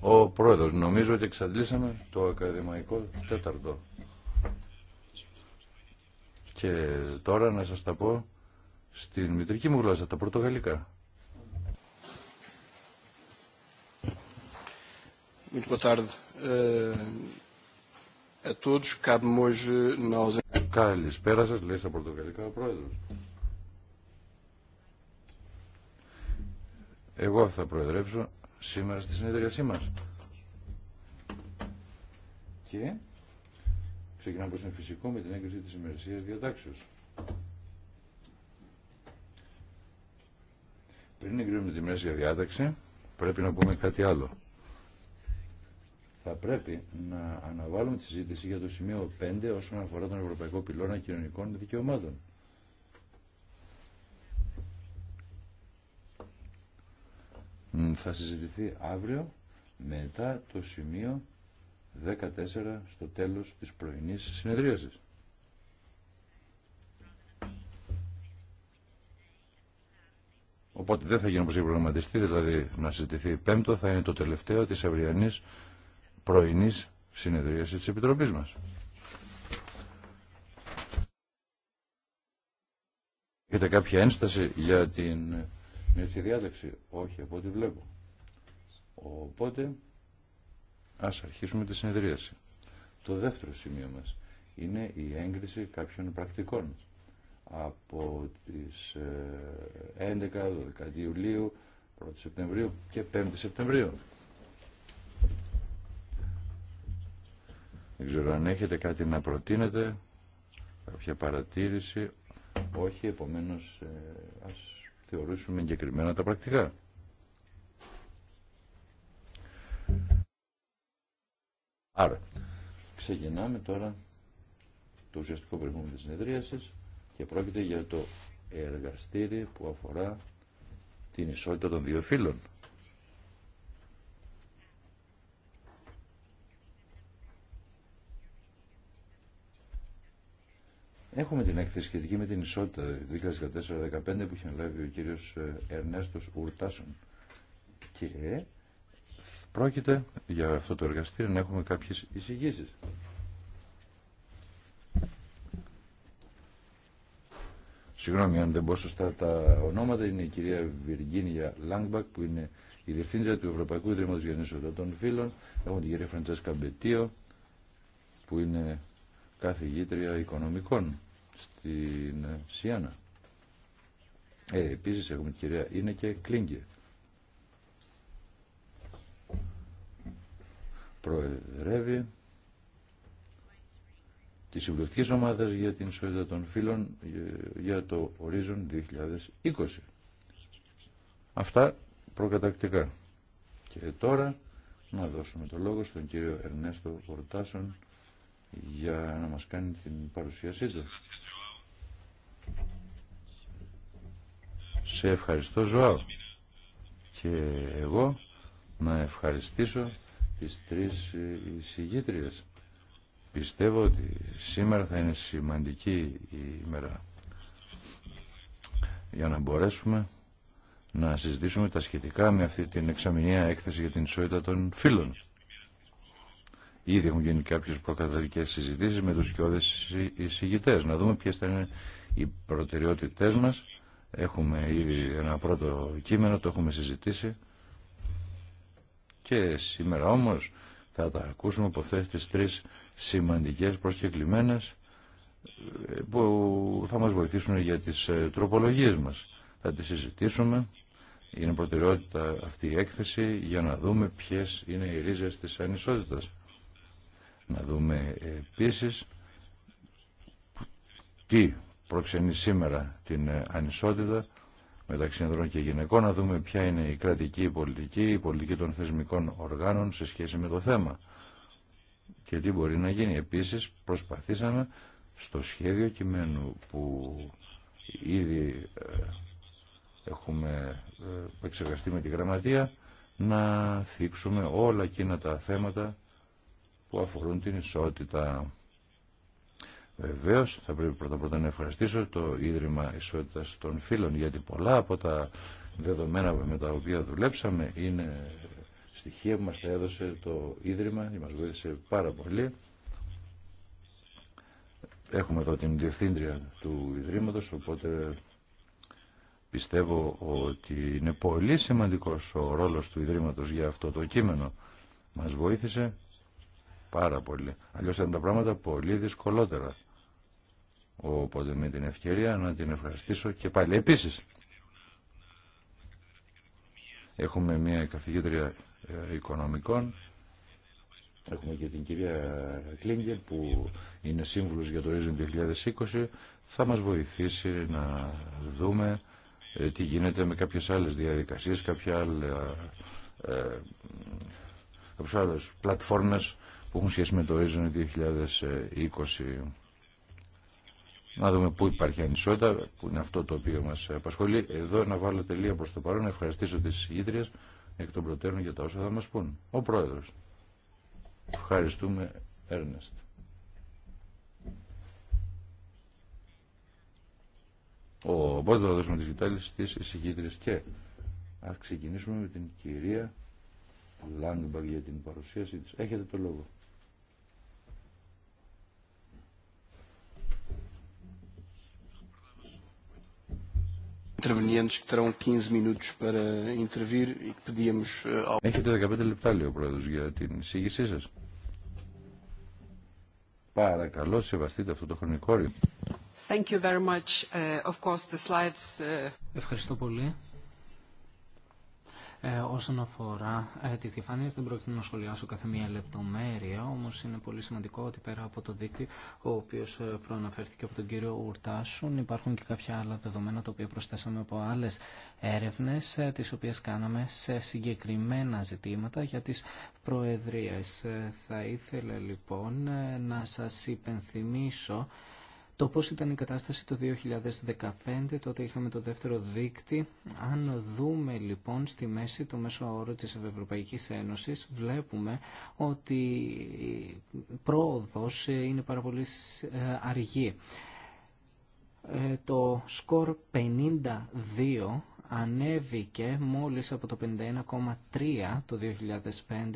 Ο πρόεδρος, νομίζω ότι εξαντλήσαμε το ακαδημαϊκό τέταρτο. Και τώρα να σας τα πω στην μητρική μου γλώσσα, τα πρωτογαλλικά. Uh, Καλησπέρα σας, λέει στα πρωτογαλλικά ο πρόεδρος. Εγώ θα προεδρεύσω σήμερα στη συνεδρίασή μας. Και ξεκινάμε όπως είναι φυσικό με την έγκριση της ημερησίας διατάξεως. Πριν εγκρίνουμε τη μέση για διάταξη, πρέπει να πούμε κάτι άλλο. Θα πρέπει να αναβάλουμε τη συζήτηση για το σημείο 5 όσον αφορά τον Ευρωπαϊκό Πυλώνα Κοινωνικών Δικαιωμάτων. θα συζητηθεί αύριο μετά το σημείο 14 στο τέλος της πρωινής συνεδρίασης. Οπότε δεν θα γίνει όπως έχει προγραμματιστεί, δηλαδή να συζητηθεί πέμπτο, θα είναι το τελευταίο της αυριανής πρωινής συνεδρίασης της Επιτροπής μας. Έχετε κάποια ένσταση για την έτσι διάταξη. Όχι, από ό,τι βλέπω. Οπότε, ας αρχίσουμε τη συνεδρίαση. Το δεύτερο σημείο μας είναι η έγκριση κάποιων πρακτικών. Από τις 11, ε, 12 Ιουλίου, 1 Σεπτεμβρίου και 5 Σεπτεμβρίου. Δεν ξέρω αν έχετε κάτι να προτείνετε, κάποια παρατήρηση. Όχι, επομένως ε, ας θεωρήσουμε εγκεκριμένα τα πρακτικά. Άρα, ξεκινάμε τώρα το ουσιαστικό περιεχόμενο της συνεδρίασης και πρόκειται για το εργαστήρι που αφορά την ισότητα των δύο φύλων. Έχουμε την έκθεση σχετική με την ισότητα 2014-2015 που είχε λάβει ο κύριος ε, Ερνέστος Ουρτάσον. Και πρόκειται για αυτό το εργαστήριο να έχουμε κάποιες εισηγήσεις. Συγγνώμη αν δεν πω σωστά τα ονόματα, είναι η κυρία Βιργίνια Λάγκμπακ που είναι η Διευθύντρια του Ευρωπαϊκού Ιδρύματος για Ισότητα των Φίλων. Έχουμε την κυρία Φραντσέσκα Μπετίο που είναι καθηγήτρια οικονομικών στην Σιάννα. Ε, επίσης έχουμε την κυρία είναι και Κλίνγκε. Προεδρεύει τη συμβουλευτική ομάδα για την ισότητα των φίλων ε, για το Horizon 2020. Αυτά προκατακτικά. Και τώρα να δώσουμε το λόγο στον κύριο Ερνέστο Πορτάσον για να μας κάνει την παρουσίασή του. Σε ευχαριστώ Ζωάου και εγώ να ευχαριστήσω τις τρεις εισηγήτριες. Πιστεύω ότι σήμερα θα είναι σημαντική η ημέρα για να μπορέσουμε να συζητήσουμε τα σχετικά με αυτή την εξαμηνία έκθεση για την ισότητα των φίλων. Ήδη έχουν γίνει κάποιε προκαταρτικέ συζητήσει με του σκιώδε εισηγητέ. Να δούμε ποιε θα είναι οι προτεραιότητέ μα. Έχουμε ήδη ένα πρώτο κείμενο, το έχουμε συζητήσει. Και σήμερα όμω θα τα ακούσουμε από αυτέ τι τρει σημαντικέ προσκεκλημένε ε, που θα μας βοηθήσουν για τις ε, τροπολογίες μας. Θα τις συζητήσουμε. Είναι προτεραιότητα αυτή η έκθεση για να δούμε ποιες είναι οι ρίζες της ανισότητας. Να δούμε ε, επίσης τι προξενεί σήμερα την ε, ανισότητα μεταξύ ανδρών και γυναικών, να δούμε ποια είναι η κρατική πολιτική, η πολιτική των θεσμικών οργάνων σε σχέση με το θέμα και τι μπορεί να γίνει. Επίσης προσπαθήσαμε στο σχέδιο κειμένου που ήδη ε, έχουμε εξεργαστεί με τη γραμματεία να θίξουμε όλα εκείνα τα θέματα που αφορούν την ισότητα. Βεβαίω, θα πρέπει πρώτα πρώτα να ευχαριστήσω το Ίδρυμα Ισότητα των φίλων, γιατί πολλά από τα δεδομένα με τα οποία δουλέψαμε είναι στοιχεία που μας τα έδωσε το Ίδρυμα και μα βοήθησε πάρα πολύ. Έχουμε εδώ την διευθύντρια του Ιδρύματος, οπότε πιστεύω ότι είναι πολύ σημαντικό ο ρόλος του Ιδρύματος για αυτό το κείμενο. Μας βοήθησε Πάρα πολύ. Αλλιώ ήταν τα πράγματα πολύ δυσκολότερα. Οπότε με την ευκαιρία να την ευχαριστήσω και πάλι. Επίση, έχουμε μια καθηγήτρια ε, οικονομικών. Έχουμε και την κυρία Κλίνγκερ που είναι σύμβουλος για το Ρίζον 2020. Θα μας βοηθήσει να δούμε ε, τι γίνεται με κάποιες άλλες διαδικασίες, κάποια άλλα, ε, ε κάποιες άλλες πλατφόρμες που έχουν σχέση με το Horizon 2020. Να δούμε πού υπάρχει ανισότητα, που είναι αυτό το οποίο μας απασχολεί. Εδώ να βάλω τελεία προς το παρόν, να ευχαριστήσω τις συγκήτριες εκ των προτέρων για τα όσα θα μας πούν. Ο Πρόεδρος. Ευχαριστούμε, Έρνεστ. Ο θα δώσουμε τις κοιτάλεις στις συγκήτριες και ας ξεκινήσουμε με την κυρία Λάγκμπαρ για την παρουσίαση της. Έχετε το λόγο. Έχετε 15 λεπτά, λέει ο Πρόεδρος, για την εισήγησή σας. Παρακαλώ, σεβαστείτε αυτό το χρονικόριο. Ε, ε, Ευχαριστώ πολύ. Ε, όσον αφορά ε, τις διαφάνειες δεν πρόκειται να σχολιάσω κάθε μία λεπτομέρεια, όμως είναι πολύ σημαντικό ότι πέρα από το δίκτυο, ο οποίος ε, προαναφέρθηκε από τον κύριο Ουρτάσουν, υπάρχουν και κάποια άλλα δεδομένα τα οποία προσθέσαμε από άλλες έρευνες, ε, τις οποίες κάναμε σε συγκεκριμένα ζητήματα για τις προεδρίες. Ε, θα ήθελα λοιπόν να σας υπενθυμίσω το πώς ήταν η κατάσταση το 2015, τότε είχαμε το δεύτερο δίκτυ. Αν δούμε λοιπόν στη μέση το μέσο όρο της Ευρωπαϊκής Ένωσης, βλέπουμε ότι η πρόοδος ε, είναι πάρα πολύ ε, αργή. Ε, το σκορ 52 ανέβηκε μόλις από το 51,3 το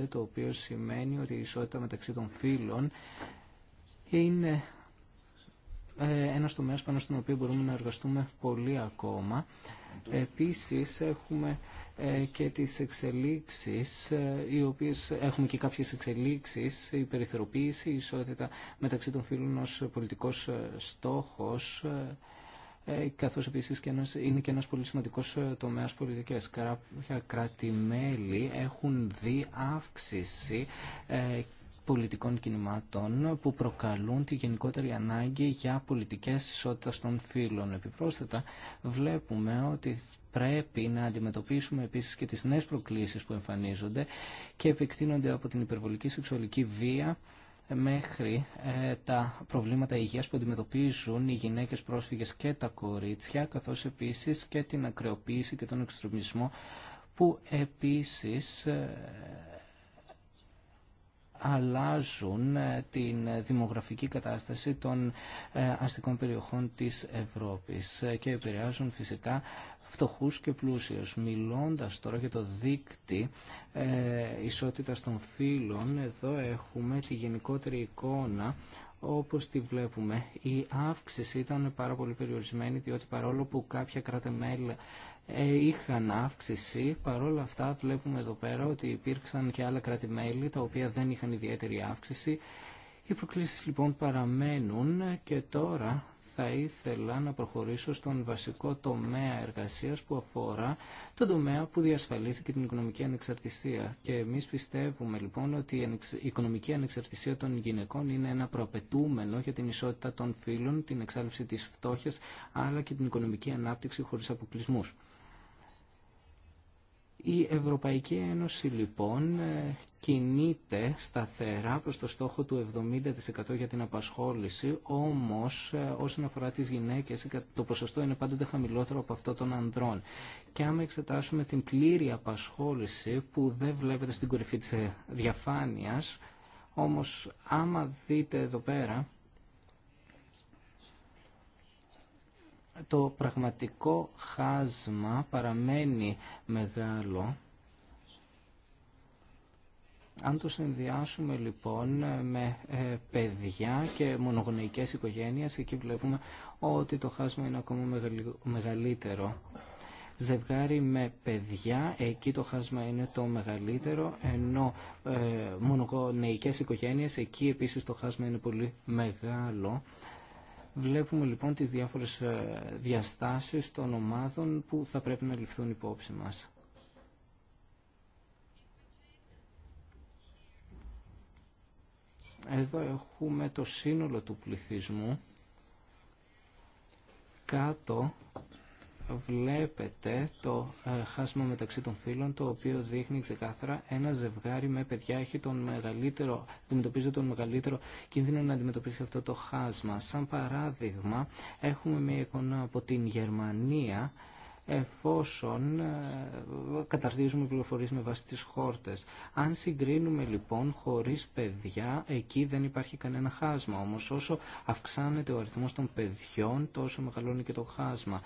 2005, το οποίο σημαίνει ότι η ισότητα μεταξύ των φύλων είναι ε, Ένα τομέα πάνω στον οποίο μπορούμε να εργαστούμε πολύ ακόμα. Επίσης έχουμε ε, και τις εξελίξεις, ε, οι οποίες έχουμε και κάποιες εξελίξεις, η περιθεροποίηση, η ισότητα μεταξύ των φίλων ως πολιτικός στόχος, καθώς επίσης και είναι και ένας πολύ σημαντικός τομέας πολιτικές. Κάποια κράτη-μέλη έχουν δει αύξηση πολιτικών κινημάτων που προκαλούν τη γενικότερη ανάγκη για πολιτικές ισότητας των φύλων. Επιπρόσθετα βλέπουμε ότι πρέπει να αντιμετωπίσουμε επίσης και τις νέες προκλήσεις που εμφανίζονται και επεκτείνονται από την υπερβολική σεξουαλική βία μέχρι ε, τα προβλήματα υγείας που αντιμετωπίζουν οι γυναίκες πρόσφυγες και τα κορίτσια, καθώς επίσης και την ακρεοποίηση και τον εξτρεμισμό που επίσης ε, αλλάζουν ε, την δημογραφική κατάσταση των ε, αστικών περιοχών της Ευρώπης ε, και επηρεάζουν φυσικά φτωχούς και πλούσιους. Μιλώντας τώρα για το δίκτυ ε, ισότητας των φύλων, εδώ έχουμε τη γενικότερη εικόνα όπως τη βλέπουμε. Η αύξηση ήταν πάρα πολύ περιορισμένη, διότι παρόλο που κάποια κράτη-μέλη ε, είχαν αύξηση, παρόλα αυτά βλέπουμε εδώ πέρα ότι υπήρξαν και άλλα κράτη-μέλη τα οποία δεν είχαν ιδιαίτερη αύξηση. Οι προκλήσεις λοιπόν παραμένουν και τώρα θα ήθελα να προχωρήσω στον βασικό τομέα εργασίας που αφορά τον τομέα που διασφαλίζει και την οικονομική ανεξαρτησία. Και εμείς πιστεύουμε λοιπόν ότι η οικονομική ανεξαρτησία των γυναικών είναι ένα προαπαιτούμενο για την ισότητα των φύλων, την εξάλληψη της φτώχειας, αλλά και την οικονομική ανάπτυξη χωρίς αποκλεισμούς. Η Ευρωπαϊκή Ένωση λοιπόν ε, κινείται σταθερά προς το στόχο του 70% για την απασχόληση, όμως ε, όσον αφορά τις γυναίκες το ποσοστό είναι πάντοτε χαμηλότερο από αυτό των ανδρών. Και άμα εξετάσουμε την πλήρη απασχόληση που δεν βλέπετε στην κορυφή της ε, διαφάνειας, όμως άμα δείτε εδώ πέρα το πραγματικό χάσμα παραμένει μεγάλο. Αν το συνδυάσουμε λοιπόν με ε, παιδιά και μονογονεϊκές οικογένειες, εκεί βλέπουμε ότι το χάσμα είναι ακόμα μεγαλύτερο. Ζευγάρι με παιδιά, εκεί το χάσμα είναι το μεγαλύτερο, ενώ ε, μονογονεϊκές οικογένειες, εκεί επίσης το χάσμα είναι πολύ μεγάλο. Βλέπουμε λοιπόν τις διάφορες ε, διαστάσεις των ομάδων που θα πρέπει να ληφθούν υπόψη μας. Εδώ έχουμε το σύνολο του πληθυσμού κάτω βλέπετε το ε, χάσμα μεταξύ των φύλων το οποίο δείχνει ξεκάθαρα ένα ζευγάρι με παιδιά έχει τον μεγαλύτερο, αντιμετωπίζει τον μεγαλύτερο κίνδυνο να αντιμετωπίσει αυτό το χάσμα. Σαν παράδειγμα έχουμε μια εικόνα από την Γερμανία εφόσον ε, καταρτίζουμε πληροφορίες με βάση τις χόρτες. Αν συγκρίνουμε λοιπόν χωρίς παιδιά, εκεί δεν υπάρχει κανένα χάσμα. Όμως όσο αυξάνεται ο αριθμός των παιδιών, τόσο μεγαλώνει και το χάσμα.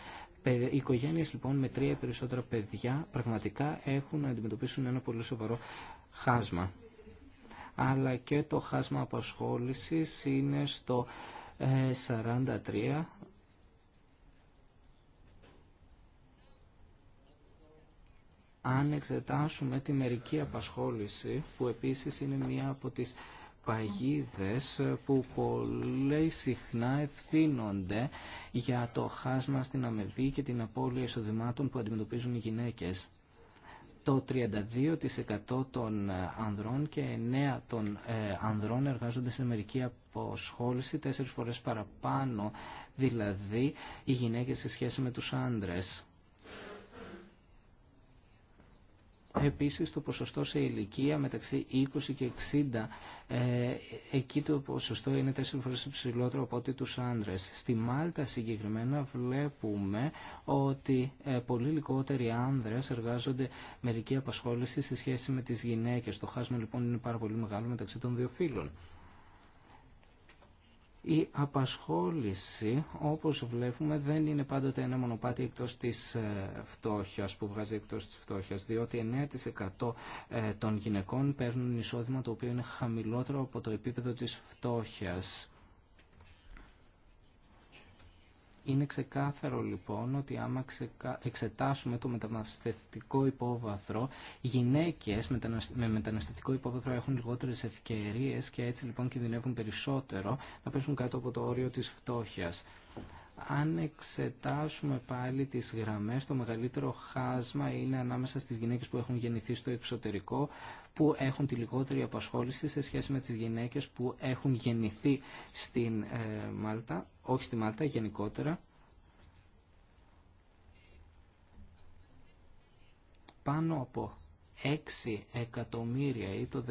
Οι οικογένειες λοιπόν με τρία περισσότερα παιδιά πραγματικά έχουν να αντιμετωπίσουν ένα πολύ σοβαρό χάσμα. Αλλά και το χάσμα απασχόλησης είναι στο 43 ε, αν εξετάσουμε τη μερική απασχόληση, που επίσης είναι μία από τις παγίδες που πολύ συχνά ευθύνονται για το χάσμα στην αμοιβή και την απώλεια εισοδημάτων που αντιμετωπίζουν οι γυναίκες. Το 32% των ε, ανδρών και 9% των ε, ανδρών εργάζονται σε μερική αποσχόληση τέσσερις φορές παραπάνω, δηλαδή οι γυναίκες σε σχέση με τους άντρες. Επίσης το ποσοστό σε ηλικία μεταξύ 20 και 60, ε, εκεί το ποσοστό είναι 4 φορές υψηλότερο από ό,τι τους άντρες. Στη Μάλτα συγκεκριμένα βλέπουμε ότι ε, πολύ λιγότεροι άνδρες εργάζονται μερική απασχόληση σε σχέση με τις γυναίκες. Το χάσμα λοιπόν είναι πάρα πολύ μεγάλο μεταξύ των δύο φύλων. Η απασχόληση, όπως βλέπουμε, δεν είναι πάντοτε ένα μονοπάτι εκτός της ε, φτώχειας, που βγάζει εκτός της φτώχειας, διότι 9% ε, των γυναικών παίρνουν εισόδημα το οποίο είναι χαμηλότερο από το επίπεδο της φτώχειας. Είναι ξεκάθαρο λοιπόν ότι άμα εξετάσουμε το μεταναστευτικό υπόβαθρο, γυναίκες με μεταναστευτικό υπόβαθρο έχουν λιγότερες ευκαιρίες και έτσι λοιπόν κινδυνεύουν περισσότερο να πέσουν κάτω από το όριο της φτώχειας. Αν εξετάσουμε πάλι τις γραμμές, το μεγαλύτερο χάσμα είναι ανάμεσα στις γυναίκες που έχουν γεννηθεί στο εξωτερικό, που έχουν τη λιγότερη απασχόληση σε σχέση με τις γυναίκες που έχουν γεννηθεί στην ε, Μάλτα, όχι στη Μάλτα γενικότερα. Πάνω από 6 εκατομμύρια ή το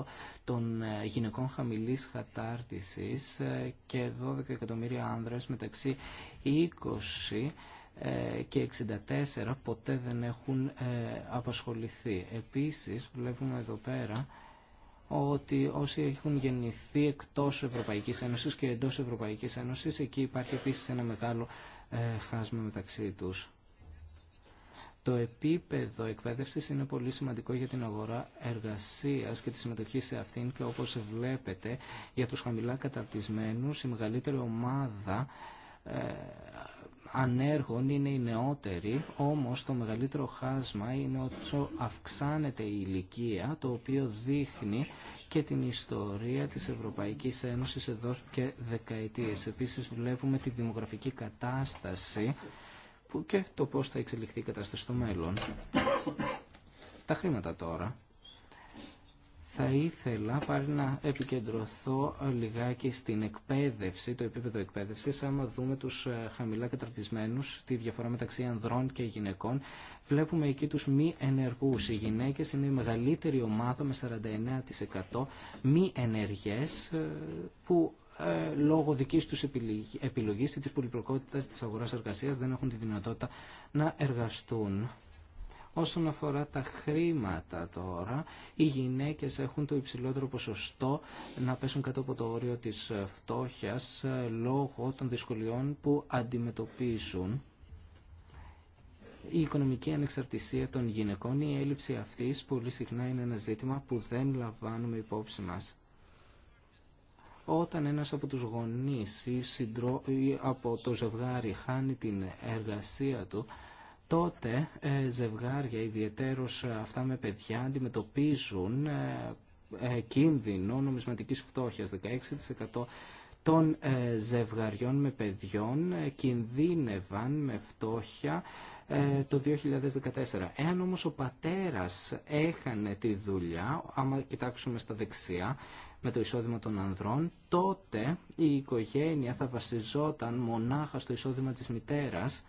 17% των ε, γυναικών χαμηλής χατάρτισης ε, και 12 εκατομμύρια άνδρες μεταξύ 20 ε, και 64 ποτέ δεν έχουν ε, απασχοληθεί. Επίσης βλέπουμε εδώ πέρα ότι όσοι έχουν γεννηθεί εκτός Ευρωπαϊκής Ένωσης και εντός Ευρωπαϊκής Ένωσης, εκεί υπάρχει επίσης ένα μεγάλο ε, χάσμα μεταξύ τους. Το επίπεδο εκπαίδευση είναι πολύ σημαντικό για την αγορά εργασία και τη συμμετοχή σε αυτήν και όπω βλέπετε για του χαμηλά καταρτισμένου η μεγαλύτερη ομάδα ανέργων είναι οι νεότεροι, όμως το μεγαλύτερο χάσμα είναι όσο αυξάνεται η ηλικία, το οποίο δείχνει και την ιστορία της Ευρωπαϊκής Ένωσης εδώ και δεκαετίες. Επίσης βλέπουμε τη δημογραφική κατάσταση που και το πώς θα εξελιχθεί η κατάσταση στο μέλλον. Τα χρήματα τώρα θα ήθελα πάλι να επικεντρωθώ ε, λιγάκι στην εκπαίδευση, το επίπεδο εκπαίδευση. Άμα δούμε του ε, χαμηλά καταρτισμένου, τη διαφορά μεταξύ ανδρών και γυναικών, βλέπουμε εκεί του μη ενεργού. Οι γυναίκε είναι η μεγαλύτερη ομάδα με 49% μη ενεργέ ε, που λόγω δικής τους επιλογής ή της πολυπλοκότητας της αγοράς εργασίας δεν έχουν τη δυνατότητα να εργαστούν. Όσον αφορά τα χρήματα τώρα, οι γυναίκες έχουν το υψηλότερο ποσοστό να πέσουν κάτω από το όριο της φτώχειας ε, λόγω των δυσκολιών που αντιμετωπίζουν. Η οικονομική ανεξαρτησία των γυναικών, η έλλειψη αυτής πολύ συχνά είναι ένα ζήτημα που δεν λαμβάνουμε υπόψη μας όταν ένας από τους γονείς ή, από το ζευγάρι χάνει την εργασία του, τότε ε, ζευγάρια, ιδιαιτέρως ε, αυτά με παιδιά, αντιμετωπίζουν ε, κίνδυνο νομισματικής φτώχειας. 16% των ζευγαριών με παιδιών κινδύνευαν με φτώχεια το 2014. Εάν όμως ο πατέρας έχανε τη δουλειά, άμα κοιτάξουμε στα δεξιά, με το εισόδημα των ανδρών, τότε η οικογένεια θα βασιζόταν μονάχα στο εισόδημα της μητέρας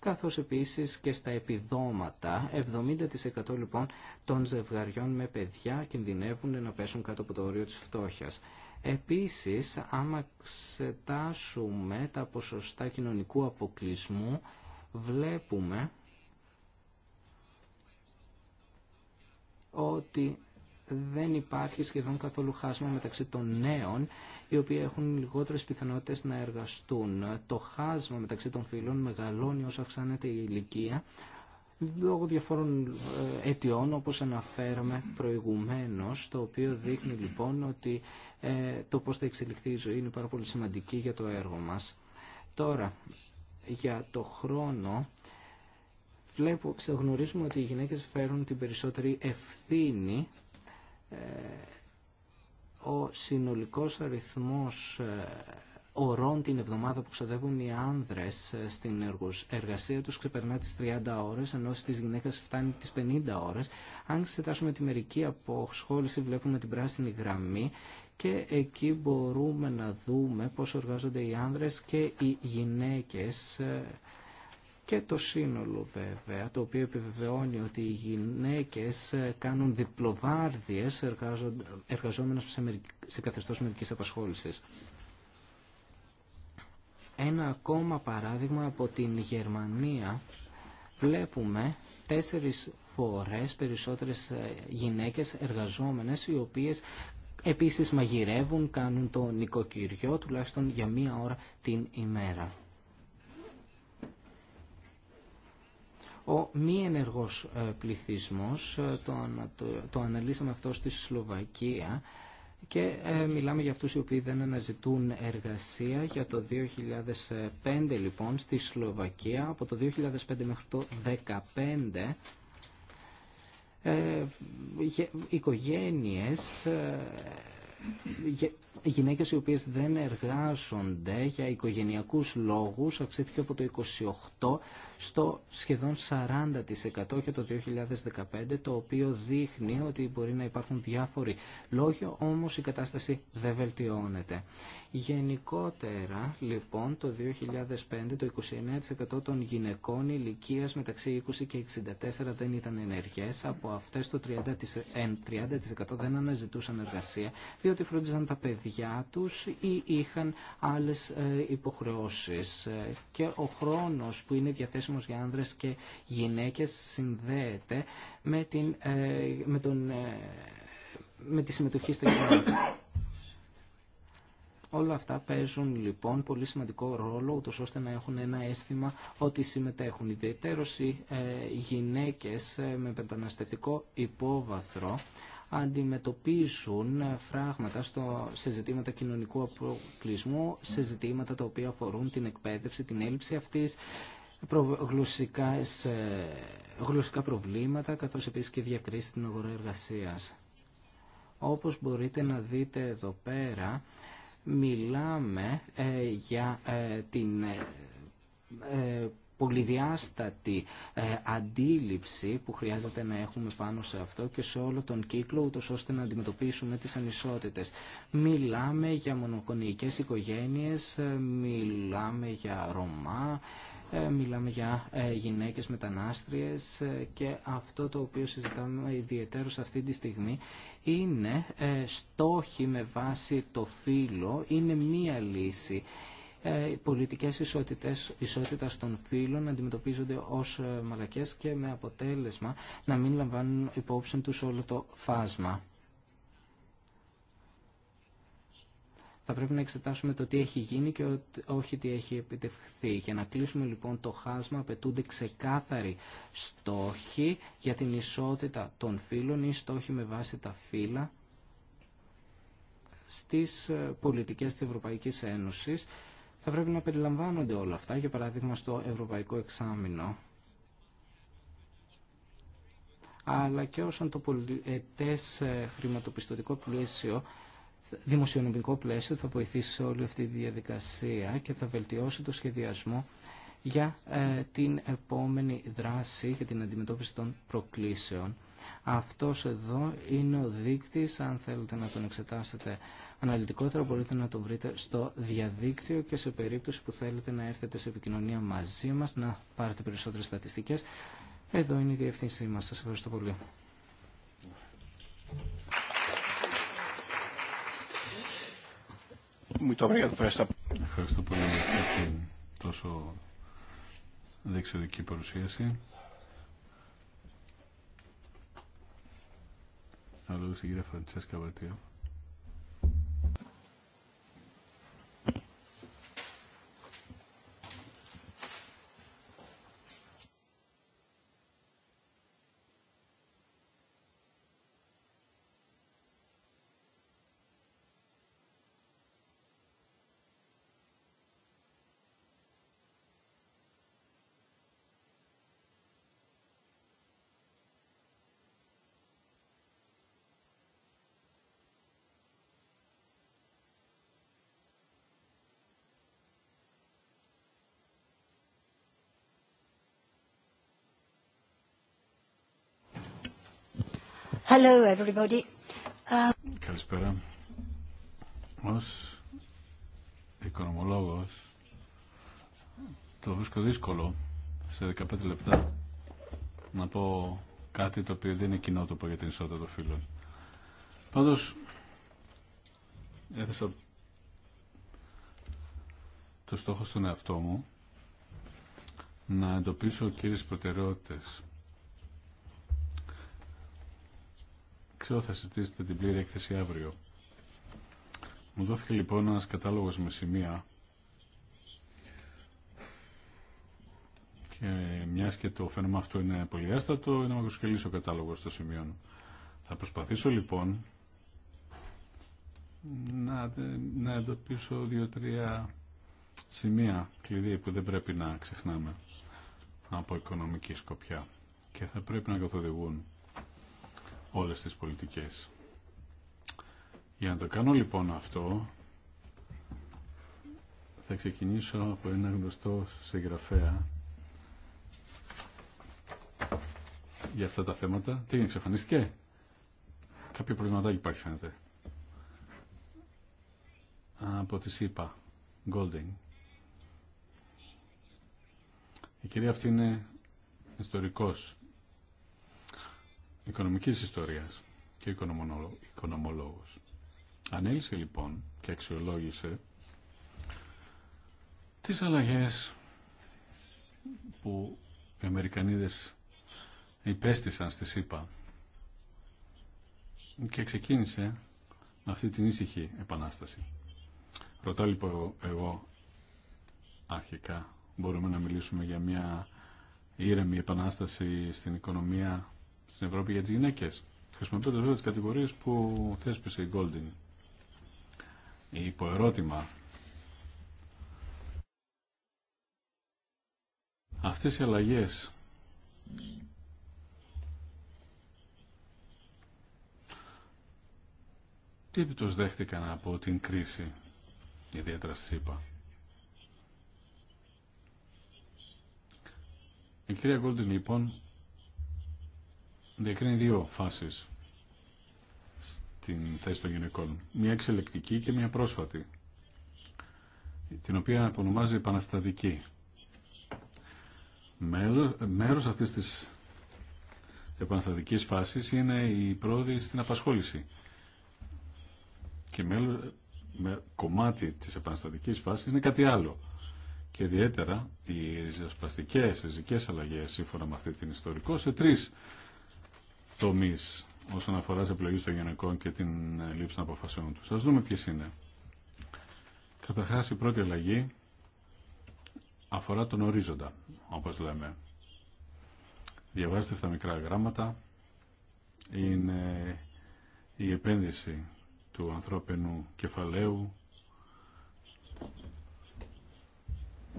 καθώς επίσης και στα επιδόματα. 70% λοιπόν των ζευγαριών με παιδιά κινδυνεύουν να πέσουν κάτω από το όριο της φτώχειας. Επίσης, άμα εξετάσουμε τα ποσοστά κοινωνικού αποκλεισμού, βλέπουμε ότι δεν υπάρχει σχεδόν καθόλου χάσμα μεταξύ των νέων οι οποίοι έχουν λιγότερε πιθανότητε να εργαστούν. Το χάσμα μεταξύ των φύλων μεγαλώνει όσο αυξάνεται η ηλικία λόγω διαφόρων ε, αιτιών όπως αναφέραμε προηγουμένως το οποίο δείχνει λοιπόν ότι ε, το πώς θα εξελιχθεί η ζωή είναι πάρα πολύ σημαντική για το έργο μας. Τώρα, για το χρόνο βλέπω, γνωρίζουμε ότι οι γυναίκες φέρουν την περισσότερη ευθύνη ε, ο συνολικός αριθμός ορών ε, την εβδομάδα που ξοδεύουν οι άνδρες ε, στην εργασία τους ξεπερνά τις 30 ώρες, ενώ στις γυναίκες φτάνει τις 50 ώρες. Αν εξετάσουμε τη μερική αποσχόληση βλέπουμε την πράσινη γραμμή και εκεί μπορούμε να δούμε πώς εργάζονται οι άνδρες και οι γυναίκες ε, και το σύνολο βέβαια, το οποίο επιβεβαιώνει ότι οι γυναίκες κάνουν διπλοβάρδιες εργαζόμενες σε καθεστώς μερικής απασχόλησης. Ένα ακόμα παράδειγμα από την Γερμανία βλέπουμε τέσσερις φορές περισσότερες ε, γυναίκες εργαζόμενες οι οποίες επίσης μαγειρεύουν, κάνουν το νοικοκυριό τουλάχιστον για μία ώρα την ημέρα. Ο μη ενεργός ε, πληθυσμός, ε, το, το, αναλύσαμε αυτό στη Σλοβακία και ε, μιλάμε για αυτούς οι οποίοι δεν αναζητούν εργασία. Για το 2005 λοιπόν στη Σλοβακία, από το 2005 μέχρι το 2015, ε, οικογένειες γυναίκες οι οποίες δεν εργάζονται για οικογενειακούς λόγους αυξήθηκε από το 28% στο σχεδόν 40% για το 2015 το οποίο δείχνει ότι μπορεί να υπάρχουν διάφοροι λόγοι όμως η κατάσταση δεν βελτιώνεται. Γενικότερα, λοιπόν, το 2005 το 29% των γυναικών ηλικία μεταξύ 20 και 64 δεν ήταν ενεργές. Από αυτές το 30%, 30 δεν αναζητούσαν εργασία, διότι φρόντιζαν τα παιδιά τους ή είχαν άλλες ε, υποχρεώσεις. Ε, και ο χρόνος που είναι διαθέσιμος για άνδρες και γυναίκες συνδέεται με, την, ε, με, τον, με τη συμμετοχή στην κοινωνία. Όλα αυτά παίζουν λοιπόν πολύ σημαντικό ρόλο, ούτως ώστε να έχουν ένα αίσθημα ότι συμμετέχουν. Ιδιαίτερως οι ε, γυναίκες ε, με μεταναστευτικό υπόβαθρο αντιμετωπίζουν ε, φράγματα στο, σε ζητήματα κοινωνικού αποκλεισμού, σε ζητήματα τα οποία αφορούν την εκπαίδευση, την έλλειψη αυτής, γλωσσικά, γλωσσικά προβλήματα, καθώς επίσης και διακρίσεις στην αγορά εργασίας. Όπως μπορείτε να δείτε εδώ πέρα, μιλάμε ε, για ε, την ε, πολυδιάστατη αντίληψη που χρειάζεται να έχουμε πάνω σε αυτό και σε όλο τον κύκλο, ούτως ώστε να αντιμετωπίσουμε τις ανισότητες. Μιλάμε για μονοκονικές οικογένειες, μιλάμε για Ρωμά, ε, μιλάμε για ε, γυναίκες μετανάστριες ε, και αυτό το οποίο συζητάμε ιδιαίτερως αυτή τη στιγμή είναι στόχοι με βάση το φύλλο, είναι μία λύση. Οι πολιτικές ισότητες, ισότητας των φύλων αντιμετωπίζονται ως μαλακές και με αποτέλεσμα να μην λαμβάνουν υπόψη τους όλο το φάσμα. θα πρέπει να εξετάσουμε το τι έχει γίνει και όχι τι έχει επιτευχθεί. Για να κλείσουμε λοιπόν το χάσμα απαιτούνται ξεκάθαροι στόχοι για την ισότητα των φύλων ή στόχοι με βάση τα φύλλα στις ε, πολιτικές της Ευρωπαϊκής Ένωσης. Θα πρέπει να περιλαμβάνονται όλα αυτά, για παράδειγμα στο Ευρωπαϊκό Εξάμεινο αλλά και όσον το πολιτές ε, ε, χρηματοπιστωτικό πλαίσιο δημοσιονομικό πλαίσιο θα βοηθήσει σε όλη αυτή τη διαδικασία και θα βελτιώσει το σχεδιασμό για ε, την επόμενη δράση και την αντιμετώπιση των προκλήσεων. Αυτός εδώ είναι ο δείκτης, αν θέλετε να τον εξετάσετε αναλυτικότερα μπορείτε να τον βρείτε στο διαδίκτυο και σε περίπτωση που θέλετε να έρθετε σε επικοινωνία μαζί μας, να πάρετε περισσότερες στατιστικές. Εδώ είναι η διευθύνσή μας. Σας ευχαριστώ πολύ. Ευχαριστώ πολύ για αυτή την τόσο διεξοδική παρουσίαση. Αλλά στην κυρία Φραντσέσκα Φαρτσέσκα-Βαρτίο. Uh, Καλησπέρα. Ως οικονομολόγος το βρίσκω δύσκολο σε 15 λεπτά να πω κάτι το οποίο δεν είναι κοινότοπο για την ισότητα των φύλων. Πάντως έθεσα το στόχο στον εαυτό μου να εντοπίσω κύριες προτεραιότητες Ξέρω θα συζητήσετε την πλήρη έκθεση αύριο. Μου δόθηκε λοιπόν ένας κατάλογος με σημεία και μιας και το φαινόμενο αυτό είναι πολυέστατο, είναι μακροσκελής ο κατάλογος των σημείων. Θα προσπαθήσω λοιπόν να, να εντοπίσω δύο-τρία σημεία κλειδί που δεν πρέπει να ξεχνάμε από οικονομική σκοπιά και θα πρέπει να καθοδηγούν όλες τις πολιτικές. Για να το κάνω λοιπόν αυτό, θα ξεκινήσω από ένα γνωστό συγγραφέα για αυτά τα θέματα. Τι είναι, εξαφανίστηκε. Κάποιο προβληματάκι υπάρχει φαίνεται. Από τη ΣΥΠΑ, Golding. Η κυρία αυτή είναι ιστορικός οικονομικής ιστορίας και οικονομολόγος. Ανέλησε λοιπόν και αξιολόγησε τις αλλαγές που οι Αμερικανίδες υπέστησαν στη ΣΥΠΑ και ξεκίνησε με αυτή την ήσυχη επανάσταση. Ρωτάω λοιπόν εγώ αρχικά μπορούμε να μιλήσουμε για μια ήρεμη επανάσταση στην οικονομία στην Ευρώπη για τι γυναίκε. Χρησιμοποιώντα βέβαια τις κατηγορίε που θέσπισε η Γκόλντιν. Υποερώτημα. Αυτές οι αλλαγές τι επιτός δέχτηκαν από την κρίση ιδιαίτερα στη ΣΥΠΑ. Η κυρία Γκόλντιν λοιπόν διακρίνει δύο φάσεις στην θέση των γυναικών. Μια εξελεκτική και μια πρόσφατη, την οποία απονομάζει επαναστατική. Μέρος, αυτής της επαναστατικής φάσης είναι η πρόοδη στην απασχόληση. Και μέλος, με κομμάτι της επαναστατικής φάσης είναι κάτι άλλο. Και ιδιαίτερα οι ριζοσπαστικές ριζικές αλλαγές σύμφωνα με αυτή την ιστορικό σε τρεις όσον αφορά τι επιλογέ των γυναικών και την ε, λήψη των αποφασιών του. Α δούμε ποιε είναι. Καταρχά, η πρώτη αλλαγή αφορά τον ορίζοντα, όπω λέμε. Διαβάζετε στα μικρά γράμματα, είναι η επένδυση του ανθρώπινου κεφαλαίου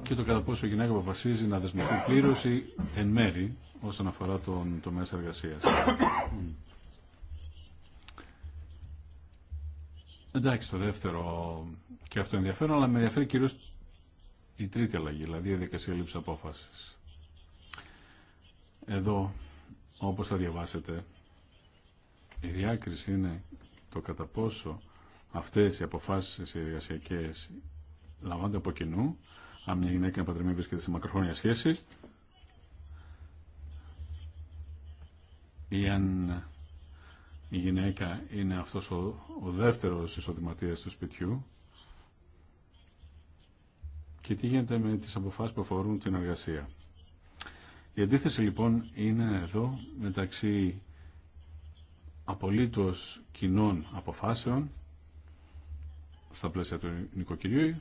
και το κατά πόσο η γυναίκα αποφασίζει να δεσμευτεί πλήρως ή εν μέρη όσον αφορά τον τομέα εργασία. Εντάξει, το δεύτερο και αυτό ενδιαφέρον, αλλά με ενδιαφέρει κυρίω η τρίτη αλλαγή, δηλαδή η διαδικασία λήψη απόφαση. Εδώ, όπως θα διαβάσετε, η διάκριση είναι το κατά πόσο αυτές οι αποφάσεις οι εργασιακές λαμβάνονται από κοινού, αν μια γυναίκα είναι παντρεμένη βρίσκεται σε μακροχρόνια σχέση ή αν η γυναίκα είναι αυτός ο, δεύτερο δεύτερος εισοδηματίας του σπιτιού και τι γίνεται με τις αποφάσεις που αφορούν την εργασία. Η αντίθεση λοιπόν είναι εδώ μεταξύ απολύτως κοινών αποφάσεων στα πλαίσια του νοικοκυριού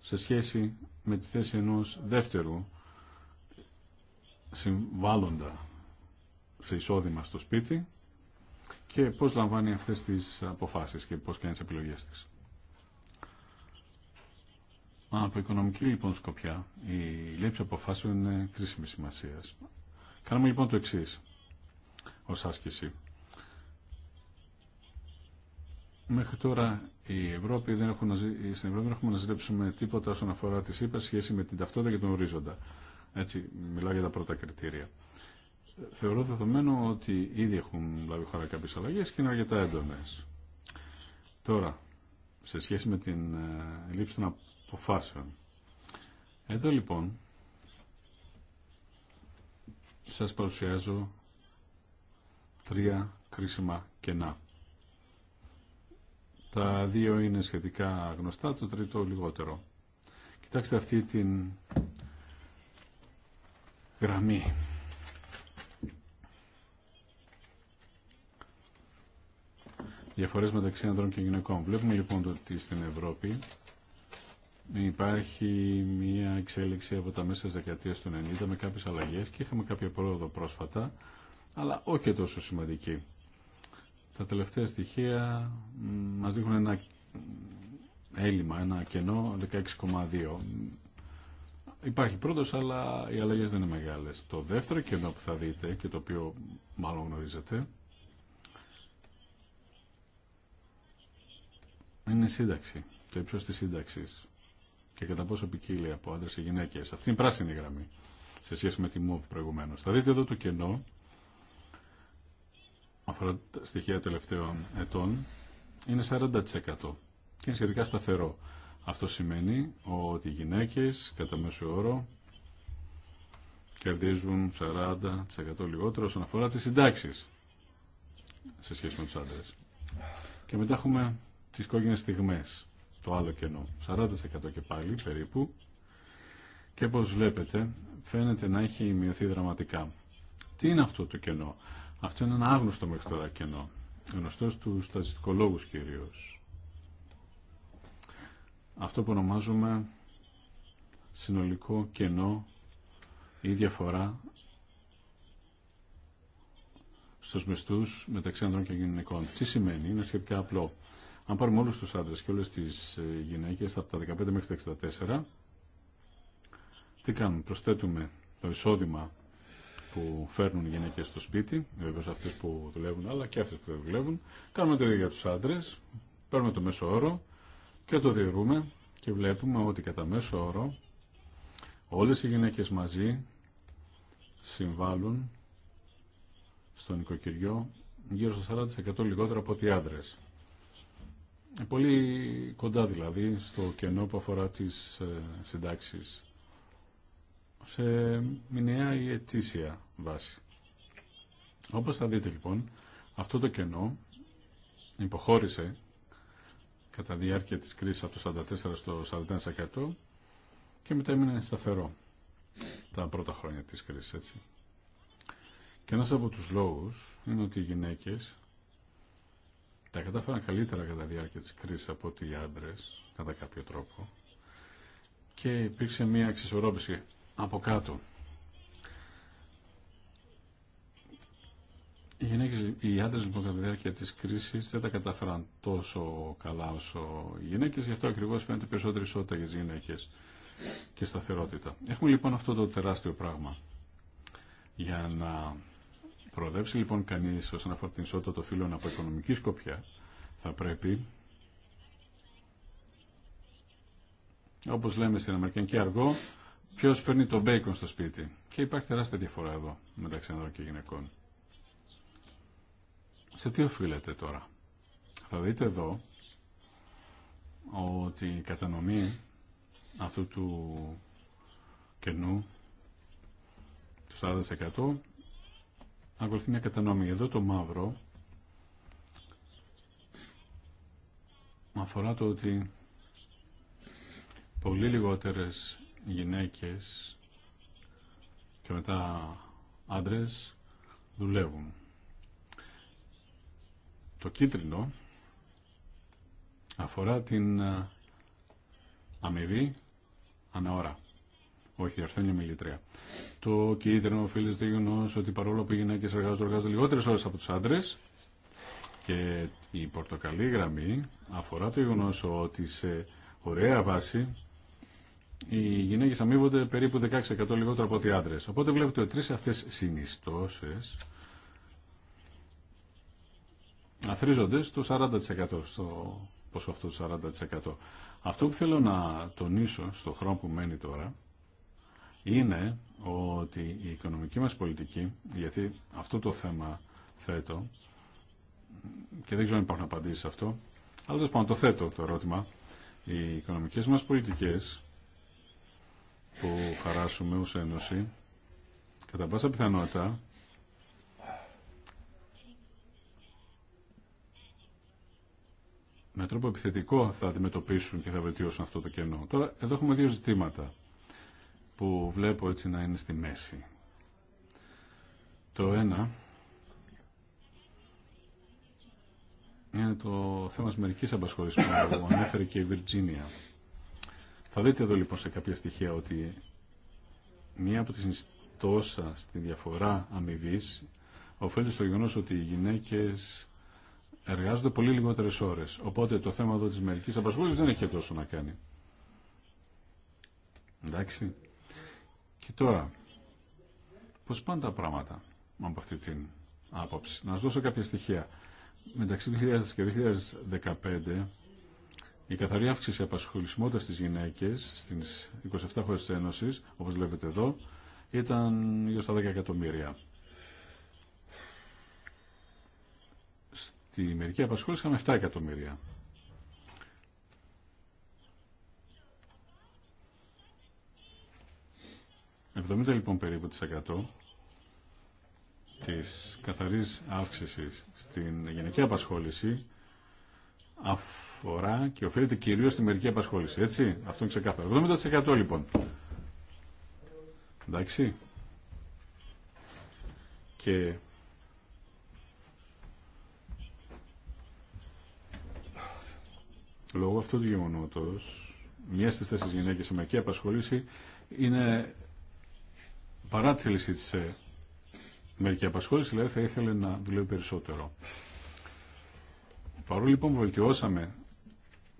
σε σχέση με τη θέση ενός δεύτερου συμβάλλοντα σε εισόδημα στο σπίτι και πώς λαμβάνει αυτές τις αποφάσεις και πώς κάνει τις επιλογές της. Από οικονομική λοιπόν σκοπιά, η λήψη αποφάσεων είναι κρίσιμη σημασία. Κάνουμε λοιπόν το εξή ω άσκηση. Μέχρι τώρα η Ευρώπη δεν έχουν, στην Ευρώπη δεν έχουμε να ζητήσουμε τίποτα όσον αφορά τις ύπες σχέση με την ταυτότητα και τον ορίζοντα. Έτσι, μιλάω για τα πρώτα κριτήρια θεωρώ δεδομένο ότι ήδη έχουν λάβει χώρα κάποιες αλλαγές και είναι αρκετά έντονες. Τώρα, σε σχέση με την ε, λήψη των αποφάσεων. Εδώ λοιπόν σας παρουσιάζω τρία κρίσιμα κενά. Τα δύο είναι σχετικά γνωστά, το τρίτο λιγότερο. Κοιτάξτε αυτή την γραμμή Διαφορέ μεταξύ ανδρών και γυναικών. Βλέπουμε λοιπόν ότι στην Ευρώπη υπάρχει μια εξέλιξη από τα μέσα της δεκαετίας του 90 με κάποιες αλλαγές και είχαμε κάποια πρόοδο πρόσφατα, αλλά όχι τόσο σημαντική. Τα τελευταία στοιχεία μας δείχνουν ένα έλλειμμα, ένα κενό 16,2. Υπάρχει πρώτο αλλά οι αλλαγέ δεν είναι μεγάλε. Το δεύτερο κενό που θα δείτε και το οποίο μάλλον γνωρίζετε είναι η σύνταξη, το ύψο τη σύνταξη και κατά πόσο ποικίλει από άντρε και γυναίκε. Αυτή είναι η πράσινη γραμμή σε σχέση με τη ΜΟΒ προηγουμένω. Θα δείτε εδώ το κενό αφορά τα στοιχεία τελευταίων ετών είναι 40% και είναι σχετικά σταθερό. Αυτό σημαίνει ότι οι γυναίκες κατά μέσο όρο κερδίζουν 40% λιγότερο όσον αφορά τι συντάξει σε σχέση με του άντρε. Και μετά έχουμε τις κόκκινες στιγμές, το άλλο κενό, 40% και πάλι περίπου, και όπως βλέπετε φαίνεται να έχει μειωθεί δραματικά. Τι είναι αυτό το κενό. Αυτό είναι ένα άγνωστο μέχρι τώρα κενό, γνωστό στους στατιστικολόγους κυρίως. Αυτό που ονομάζουμε συνολικό κενό ή διαφορά στους μισθούς μεταξύ ανδρών και γυναικών. Τι σημαίνει, είναι σχετικά απλό. Αν πάρουμε όλους τους άντρες και όλες τις ε, γυναίκες από τα 15 μέχρι τα 64, τι κάνουμε, προσθέτουμε το εισόδημα που φέρνουν οι γυναίκες στο σπίτι, σε αυτές που δουλεύουν, αλλά και αυτές που δεν δουλεύουν. Κάνουμε το ίδιο για τους άντρες, παίρνουμε το μέσο όρο και το διαιρούμε και βλέπουμε ότι κατά μέσο όρο όλες οι γυναίκες μαζί συμβάλλουν στο νοικοκυριό γύρω στο 40% λιγότερο από ότι οι άντρες. Πολύ κοντά δηλαδή στο κενό που αφορά τις ε, συντάξεις σε μηνιαία ή ετήσια βάση. Όπως θα δείτε λοιπόν, αυτό το κενό υποχώρησε κατά διάρκεια της κρίσης από το 44% στο 41% και μετά έμεινε σταθερό τα πρώτα χρόνια της κρίσης, έτσι. Και ένας από τους λόγους είναι ότι οι γυναίκες τα κατάφεραν καλύτερα κατά διάρκεια της κρίσης από ότι οι άντρες, κατά κάποιο τρόπο, και υπήρξε μια εξισορρόπηση από κάτω. Οι, γυναίκες, οι άντρες λοιπόν κατά τη διάρκεια της κρίσης δεν τα κατάφεραν τόσο καλά όσο οι γυναίκες, γι' αυτό ακριβώς φαίνεται περισσότερη ισότητα για τις γυναίκες και σταθερότητα. Έχουμε λοιπόν αυτό το τεράστιο πράγμα για να προοδεύσει λοιπόν κανείς όσον αφορά την ισότητα των φύλων από οικονομική σκοπιά, θα πρέπει, Όπω λέμε στην Αμερικανική αργό, ποιο φέρνει το μπέικον στο σπίτι. Και υπάρχει τεράστια διαφορά εδώ μεταξύ ανδρών και γυναικών. Σε τι οφείλεται τώρα. Θα δείτε εδώ ότι η κατανομή αυτού του κενού του 40% ακολουθεί μια κατανομή. Εδώ το μαύρο αφορά το ότι πολύ λιγότερες γυναίκες και μετά άντρες δουλεύουν. Το κίτρινο αφορά την ε, αμοιβή ανά όχι, η αρθένια μιλήτρια. Το κίτρινο οφείλεται στο γεγονό ότι παρόλο που οι γυναίκε εργάζονται, εργάζονται λιγότερε ώρε από του άντρε. Και η πορτοκαλί γραμμή αφορά το γεγονό ότι σε ωραία βάση οι γυναίκε αμείβονται περίπου 16% λιγότερο από ότι οι άντρε. Οπότε βλέπετε ότι τρει αυτέ συνιστώσει αθρίζονται στο 40%, στο ποσό αυτό το 40%. Αυτό που θέλω να τονίσω στο χρόνο που μένει τώρα είναι ότι η οικονομική μας πολιτική, γιατί αυτό το θέμα θέτω και δεν ξέρω αν υπάρχουν απαντήσεις σε αυτό, αλλά πάνω το θέτω το ερώτημα, οι οικονομικές μας πολιτικές που χαράσουμε ως Ένωση, κατά πάσα πιθανότητα με τρόπο επιθετικό θα αντιμετωπίσουν και θα βελτιώσουν αυτό το κενό. Τώρα, εδώ έχουμε δύο ζητήματα που βλέπω έτσι να είναι στη μέση. Το ένα είναι το θέμα της μερικής απασχόλησης που ανέφερε και η Βιρτζίνια. Θα δείτε εδώ λοιπόν σε κάποια στοιχεία ότι μία από τις τόσα στη διαφορά αμοιβή οφείλεται στο γεγονό ότι οι γυναίκες εργάζονται πολύ λιγότερες ώρες. Οπότε το θέμα εδώ της μερικής απασχόλησης δεν έχει τόσο να κάνει. Εντάξει. Και τώρα, πώς πάνε τα πράγματα από αυτή την άποψη. Να σας δώσω κάποια στοιχεία. Μεταξύ 2000 και 2015 η καθαρή αύξηση απασχολησιμότητας στις γυναίκες στις 27 χώρες της Ένωσης, όπως βλέπετε εδώ, ήταν γύρω στα 10 εκατομμύρια. Στη μερική απασχόληση είχαμε 7 εκατομμύρια. 70 λοιπόν περίπου της 100 της καθαρής αύξησης στην γενική απασχόληση αφορά και οφείλεται κυρίως στην μερική απασχόληση, έτσι. Αυτό είναι ξεκάθαρο. 70% λοιπόν. Εντάξει. Και λόγω αυτού του γεγονότος, μία στις τέσσερις γυναίκες σε μερική απασχόληση είναι παρά τη θέλησή της σε μερική απασχόληση, δηλαδή θα ήθελε να δουλεύει περισσότερο. Παρόλο λοιπόν που βελτιώσαμε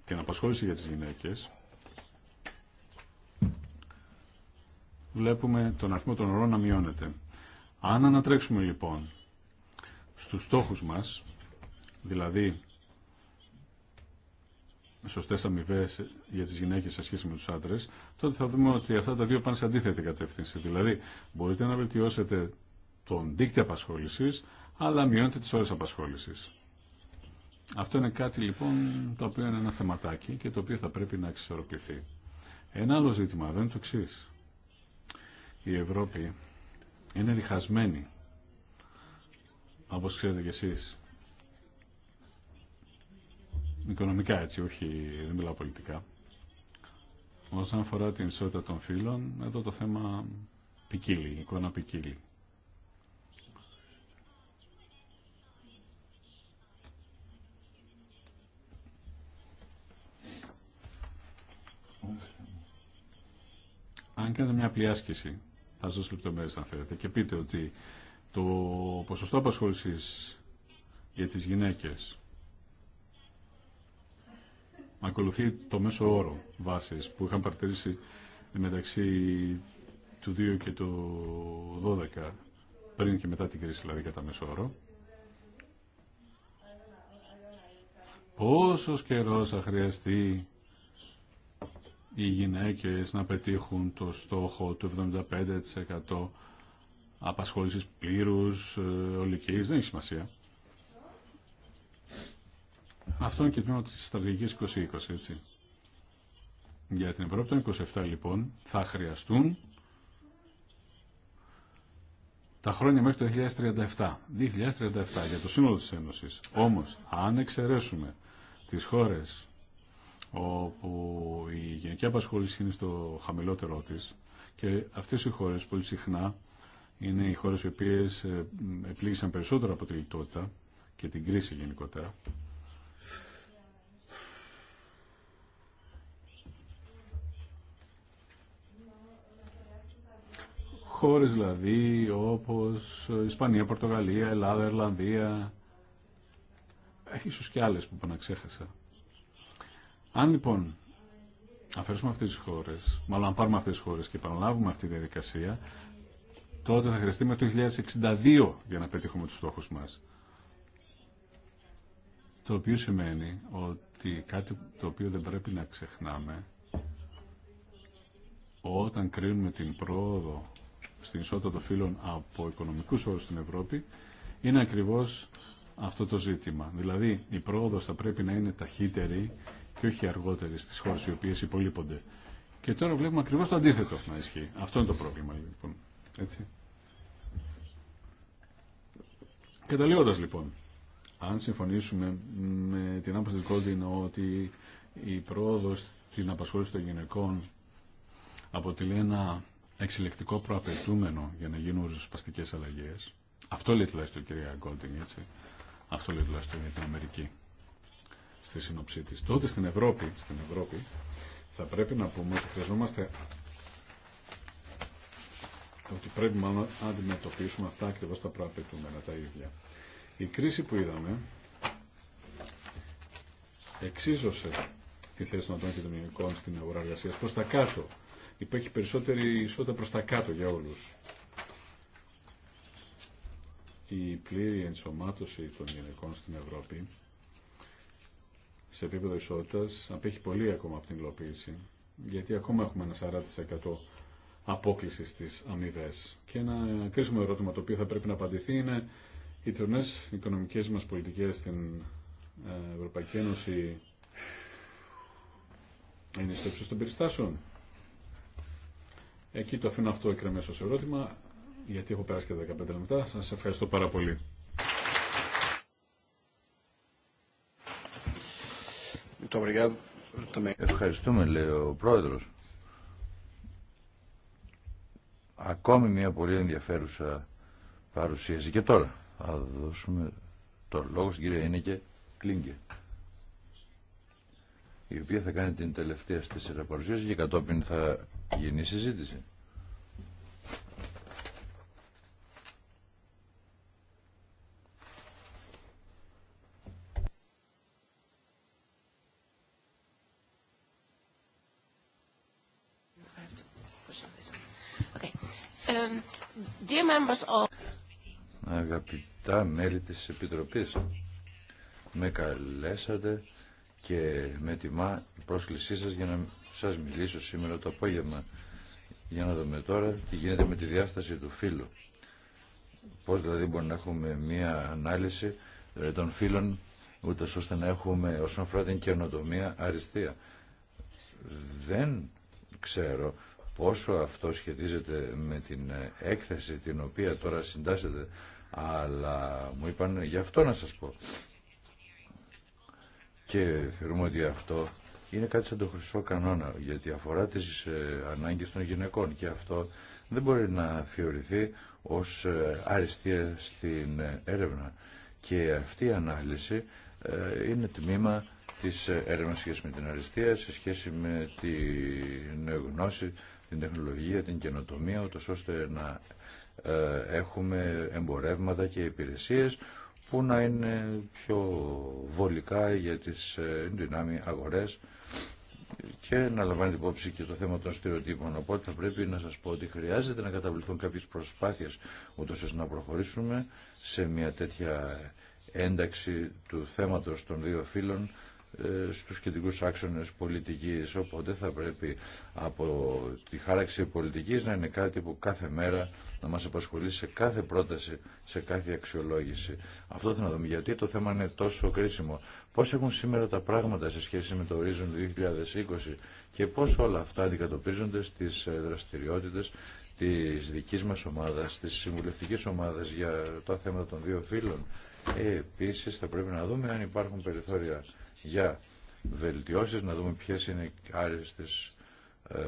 την απασχόληση για τις γυναίκες, βλέπουμε τον αριθμό των ωρών να μειώνεται. Αν ανατρέξουμε λοιπόν στους στόχους μας, δηλαδή σωστέ αμοιβέ για τι γυναίκε σε σχέση με του άντρε, τότε θα δούμε ότι αυτά τα δύο πάνε σε αντίθετη κατεύθυνση. Δηλαδή, μπορείτε να βελτιώσετε τον δίκτυο απασχόληση, αλλά μειώνετε τι ώρε απασχόληση. Αυτό είναι κάτι λοιπόν το οποίο είναι ένα θεματάκι και το οποίο θα πρέπει να εξισορροπηθεί. Ένα άλλο ζήτημα δεν είναι το εξή. Η Ευρώπη είναι διχασμένη, όπως ξέρετε κι εσείς, οικονομικά έτσι, όχι, δεν μιλάω πολιτικά. Όσον αφορά την ισότητα των φύλων, εδώ το θέμα ποικίλει, εικόνα ποικίλει. Αν κάνετε μια απλή άσκηση, θα σας δώσω λεπτομέρειες αν θέλετε, και πείτε ότι το ποσοστό απασχόλησης για τις γυναίκες ακολουθεί το μέσο όρο βάσης που είχαν παρατηρήσει μεταξύ του 2 και του 12 πριν και μετά την κρίση δηλαδή κατά μέσο όρο. Πόσος καιρός θα χρειαστεί οι γυναίκες να πετύχουν το στόχο του 75% απασχόλησης πλήρους, ε, ολικής, δεν έχει σημασία. Αυτό είναι και τμήμα της στρατηγική 2020, έτσι. Για την Ευρώπη των 27, λοιπόν, θα χρειαστούν τα χρόνια μέχρι το 2037. 2037 για το σύνολο της Ένωσης. Όμως, αν εξαιρέσουμε τις χώρες όπου η γενική απασχόληση είναι στο χαμηλότερό της και αυτές οι χώρες πολύ συχνά είναι οι χώρες οι οποίε ε, επλήγησαν περισσότερο από τη λιτότητα και την κρίση γενικότερα. χώρες δηλαδή όπως Ισπανία, Πορτογαλία, Ελλάδα, Ιρλανδία, ε, ίσως και άλλες που είπα ξέχασα. Αν λοιπόν αφαιρέσουμε αυτές τις χώρες, μάλλον αν πάρουμε αυτές τις χώρες και επαναλάβουμε αυτή τη διαδικασία, τότε θα χρειαστεί με το 2062 για να πετύχουμε τους στόχους μας. Το οποίο σημαίνει ότι κάτι το οποίο δεν πρέπει να ξεχνάμε όταν κρίνουμε την πρόοδο στην ισότητα των φύλων από οικονομικούς όρους στην Ευρώπη είναι ακριβώς αυτό το ζήτημα. Δηλαδή η πρόοδος θα πρέπει να είναι ταχύτερη και όχι αργότερη στις χώρες οι οποίες υπολείπονται. Και τώρα βλέπουμε ακριβώς το αντίθετο να ισχύει. Αυτό είναι το πρόβλημα λοιπόν. Έτσι. Καταλήγοντας λοιπόν, αν συμφωνήσουμε με την άποψη του Κόντιν ότι η πρόοδος στην απασχόληση των γυναικών αποτελεί ένα εξελικτικό προαπαιτούμενο για να γίνουν ριζοσπαστικέ αλλαγέ. Αυτό λέει τουλάχιστον η κυρία Γκόλτινγκ, έτσι. Αυτό λέει τουλάχιστον για Αμερική στη σύνοψή τη. Τότε στην Ευρώπη, στην Ευρώπη θα πρέπει να πούμε ότι χρειαζόμαστε ότι πρέπει να αντιμετωπίσουμε αυτά ακριβώ τα προαπαιτούμενα τα ίδια. Η κρίση που είδαμε εξίσωσε τη θέση των ατόμων στην αγορά εργασία προ τα κάτω υπάρχει περισσότερη ισότητα προς τα κάτω για όλους. Η πλήρη ενσωμάτωση των γυναικών στην Ευρώπη σε επίπεδο ισότητας απέχει πολύ ακόμα από την υλοποίηση, γιατί ακόμα έχουμε ένα 40% απόκληση στις αμοιβέ. Και ένα κρίσιμο ερώτημα το οποίο θα πρέπει να απαντηθεί είναι οι τρονές οικονομικές μας πολιτικές στην ε, Ευρωπαϊκή Ένωση είναι στο ύψος των περιστάσεων. Εκεί το αφήνω αυτό εκκρεμές σε ερώτημα, γιατί έχω περάσει και 15 λεπτά. Σας ευχαριστώ πάρα πολύ. Ευχαριστούμε, λέει ο Πρόεδρος. Ακόμη μια πολύ ενδιαφέρουσα παρουσίαση. Και τώρα θα δώσουμε το λόγο στην κυρία Ίνικε Κλίνκε, η οποία θα κάνει την τελευταία στις παρουσίαση και κατόπιν θα γίνει συζήτηση. Αγαπητά μέλη της Επιτροπής, με καλέσατε και με τιμά η πρόσκλησή σας για να σας μιλήσω σήμερα το απόγευμα για να δούμε τώρα τι γίνεται με τη διάσταση του φύλου. Πώς δηλαδή μπορεί να έχουμε μία ανάλυση ε, των φύλων ούτε ώστε να έχουμε όσον αφορά την καινοτομία αριστεία. Δεν ξέρω πόσο αυτό σχετίζεται με την ε, έκθεση την οποία τώρα συντάσσεται αλλά μου είπαν γι' αυτό να σας πω. Και θεωρούμε ότι αυτό είναι κάτι σαν το χρυσό κανόνα γιατί αφορά τις ε, ανάγκες των γυναικών και αυτό δεν μπορεί να θεωρηθεί ως ε, αριστεία στην ε, έρευνα και αυτή η ανάλυση είναι τμήμα της έρευνας σχέση με την αριστεία σε σχέση με την γνώση, την τεχνολογία, την καινοτομία ώστε να έχουμε εμπορεύματα και υπηρεσίες που να είναι πιο βολικά για τις ε, δυνάμει αγορές και να λαμβάνει υπόψη και το θέμα των στερεοτύπων. Οπότε θα πρέπει να σας πω ότι χρειάζεται να καταβληθούν κάποιες προσπάθειες ούτως ώστε να προχωρήσουμε σε μια τέτοια ένταξη του θέματος των δύο φύλων ε, στους κεντρικούς άξονες πολιτικής. Οπότε θα πρέπει από τη χάραξη πολιτικής να είναι κάτι που κάθε μέρα να μας απασχολεί σε κάθε πρόταση, σε κάθε αξιολόγηση. Αυτό θα να δούμε γιατί το θέμα είναι τόσο κρίσιμο. Πώς έχουν σήμερα τα πράγματα σε σχέση με το Horizon 2020 και πώς όλα αυτά αντικατοπίζονται στις ε, δραστηριότητες της δικής μας ομάδας, της συμβουλευτικής ομάδας για τα θέματα των δύο φίλων. Ε, επίσης θα πρέπει να δούμε αν υπάρχουν περιθώρια για βελτιώσεις, να δούμε ποιες είναι οι άριστες ε,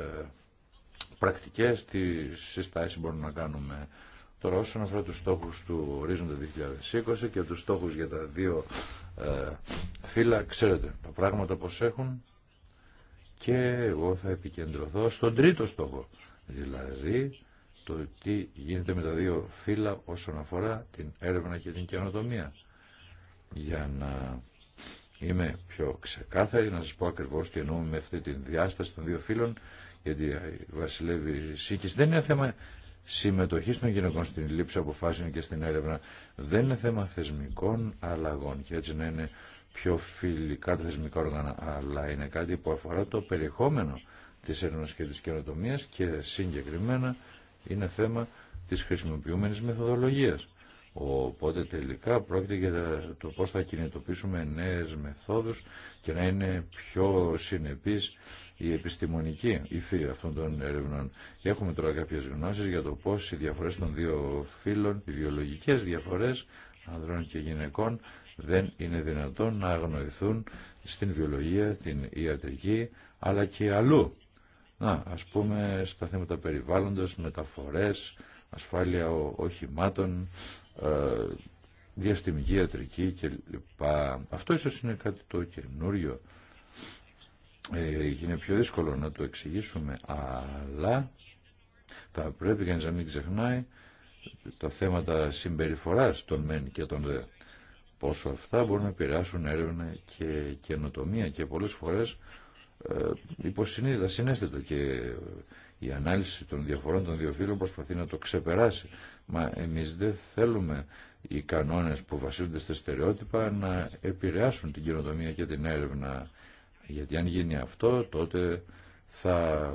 πρακτικές, τι συστάσεις μπορούμε να κάνουμε τώρα όσον αφορά τους στόχους του ορίζοντα 2020 και τους στόχους για τα δύο ε, φύλλα, ξέρετε τα πράγματα πως έχουν και εγώ θα επικεντρωθώ στον τρίτο στόχο, δηλαδή το τι γίνεται με τα δύο φύλλα όσον αφορά την έρευνα και την καινοτομία. Για να είμαι πιο ξεκάθαρη, να σας πω ακριβώς τι εννοούμε με αυτή τη διάσταση των δύο φύλων γιατί βασιλεύει σύγκριση. Δεν είναι θέμα συμμετοχής των γυναικών στην λήψη αποφάσεων και στην έρευνα. Δεν είναι θέμα θεσμικών αλλαγών και έτσι να είναι πιο φιλικά τα θεσμικά όργανα, αλλά είναι κάτι που αφορά το περιεχόμενο της έρευνας και της καινοτομίας και συγκεκριμένα είναι θέμα της χρησιμοποιούμενης μεθοδολογίας. Οπότε τελικά πρόκειται για το πώς θα κινητοποιήσουμε νέες μεθόδους και να είναι πιο συνεπείς η επιστημονική υφή αυτών των ερευνών. Έχουμε τώρα κάποιε γνώσεις για το πώς οι διαφορέ των δύο φύλων, οι βιολογικές διαφορές ανδρών και γυναικών δεν είναι δυνατόν να αγνοηθούν στην βιολογία, την ιατρική, αλλά και αλλού. Να, ας πούμε στα θέματα περιβάλλοντος, μεταφορές, ασφάλεια οχημάτων, ε, διαστημική ιατρική κλπ. Αυτό ίσως είναι κάτι το καινούριο ε, είναι πιο δύσκολο να το εξηγήσουμε, αλλά θα πρέπει κανείς να μην ξεχνάει τα θέματα συμπεριφοράς των μεν και των δε. Πόσο αυτά μπορούν να επηρεάσουν έρευνα και καινοτομία και πολλές φορές ε, υποσυνείδητα, συνέστητα και ε, η ανάλυση των διαφορών των δύο φύλων προσπαθεί να το ξεπεράσει. Μα εμείς δεν θέλουμε οι κανόνες που βασίζονται στα στερεότυπα να επηρεάσουν την καινοτομία και την έρευνα. Γιατί αν γίνει αυτό, τότε θα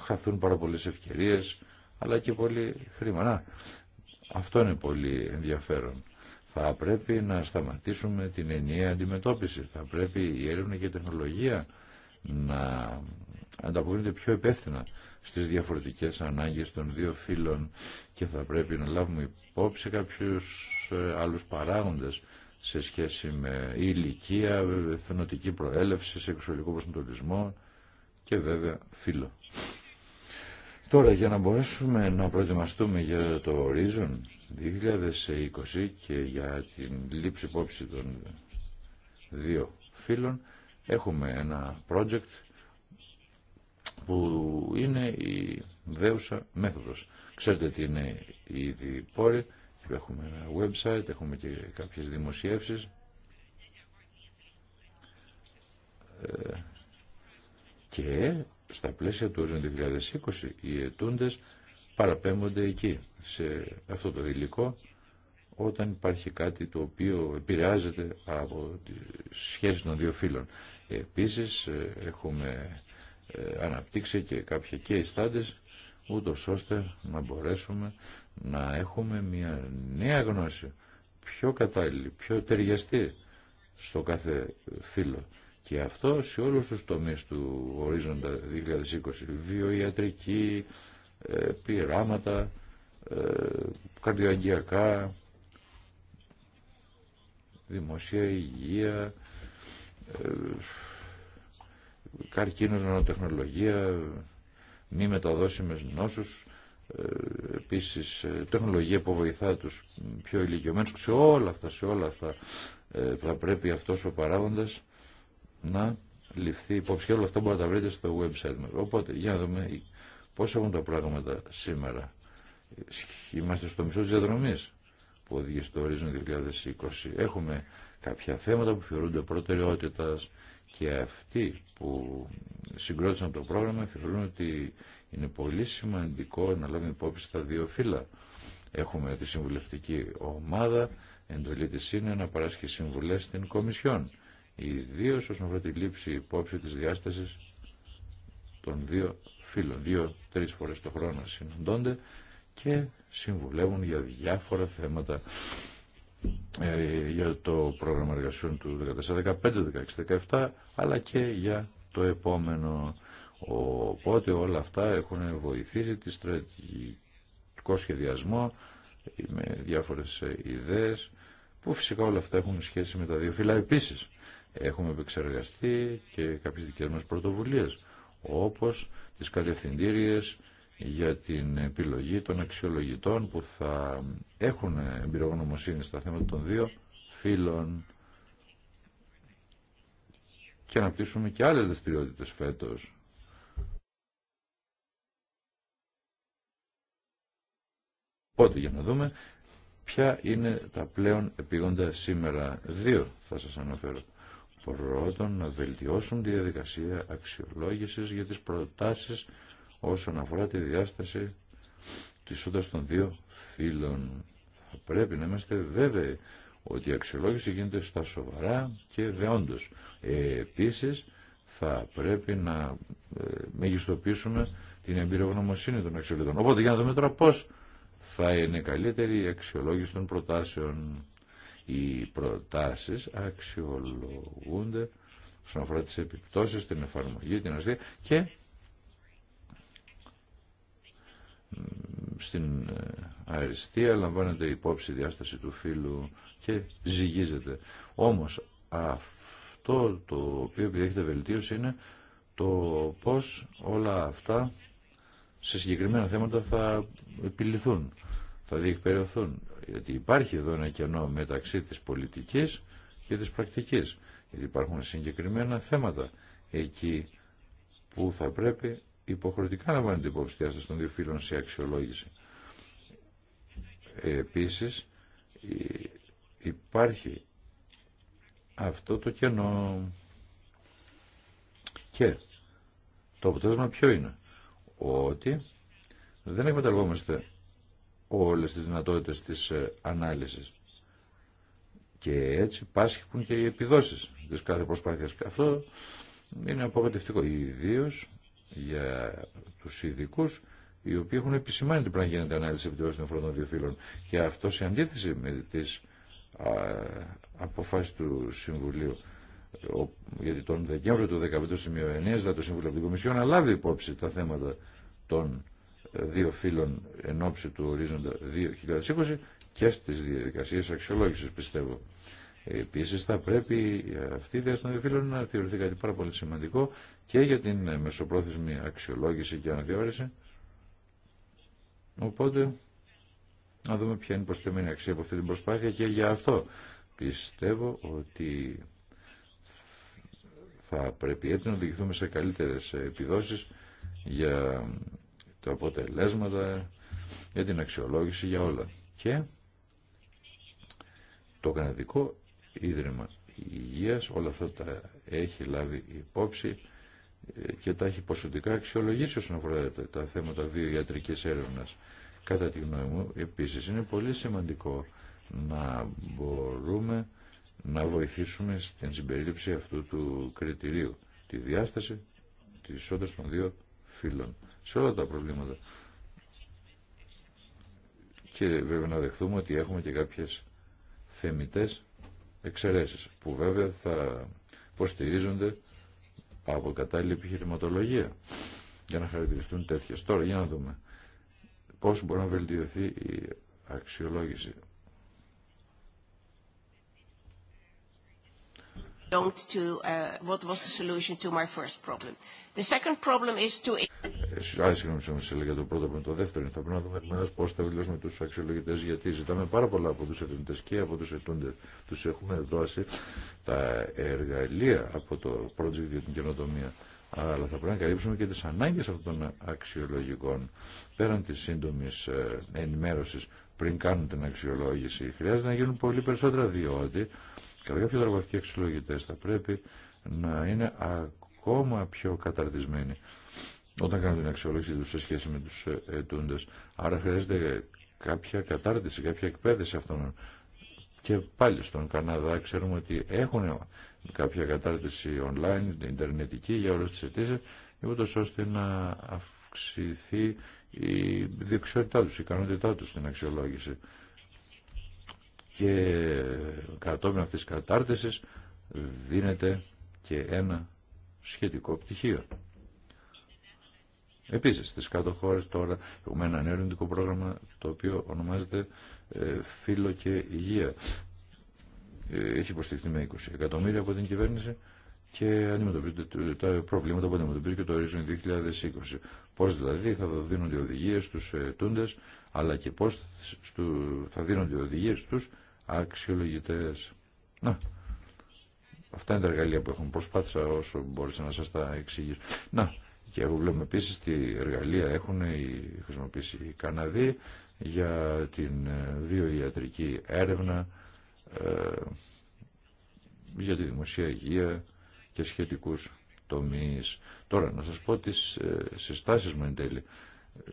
χαθούν πάρα πολλές ευκαιρίες, αλλά και πολύ χρήμα. Να, αυτό είναι πολύ ενδιαφέρον. Θα πρέπει να σταματήσουμε την ενιαία αντιμετώπιση. Θα πρέπει η έρευνα και η τεχνολογία να ανταποκρίνεται πιο υπεύθυνα στις διαφορετικές ανάγκες των δύο φύλων και θα πρέπει να λάβουμε υπόψη κάποιους ε, άλλους παράγοντες σε σχέση με ηλικία, εθνοτική προέλευση, σεξουαλικό προσανατολισμό και βέβαια φύλλο. Τώρα για να μπορέσουμε να προετοιμαστούμε για το Horizon 2020 και για την λήψη υπόψη των δύο φύλλων έχουμε ένα project που είναι η δέουσα μέθοδος. Ξέρετε τι είναι η ήδη Έχουμε ένα website, έχουμε και κάποιες δημοσιεύσεις. Ε, και στα πλαίσια του 2020 οι ετούντες παραπέμπονται εκεί, σε αυτό το υλικό, όταν υπάρχει κάτι το οποίο επηρεάζεται από τη σχέση των δύο φύλων. Επίσης ε, έχουμε ε, αναπτύξει και κάποια και studies ούτως ώστε να μπορέσουμε να έχουμε μια νέα γνώση, πιο κατάλληλη, πιο ταιριαστή στο κάθε φύλλο. Και αυτό σε όλους τους τομείς του ορίζοντα 2020, βιοιατρική, ε, πειράματα, ε, καρδιοαγγειακά, δημοσία υγεία, ε, καρκίνος, νοοτεχνολογία μη μεταδόσιμες νόσους, ε, επίσης ε, τεχνολογία που βοηθά τους πιο ηλικιωμένους σε όλα αυτά, σε όλα αυτά ε, θα πρέπει αυτός ο παράγοντας να ληφθεί υπόψη και όλα αυτά μπορείτε να τα βρείτε στο website μας. Οπότε για να δούμε πώς έχουν τα πράγματα σήμερα. Είμαστε στο μισό της διαδρομής που οδηγεί στο ορίζον 2020. Έχουμε κάποια θέματα που θεωρούνται προτεραιότητας και αυτοί που συγκρότησαν το πρόγραμμα θεωρούν ότι είναι πολύ σημαντικό να λάβουμε υπόψη τα δύο φύλλα. Έχουμε τη συμβουλευτική ομάδα, εντολή της είναι να παράσχει συμβουλές στην Κομισιόν. Ιδίω όσον αφορά τη λήψη υπόψη της διάστασης των δύο φύλων. Δύο-τρεις φορές το χρόνο συναντώνται και συμβουλεύουν για διάφορα θέματα ε, για το πρόγραμμα εργασιών του 2014-2015, 2016-2017, αλλά και για το επόμενο Οπότε όλα αυτά έχουν βοηθήσει τη στρατηγικό σχεδιασμό με διάφορες ιδέες που φυσικά όλα αυτά έχουν σχέση με τα δύο φύλλα. Επίσης έχουμε επεξεργαστεί και κάποιες δικές μας πρωτοβουλίες όπως τις κατευθυντήριες για την επιλογή των αξιολογητών που θα έχουν εμπειρογνωμοσύνη στα θέματα των δύο φύλων και πτήσουμε και άλλες δραστηριότητε φέτος Οπότε για να δούμε ποια είναι τα πλέον επιγόντα σήμερα. Δύο θα σας αναφέρω. Πρώτον, να βελτιώσουν τη διαδικασία αξιολόγησης για τις προτάσεις όσον αφορά τη διάσταση της όντας των δύο φύλων. Θα πρέπει να είμαστε βέβαιοι ότι η αξιολόγηση γίνεται στα σοβαρά και δεόντως. Ε, επίσης, θα πρέπει να ε, μεγιστοποιήσουμε την εμπειρογνωμοσύνη των αξιολογητών. Οπότε, για να δούμε τώρα πώς θα είναι καλύτερη η αξιολόγηση των προτάσεων. Οι προτάσεις αξιολογούνται όσον αφορά τις επιπτώσεις, την εφαρμογή, την αστεία και στην αριστεία λαμβάνεται υπόψη η διάσταση του φύλου και ζυγίζεται. Όμως αυτό το οποίο επιδέχεται βελτίωση είναι το πώς όλα αυτά σε συγκεκριμένα θέματα θα επιληθούν, θα διεκπαιρεωθούν. Γιατί υπάρχει εδώ ένα κενό μεταξύ της πολιτικής και της πρακτικής. Γιατί υπάρχουν συγκεκριμένα θέματα εκεί που θα πρέπει υποχρεωτικά να βάλουν την υπόψη των δύο σε αξιολόγηση. Επίσης υπάρχει αυτό το κενό και το αποτέλεσμα ποιο είναι ότι δεν εκμεταλλευόμαστε όλες τις δυνατότητες της ε, ανάλυσης. Και έτσι πάσχουν και οι επιδόσεις της κάθε προσπάθειας. Αυτό είναι απογοητευτικό. Ιδίω για τους ειδικού οι οποίοι έχουν επισημάνει την πράγμα γίνεται ανάλυση επιβεβαίωσης των των δύο φύλων. Και αυτό σε αντίθεση με τις αποφάσεις του Συμβουλίου γιατί τον Δεκέμβριο του 2015 σημείο 9 θα το Σύμβουλο από την Κομισιόν να λάβει υπόψη τα θέματα των ε, δύο φύλων εν ώψη του ορίζοντα 2020 και στι διαδικασίε αξιολόγηση, πιστεύω. Επίση, θα πρέπει αυτή η διάσταση των δύο φύλων να θεωρηθεί κάτι πάρα πολύ σημαντικό και για την ε, μεσοπρόθεσμη αξιολόγηση και αναδιόριση, Οπότε, να δούμε ποια είναι η προσθεμένη αξία από αυτή την προσπάθεια και για αυτό. Πιστεύω ότι θα πρέπει έτσι να οδηγηθούμε σε καλύτερες επιδόσεις για τα αποτελέσματα, για την αξιολόγηση, για όλα. Και το Καναδικό Ίδρυμα Υγείας όλα αυτά τα έχει λάβει υπόψη ε, και τα έχει ποσοτικά αξιολογήσει όσον αφορά τα, θέματα βιοιατρικής έρευνας. Κατά τη γνώμη μου, επίσης, είναι πολύ σημαντικό να μπορούμε να βοηθήσουμε στην συμπερίληψη αυτού του κριτηρίου, τη διάσταση τη ισότητα των δύο φύλων, σε όλα τα προβλήματα. Και βέβαια να δεχθούμε ότι έχουμε και κάποιες θεμητέ εξαιρεσει που βέβαια θα υποστηρίζονται από κατάλληλη επιχειρηματολογία για να χαρακτηριστούν τέτοιες. Τώρα για να δούμε πώς μπορεί να βελτιωθεί η αξιολόγηση to uh, what was the solution to my first problem. The second problem is to... Ε, Άρα, συγγνώμη, σε έλεγα το πρώτο με το δεύτερο. Θα πρέπει να δούμε επομένω πώ θα βελτιώσουμε του αξιολογητέ. Γιατί ζητάμε πάρα πολλά από του ερευνητέ και από του ετούντε. Του έχουμε δώσει τα εργαλεία από το project για την καινοτομία. Αλλά θα πρέπει να καλύψουμε και τι ανάγκε αυτών των αξιολογικών. Πέραν τη σύντομη ε, ενημέρωση πριν κάνουν την αξιολόγηση, χρειάζεται να γίνουν πολύ περισσότερα διότι Κατά κάποιο τρόπο αυτοί αξιολογητέ θα πρέπει να είναι ακόμα πιο καταρτισμένοι όταν κάνουν την αξιολόγηση του σε σχέση με του ετούντε. Άρα χρειάζεται κάποια κατάρτιση, κάποια εκπαίδευση αυτών. Και πάλι στον Καναδά ξέρουμε ότι έχουν κάποια κατάρτιση online, ιντερνετική για όλες τις αιτήσει, ούτως ώστε να αυξηθεί η δεξιότητά τους, η ικανότητά τους στην αξιολόγηση και κατόπιν αυτής της κατάρτισης δίνεται και ένα σχετικό πτυχίο. Επίσης, στις κάτω χώρες τώρα έχουμε ένα νέο ελληνικό πρόγραμμα το οποίο ονομάζεται ε, «Φίλο και Υγεία». Ε, έχει υποστηριχθεί με 20 εκατομμύρια από την κυβέρνηση και αντιμετωπίζονται τα προβλήματα που αντιμετωπίζει και το ορίζον 2020. Πώς δηλαδή θα δίνονται οδηγίες στους τούντες, αλλά και πώς θα δίνονται οδηγίες στους αξιολογητές. Να, αυτά είναι τα εργαλεία που έχουν. Προσπάθησα όσο μπορούσα να σας τα εξηγήσω. Να, και εγώ βλέπουμε επίσης τι εργαλεία έχουν χρησιμοποιήσει οι Καναδοί για την ε, βιοιατρική έρευνα, ε, για τη δημοσία υγεία και σχετικούς τομείς. Τώρα, να σας πω τις ε, συστάσεις μου εν τέλει.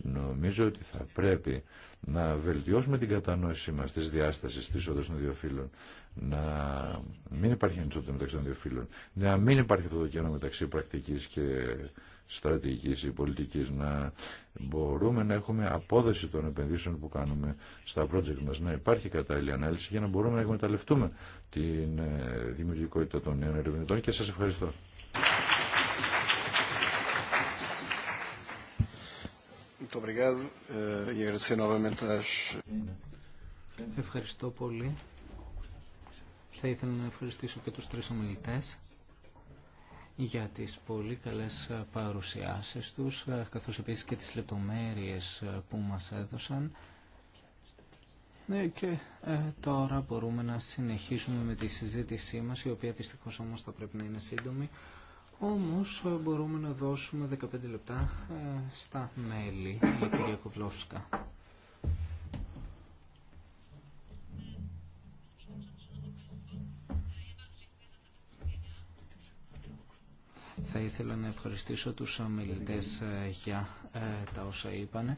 Νομίζω ότι θα πρέπει να βελτιώσουμε την κατανόησή μας της διάστασης της όντως των δύο φύλων. Να μην υπάρχει ανισότητα μεταξύ των δύο φύλων. Να μην υπάρχει αυτό το κενό μεταξύ πρακτικής και στρατηγικής ή πολιτικής. Να μπορούμε να έχουμε απόδοση των επενδύσεων που κάνουμε στα project μας. Να υπάρχει κατάλληλη ανάλυση για να μπορούμε να εκμεταλλευτούμε την ε, δημιουργικότητα των νέων ερευνητών. Και σας ευχαριστώ. Eh, e Ευχαριστώ πολύ. Θα ήθελα να ευχαριστήσω και τους τρεις ομιλητές για τις πολύ καλές ε, παρουσιάσεις τους, ε, καθώς επίσης και τις λεπτομέρειες ε, που μας έδωσαν. Και τώρα μπορούμε να συνεχίσουμε με τη συζήτησή μας, η οποία δυστυχώς όμως θα πρέπει να είναι σύντομη. Όμως ε, μπορούμε να δώσουμε 15 λεπτά ε, στα μέλη, η κυρία Κοβλόφσκα. Θα ήθελα να ευχαριστήσω τους ε, για ε, τα όσα είπανε.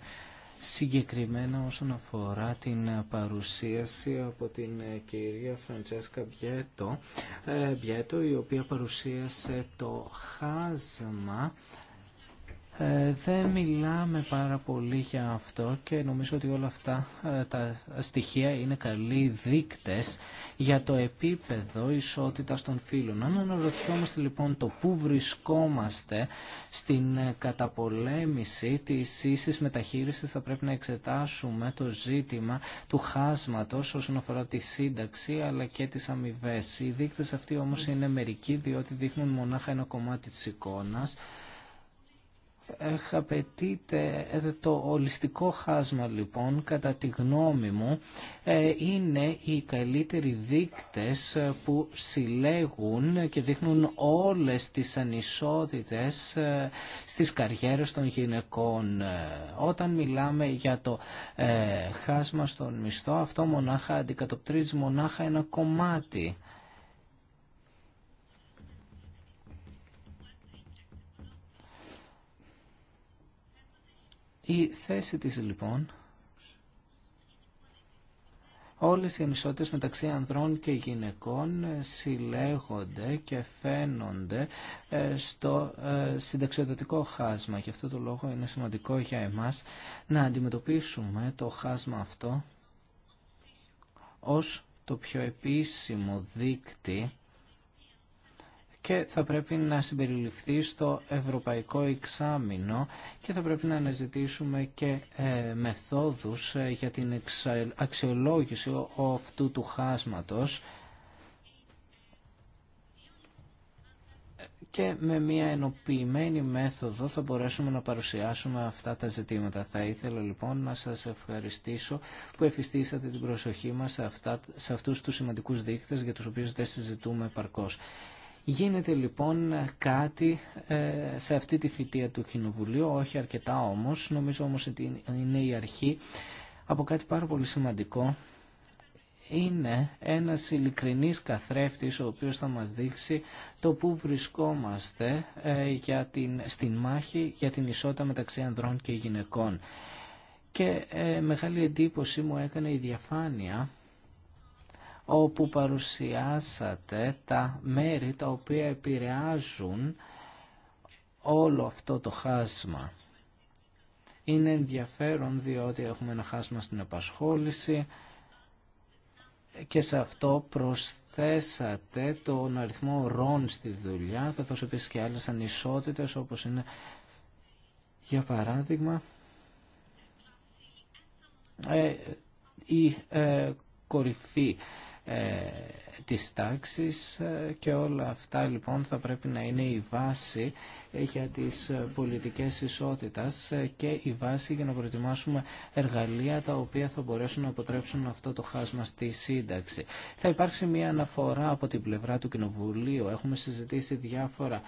Συγκεκριμένα όσον αφορά την παρουσίαση από την ε, κυρία Φραντσέσκα ε, Μπιέτο, η οποία παρουσίασε το χάσμα ε, δεν μιλάμε πάρα πολύ για αυτό και νομίζω ότι όλα αυτά ε, τα στοιχεία είναι καλοί δείκτες για το επίπεδο ισότητας των φύλων. Αν αναρωτιόμαστε λοιπόν το πού βρισκόμαστε στην ε, καταπολέμηση της ίσης μεταχείρισης θα πρέπει να εξετάσουμε το ζήτημα του χάσματος όσον αφορά τη σύνταξη αλλά και τις αμοιβέ. Οι δείκτες αυτοί όμως είναι μερικοί διότι δείχνουν μονάχα ένα κομμάτι της εικόνας ε, το ολιστικό χάσμα λοιπόν κατά τη γνώμη μου ε, είναι οι καλύτεροι δείκτες ε, που συλλέγουν και δείχνουν όλες τις ανισότητες στις καριέρες των γυναικών. Όταν μιλάμε για το χάσμα στον μισθό αυτό μονάχα αντικατοπτρίζει μονάχα ένα κομμάτι Η θέση της λοιπόν, όλες οι ανισότητες μεταξύ ανδρών και γυναικών συλλέγονται και φαίνονται ε, στο ε, συνταξιοδοτικό χάσμα. Γι' αυτό το λόγο είναι σημαντικό για εμάς να αντιμετωπίσουμε το χάσμα αυτό ως το πιο επίσημο δείκτη και θα πρέπει να συμπεριληφθεί στο ευρωπαϊκό εξάμεινο και θα πρέπει να αναζητήσουμε και ε, μεθόδους ε, για την αξιολόγηση αυτού του χάσματος και με μια ενοποιημένη μέθοδο θα μπορέσουμε να παρουσιάσουμε αυτά τα ζητήματα. Θα ήθελα λοιπόν να σας ευχαριστήσω που εφιστήσατε την προσοχή μας σε, αυτά, σε αυτούς τους σημαντικούς δείκτες για τους οποίους δεν συζητούμε παρκώς. Γίνεται λοιπόν κάτι ε, σε αυτή τη θητεία του Κοινοβουλίου, όχι αρκετά όμως, νομίζω όμως ότι είναι η αρχή από κάτι πάρα πολύ σημαντικό. Είναι ένας ειλικρινής καθρέφτης ο οποίος θα μας δείξει το που βρισκόμαστε ε, για την, στην μάχη για την ισότητα μεταξύ ανδρών και γυναικών. Και ε, μεγάλη εντύπωση μου έκανε η διαφάνεια όπου παρουσιάσατε τα μέρη τα οποία επηρεάζουν όλο αυτό το χάσμα. Είναι ενδιαφέρον διότι έχουμε ένα χάσμα στην απασχόληση και σε αυτό προσθέσατε τον αριθμό ροών στη δουλειά καθώς επίσης και άλλες ανισότητες όπως είναι για παράδειγμα ε, η ε, κορυφή ε, της τάξης ε, και όλα αυτά λοιπόν θα πρέπει να είναι η βάση ε, για τις ε, πολιτικές ισότητας και η βάση για να προετοιμάσουμε εργαλεία τα οποία θα μπορέσουν να αποτρέψουν αυτό το χάσμα στη σύνταξη. Θα υπάρξει μια αναφορά από την πλευρά του Κοινοβουλίου. Έχουμε συζητήσει διάφορα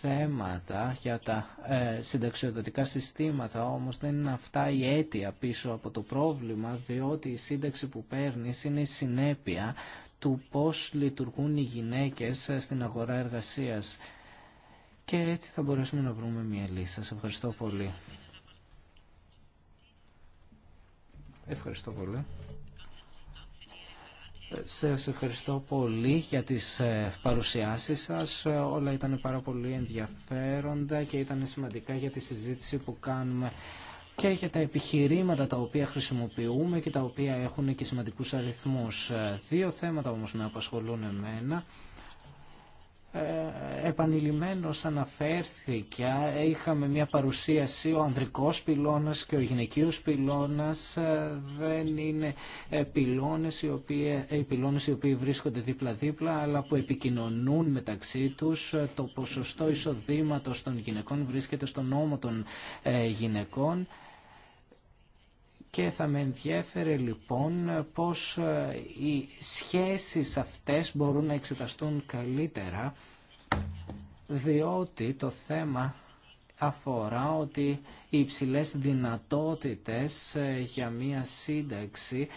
θέματα για τα ε, συνταξιοδοτικά συστήματα, όμως δεν είναι αυτά η αίτια πίσω από το πρόβλημα, διότι η σύνταξη που παίρνει είναι η συνέπεια του πώς λειτουργούν οι γυναίκες στην αγορά εργασίας. Και έτσι θα μπορέσουμε να βρούμε μια λύση. Σας ευχαριστώ πολύ. Ευχαριστώ πολύ. Σας ευχαριστώ πολύ για τις ε, παρουσιάσεις σας. Όλα ήταν πάρα πολύ ενδιαφέροντα και ήταν σημαντικά για τη συζήτηση που κάνουμε και για τα επιχειρήματα τα οποία χρησιμοποιούμε και τα οποία έχουν και σημαντικούς αριθμούς. Ε, δύο θέματα όμως με απασχολούν εμένα. Ε, επανειλημμένως αναφέρθηκε, είχαμε μια παρουσίαση, ο ανδρικός πυλώνας και ο γυναικείος πυλώνας ε, δεν είναι ε, πυλώνες οι, οποίοι, πυλώνες οι οποίοι βρίσκονται δίπλα-δίπλα αλλά που επικοινωνούν μεταξύ τους. Το ποσοστό εισοδήματος των γυναικών βρίσκεται στον νόμο των γυναικών και θα με ενδιέφερε λοιπόν πώς ε, οι σχέσεις αυτές μπορούν να εξεταστούν καλύτερα διότι το θέμα αφορά ότι οι υψηλές δυνατότητες ε, για μία σύνταξη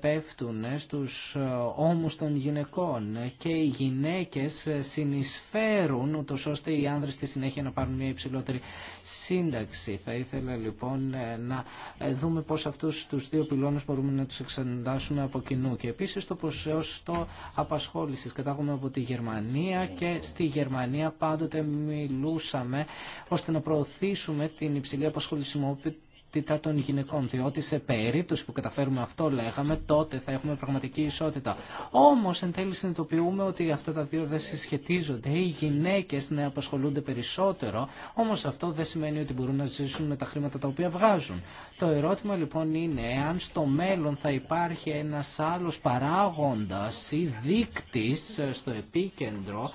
πέφτουν στους ε, ώμους των γυναικών και οι γυναίκες ε, συνεισφέρουν ούτως ώστε οι άνδρες στη συνέχεια να πάρουν μία υψηλότερη σύνταξη. Θα ήθελα λοιπόν να δούμε πώς αυτούς τους δύο πυλώνες μπορούμε να τους εξαντάσουμε από κοινού και επίσης το ποσοστό απασχόλησης. κατάγουμε από τη Γερμανία και στη Γερμανία πάντοτε μιλούσαμε ώστε να προωθήσουμε την υψηλή απασχολησιμότητα των γυναικών. Διότι σε περίπτωση που καταφέρουμε αυτό, λέγαμε, τότε θα έχουμε πραγματική ισότητα. Όμω, εν τέλει, συνειδητοποιούμε ότι αυτά τα δύο δεν συσχετίζονται. Οι γυναίκε να απασχολούνται περισσότερο, όμω αυτό δεν σημαίνει ότι μπορούν να ζήσουν με τα χρήματα τα οποία βγάζουν. Το ερώτημα λοιπόν είναι αν στο μέλλον θα υπάρχει ένα άλλο παράγοντα ή δείκτη στο επίκεντρο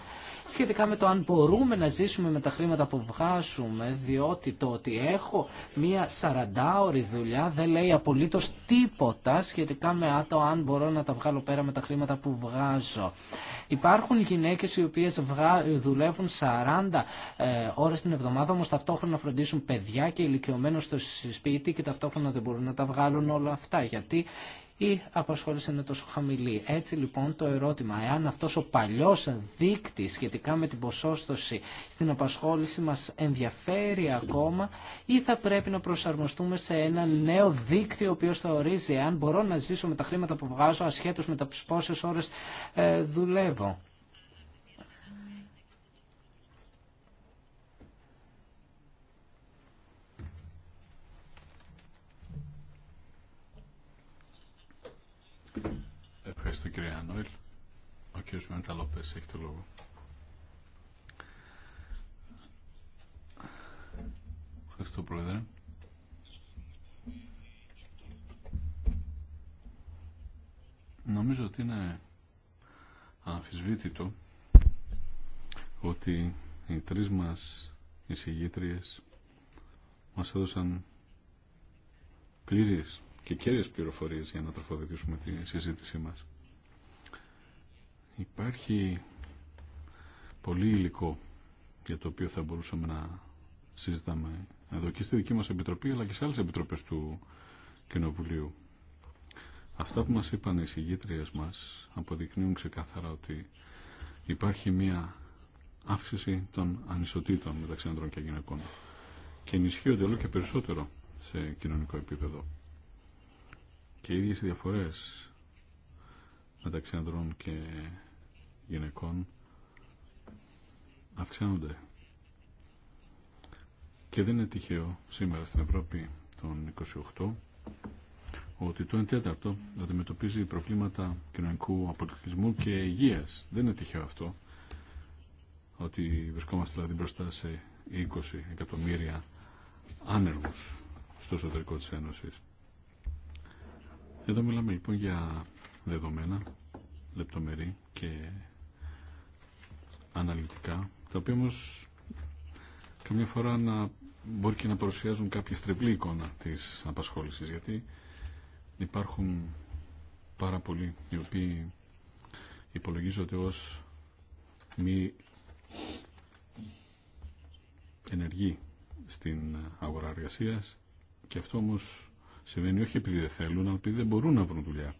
σχετικά με το αν μπορούμε να ζήσουμε με τα χρήματα που βγάζουμε, διότι το ότι έχω μία 40ωρη δουλειά δεν λέει απολύτω τίποτα σχετικά με το αν μπορώ να τα βγάλω πέρα με τα χρήματα που βγάζω. Υπάρχουν γυναίκε οι οποίες δουλεύουν 40 ε, ώρες την εβδομάδα, όμω ταυτόχρονα φροντίσουν παιδιά και ηλικιωμένους στο σπίτι και ταυτόχρονα δεν μπορούν να τα βγάλουν όλα αυτά, γιατί η απασχόληση είναι τόσο χαμηλή. Έτσι λοιπόν το ερώτημα, εάν αυτός ο παλιός δείκτης σχετικά με την ποσόστοση στην απασχόληση μας ενδιαφέρει ακόμα ή θα πρέπει να προσαρμοστούμε σε ένα νέο δίκτυο ο οποίος θα ορίζει εάν μπορώ να ζήσω με τα χρήματα που βγάζω ασχέτως με τα πόσες ώρες ε, δουλεύω. Ευχαριστώ κύριε Ανόηλ. Ο κύριος Μέντα Λόπες έχει το λόγο. Ευχαριστώ πρόεδρε. Νομίζω ότι είναι αμφισβήτητο ότι οι τρεις μας εισηγήτριες μας έδωσαν πλήρες και κέρδιες πληροφορίες για να τροφοδοτήσουμε τη συζήτησή μας. Υπάρχει πολύ υλικό για το οποίο θα μπορούσαμε να συζητάμε εδώ και στη δική μας Επιτροπή αλλά και σε άλλες Επιτροπές του Κοινοβουλίου. Αυτά που μας είπαν οι συγγήτριες μας αποδεικνύουν ξεκάθαρα ότι υπάρχει μία αύξηση των ανισοτήτων μεταξύ ανδρών και γυναικών και ενισχύονται όλο και περισσότερο σε κοινωνικό επίπεδο. Και οι ίδιες διαφορές μεταξύ ανδρών και γυναικών αυξάνονται. Και δεν είναι τυχαίο σήμερα στην Ευρώπη των 28 ότι το 1 τέταρτο αντιμετωπίζει προβλήματα κοινωνικού αποκλεισμού και υγείας. Δεν είναι τυχαίο αυτό ότι βρισκόμαστε δηλαδή μπροστά σε 20 εκατομμύρια άνεργους στο εσωτερικό της Ένωσης. Εδώ μιλάμε λοιπόν για δεδομένα, λεπτομερή και αναλυτικά, τα οποία όμω καμιά φορά να μπορεί και να παρουσιάζουν κάποια στρεπλή εικόνα της απασχόλησης, γιατί υπάρχουν πάρα πολλοί οι οποίοι υπολογίζονται ως μη ενεργοί στην αγορά εργασία και αυτό όμως συμβαίνει όχι επειδή δεν θέλουν, αλλά επειδή δεν μπορούν να βρουν δουλειά.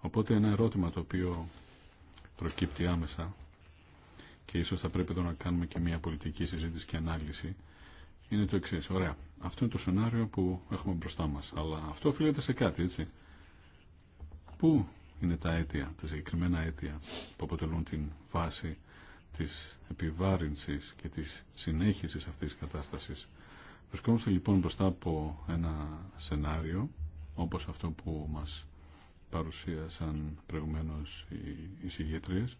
Οπότε ένα ερώτημα το οποίο προκύπτει άμεσα και ίσως θα πρέπει εδώ να κάνουμε και μια πολιτική συζήτηση και ανάλυση, είναι το εξή. Ωραία. Αυτό είναι το σενάριο που έχουμε μπροστά μα. Αλλά αυτό οφείλεται σε κάτι, έτσι. Πού είναι τα αίτια, τα συγκεκριμένα αίτια που αποτελούν την βάση τη επιβάρυνση και τη συνέχισης αυτή τη κατάσταση. Βρισκόμαστε λοιπόν μπροστά από ένα σενάριο όπως αυτό που μας παρουσίασαν προηγουμένως οι συγγετρίες,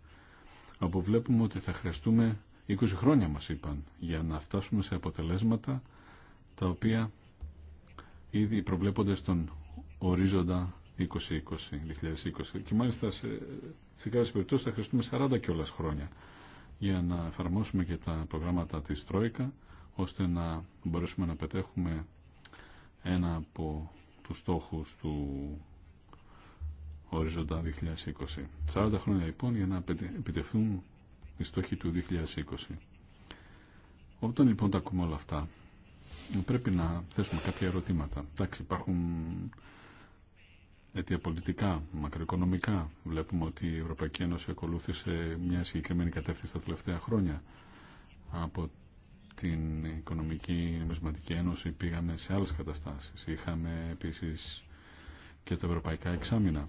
Αποβλέπουμε ότι θα χρειαστούμε 20 χρόνια μας είπαν για να φτάσουμε σε αποτελέσματα τα οποία ήδη προβλέπονται στον ορίζοντα 2020, 2020. Και μάλιστα σε, σε κάποιες περιπτώσεις θα χρειαστούμε 40 κιόλα χρόνια για να εφαρμόσουμε και τα προγράμματα της Τρόικα ώστε να μπορέσουμε να πετέχουμε ένα από τους στόχους του ορίζοντα 2020. 40 χρόνια λοιπόν για να επιτευχθούν οι στόχοι του 2020. Όταν λοιπόν τα ακούμε όλα αυτά, πρέπει να θέσουμε κάποια ερωτήματα. Εντάξει, υπάρχουν αιτία πολιτικά, μακροοικονομικά. Βλέπουμε ότι η Ευρωπαϊκή Ένωση ακολούθησε μια συγκεκριμένη κατεύθυνση τα τελευταία χρόνια. Από την Οικονομική Νομισματική Ένωση πήγαμε σε άλλες καταστάσεις. Είχαμε επίσης και τα ευρωπαϊκά εξάμεινα.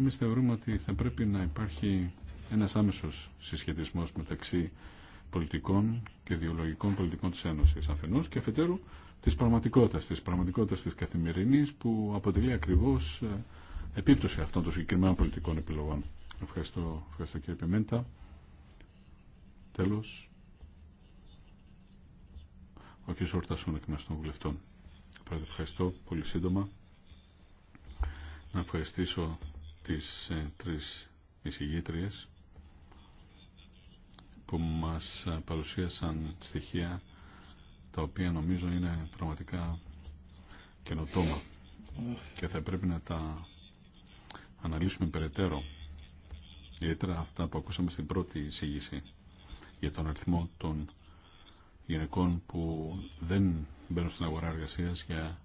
Εμείς θεωρούμε ότι θα πρέπει να υπάρχει ένας άμεσος συσχετισμός μεταξύ πολιτικών και ιδεολογικών πολιτικών της Ένωσης αφενός και αφετέρου της πραγματικότητας, της πραγματικότητας της καθημερινής που αποτελεί ακριβώς ε, επίπτωση αυτών των συγκεκριμένων πολιτικών επιλογών. Ευχαριστώ, ευχαριστώ κύριε Πεμέντα. Τέλος, ο κ. Ορτασούν εκ μέρους των βουλευτών. Πρώτα ευχαριστώ πολύ σύντομα. Να ευχαριστήσω τις ε, τρεις εισηγήτριες που μας ε, παρουσίασαν στοιχεία τα οποία νομίζω είναι πραγματικά καινοτόμα και θα πρέπει να τα αναλύσουμε περαιτέρω ιδιαίτερα αυτά που ακούσαμε στην πρώτη εισήγηση για τον αριθμό των γυναικών που δεν μπαίνουν στην αγορά εργασίας για,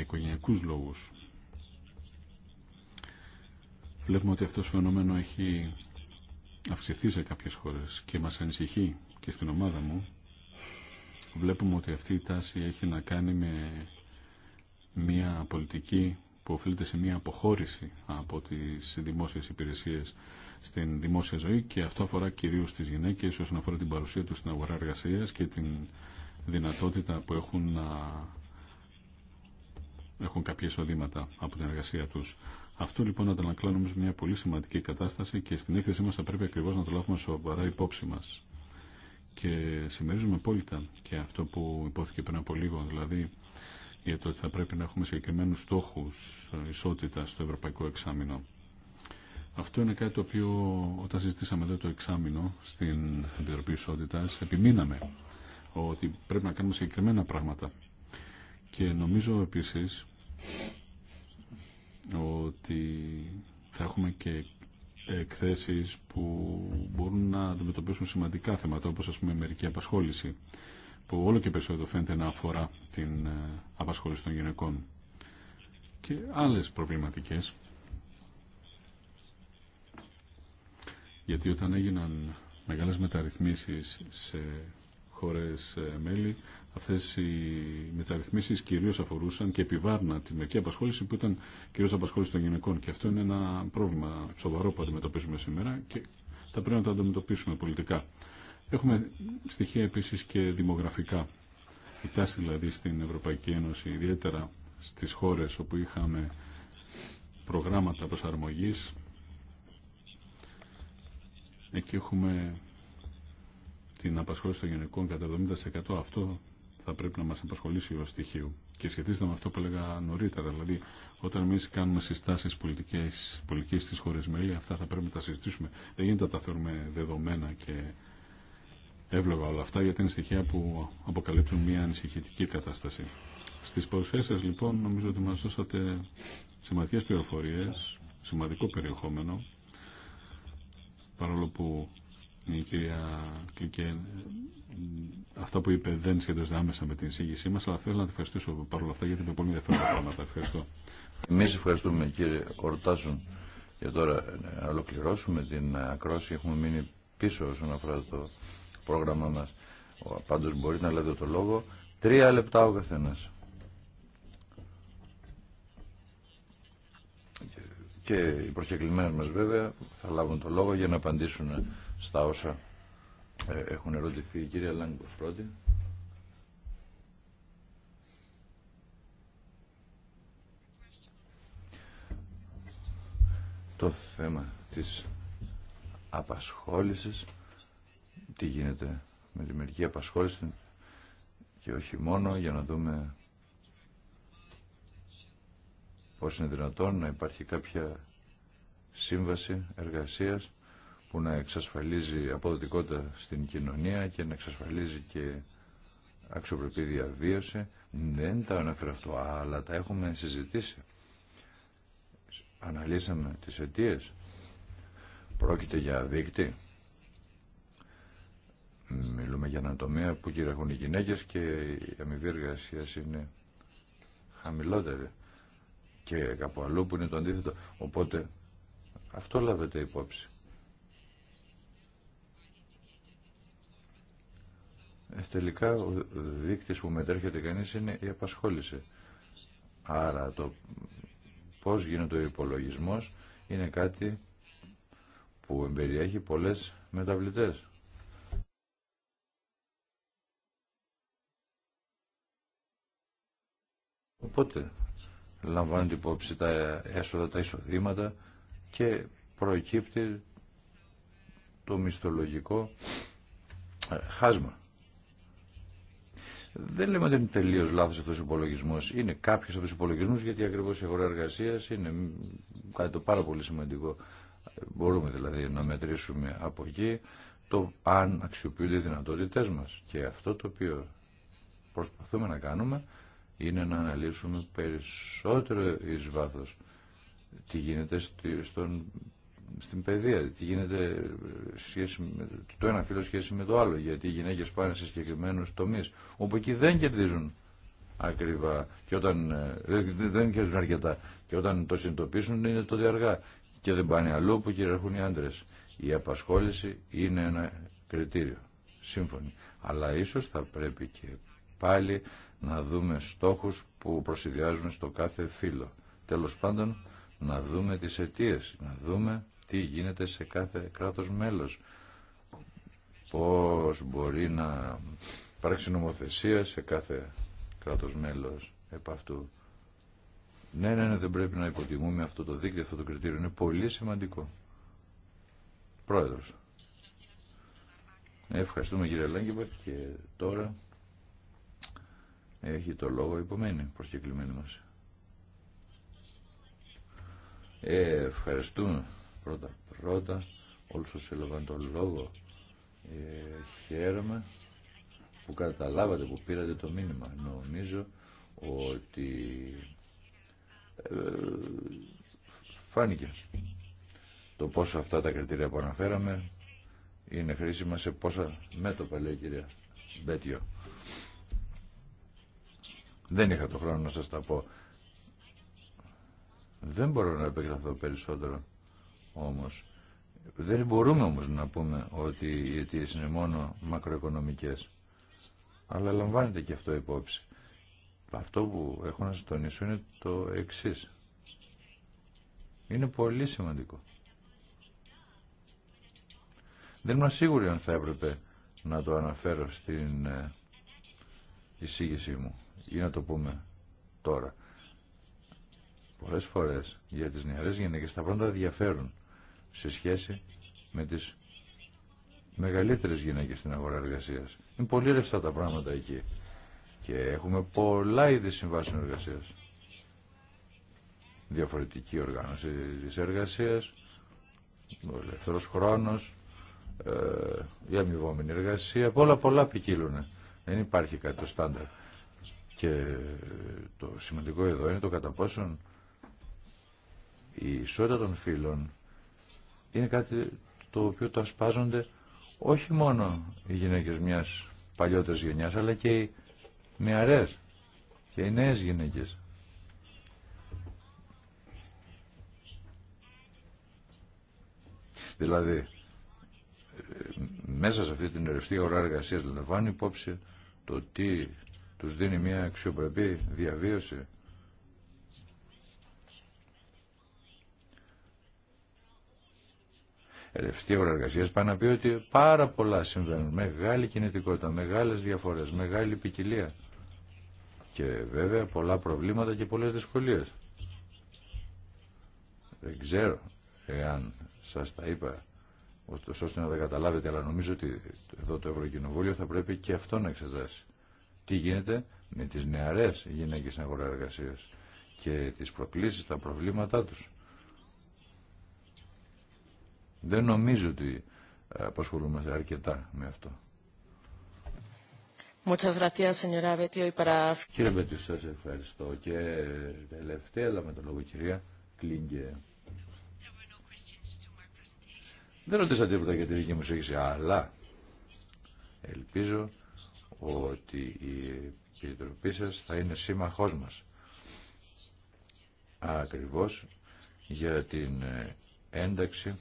οικογενειακούς λόγους Βλέπουμε ότι αυτό το φαινόμενο έχει αυξηθεί σε κάποιες χώρες και μας ανησυχεί και στην ομάδα μου. Βλέπουμε ότι αυτή η τάση έχει να κάνει με μια πολιτική που οφείλεται σε μια αποχώρηση από τις δημόσιες υπηρεσίες στην δημόσια ζωή και αυτό αφορά κυρίως τις γυναίκες όσον αφορά την παρουσία τους στην αγορά εργασία και την δυνατότητα που έχουν να έχουν κάποια εισοδήματα από την εργασία τους. Αυτό λοιπόν αντανακλά νομίζω μια πολύ σημαντική κατάσταση και στην έκθεσή μα θα πρέπει ακριβώ να το λάβουμε σοβαρά υπόψη μα. Και συμμερίζουμε απόλυτα και αυτό που υπόθηκε πριν από λίγο, δηλαδή για το ότι θα πρέπει να έχουμε συγκεκριμένου στόχου ε, ισότητα στο ευρωπαϊκό εξάμεινο. Αυτό είναι κάτι το οποίο όταν συζητήσαμε εδώ το εξάμεινο στην Επιτροπή ισότητα, επιμείναμε ότι πρέπει να κάνουμε συγκεκριμένα πράγματα. Και νομίζω επίση ότι θα έχουμε και εκθέσεις που μπορούν να αντιμετωπίσουν σημαντικά θέματα όπως ας πούμε μερική απασχόληση που όλο και περισσότερο φαίνεται να αφορά την ε, απασχόληση των γυναικών και άλλες προβληματικές γιατί όταν έγιναν μεγάλες μεταρρυθμίσεις σε χώρες ε, μέλη Αυτέ οι μεταρρυθμίσεις κυρίω αφορούσαν και επιβάρνα τη μερική απασχόληση που ήταν κυρίω απασχόληση των γυναικών και αυτό είναι ένα πρόβλημα σοβαρό που αντιμετωπίζουμε σήμερα και θα πρέπει να το αντιμετωπίσουμε πολιτικά. Έχουμε στοιχεία επίση και δημογραφικά. Η τάση δηλαδή στην Ευρωπαϊκή Ένωση, ιδιαίτερα στι χώρε όπου είχαμε προγράμματα προσαρμογής, εκεί έχουμε την απασχόληση των γυναικών κατά 70%. Αυτό θα πρέπει να μα απασχολήσει ω στοιχείο. Και σχετίζεται με αυτό που έλεγα νωρίτερα, δηλαδή όταν εμεί κάνουμε συστάσει πολιτική στι χώρε μέλη, αυτά θα πρέπει να τα συζητήσουμε. Δεν γίνεται να τα θεωρούμε δεδομένα και εύλογα όλα αυτά, γιατί είναι στοιχεία που αποκαλύπτουν μια ανησυχητική κατάσταση. Στι παρουσιάσει λοιπόν νομίζω ότι μα δώσατε σημαντικέ πληροφορίε, σημαντικό περιεχόμενο, παρόλο που η κυρία Κλικέ, αυτά που είπε δεν σχετίζονται άμεσα με την εισήγησή μα, αλλά θέλω να την ευχαριστήσω παρόλα αυτά γιατί είναι πολύ ενδιαφέροντα πράγματα. Ευχαριστώ. Εμεί ευχαριστούμε κύριε Ορτάζουν για τώρα ε, να ολοκληρώσουμε την ακρόση. Έχουμε μείνει πίσω όσον αφορά το πρόγραμμα μα. Πάντω μπορεί να λέτε το λόγο. Τρία λεπτά ο καθένα. Και οι προσκεκλημένοι μας βέβαια θα λάβουν το λόγο για να απαντήσουν στα όσα ε, έχουν ερωτηθεί η κυρία Λάγκο, πρώτη. Το θέμα της απασχόλησης, τι γίνεται με τη μερική απασχόληση και όχι μόνο για να δούμε πώς είναι δυνατόν να υπάρχει κάποια σύμβαση εργασίας που να εξασφαλίζει αποδοτικότητα στην κοινωνία και να εξασφαλίζει και αξιοπρεπή διαβίωση. Δεν τα αναφέρω αυτό, αλλά τα έχουμε συζητήσει. Αναλύσαμε τις αιτίε. Πρόκειται για δίκτυ. Μιλούμε για ανατομία που κυριαρχούν οι γυναίκες και η αμοιβή εργασία είναι χαμηλότερη και κάπου αλλού που είναι το αντίθετο. Οπότε αυτό λάβετε υπόψη. Ε, τελικά ο δείκτης που μετέρχεται κανείς είναι η απασχόληση. Άρα το πώς γίνεται ο υπολογισμός είναι κάτι που εμπεριέχει πολλές μεταβλητές. Οπότε λαμβάνονται υπόψη τα έσοδα, τα εισοδήματα και προκύπτει το μισθολογικό ε, χάσμα. Δεν λέμε ότι είναι τελείω λάθο αυτό ο υπολογισμό. Είναι κάποιο από του υπολογισμού γιατί ακριβώ η αγορά εργασία είναι κάτι το πάρα πολύ σημαντικό. Μπορούμε δηλαδή να μετρήσουμε από εκεί το αν αξιοποιούνται οι δυνατότητέ μα. Και αυτό το οποίο προσπαθούμε να κάνουμε είναι να αναλύσουμε περισσότερο ει βάθο τι γίνεται στον στην παιδεία, τι γίνεται ε, σχέση το ένα φύλλο σχέση με το άλλο, γιατί οι γυναίκες πάνε σε συγκεκριμένου τομεί όπου εκεί δεν κερδίζουν ακριβά και όταν ε, δεν κερδίζουν αρκετά και όταν το συνειδητοποιήσουν είναι τότε αργά και δεν πάνε αλλού που κυριαρχούν οι άντρες. Η απασχόληση είναι ένα κριτήριο, σύμφωνοι. Αλλά ίσως θα πρέπει και πάλι να δούμε στόχους που προσυδειάζουν στο κάθε φύλλο. Τέλος πάντων, να δούμε τις αιτίες, να δούμε τι γίνεται σε κάθε κράτος μέλος, πώς μπορεί να υπάρξει νομοθεσία σε κάθε κράτος μέλος επ' αυτού. Ναι, ναι, ναι, δεν πρέπει να υποτιμούμε αυτό το δίκτυο, αυτό το κριτήριο. Είναι πολύ σημαντικό. Πρόεδρος. Ευχαριστούμε κύριε Λέγκεμπερ και τώρα έχει το λόγο υπομένη προσκεκλημένη μας. Ε, ευχαριστούμε πρώτα πρώτα όλους όσοι έλαβαν τον λόγο ε, χαίρομαι που καταλάβατε που πήρατε το μήνυμα νομίζω ότι ε, φάνηκε το πόσο αυτά τα κριτήρια που αναφέραμε είναι χρήσιμα σε πόσα μέτωπα λέει η κυρία Μπέτιο δεν είχα το χρόνο να σας τα πω δεν μπορώ να επεκταθώ περισσότερο όμως. Δεν μπορούμε όμως να πούμε ότι οι αιτίε είναι μόνο μακροοικονομικές. Αλλά λαμβάνεται και αυτό υπόψη. Αυτό που έχω να σας τονίσω είναι το εξής. Είναι πολύ σημαντικό. Δεν είμαι σίγουρη αν θα έπρεπε να το αναφέρω στην ε, εισήγησή μου ή να το πούμε τώρα. Πολλές φορές για τις νεαρές γυναίκες τα πράγματα διαφέρουν σε σχέση με τις μεγαλύτερες γυναίκες στην αγορά εργασίας. Είναι πολύ ρευστά τα πράγματα εκεί και έχουμε πολλά είδη συμβάσεων εργασίας. Διαφορετική οργάνωση της εργασίας, ο ελεύθερος χρόνος, ε, η αμοιβόμενη εργασία, πολλά πολλά ποικίλουν. Δεν υπάρχει κάτι το στάνταρ. Και το σημαντικό εδώ είναι το κατά πόσον η ισότητα των φύλων είναι κάτι το οποίο το ασπάζονται όχι μόνο οι γυναίκες μιας παλιότερης γενιάς, αλλά και οι νεαρές και οι νέες γυναίκες. Δηλαδή, ε, μέσα σε αυτή την ερευστή ώρα εργασίας λαμβάνει υπόψη το τι τους δίνει μια αξιοπρεπή διαβίωση ρευστή αγορά εργασία, πάει να πει ότι πάρα πολλά συμβαίνουν. Μεγάλη κινητικότητα, μεγάλε διαφορέ, μεγάλη ποικιλία. Και βέβαια πολλά προβλήματα και πολλέ δυσκολίε. Δεν ξέρω εάν σα τα είπα ώστε να τα καταλάβετε, αλλά νομίζω ότι εδώ το Ευρωκοινοβούλιο θα πρέπει και αυτό να εξετάσει. Τι γίνεται με τις νεαρές γυναίκες αγορά και τις προκλήσεις, τα προβλήματά τους. Δεν νομίζω ότι ε, απασχολούμαστε αρκετά με αυτό. Κύριε Μπέτιο, σας ευχαριστώ. Και ε, τελευταία, αλλά με τον λόγο, κυρία Κλίνγκε. Δεν ρωτήσα τίποτα για τη δική μου σύγχυση, αλλά ελπίζω ότι η Επιτροπή σας θα είναι σύμμαχός μας. Ακριβώς για την ε, ένταξη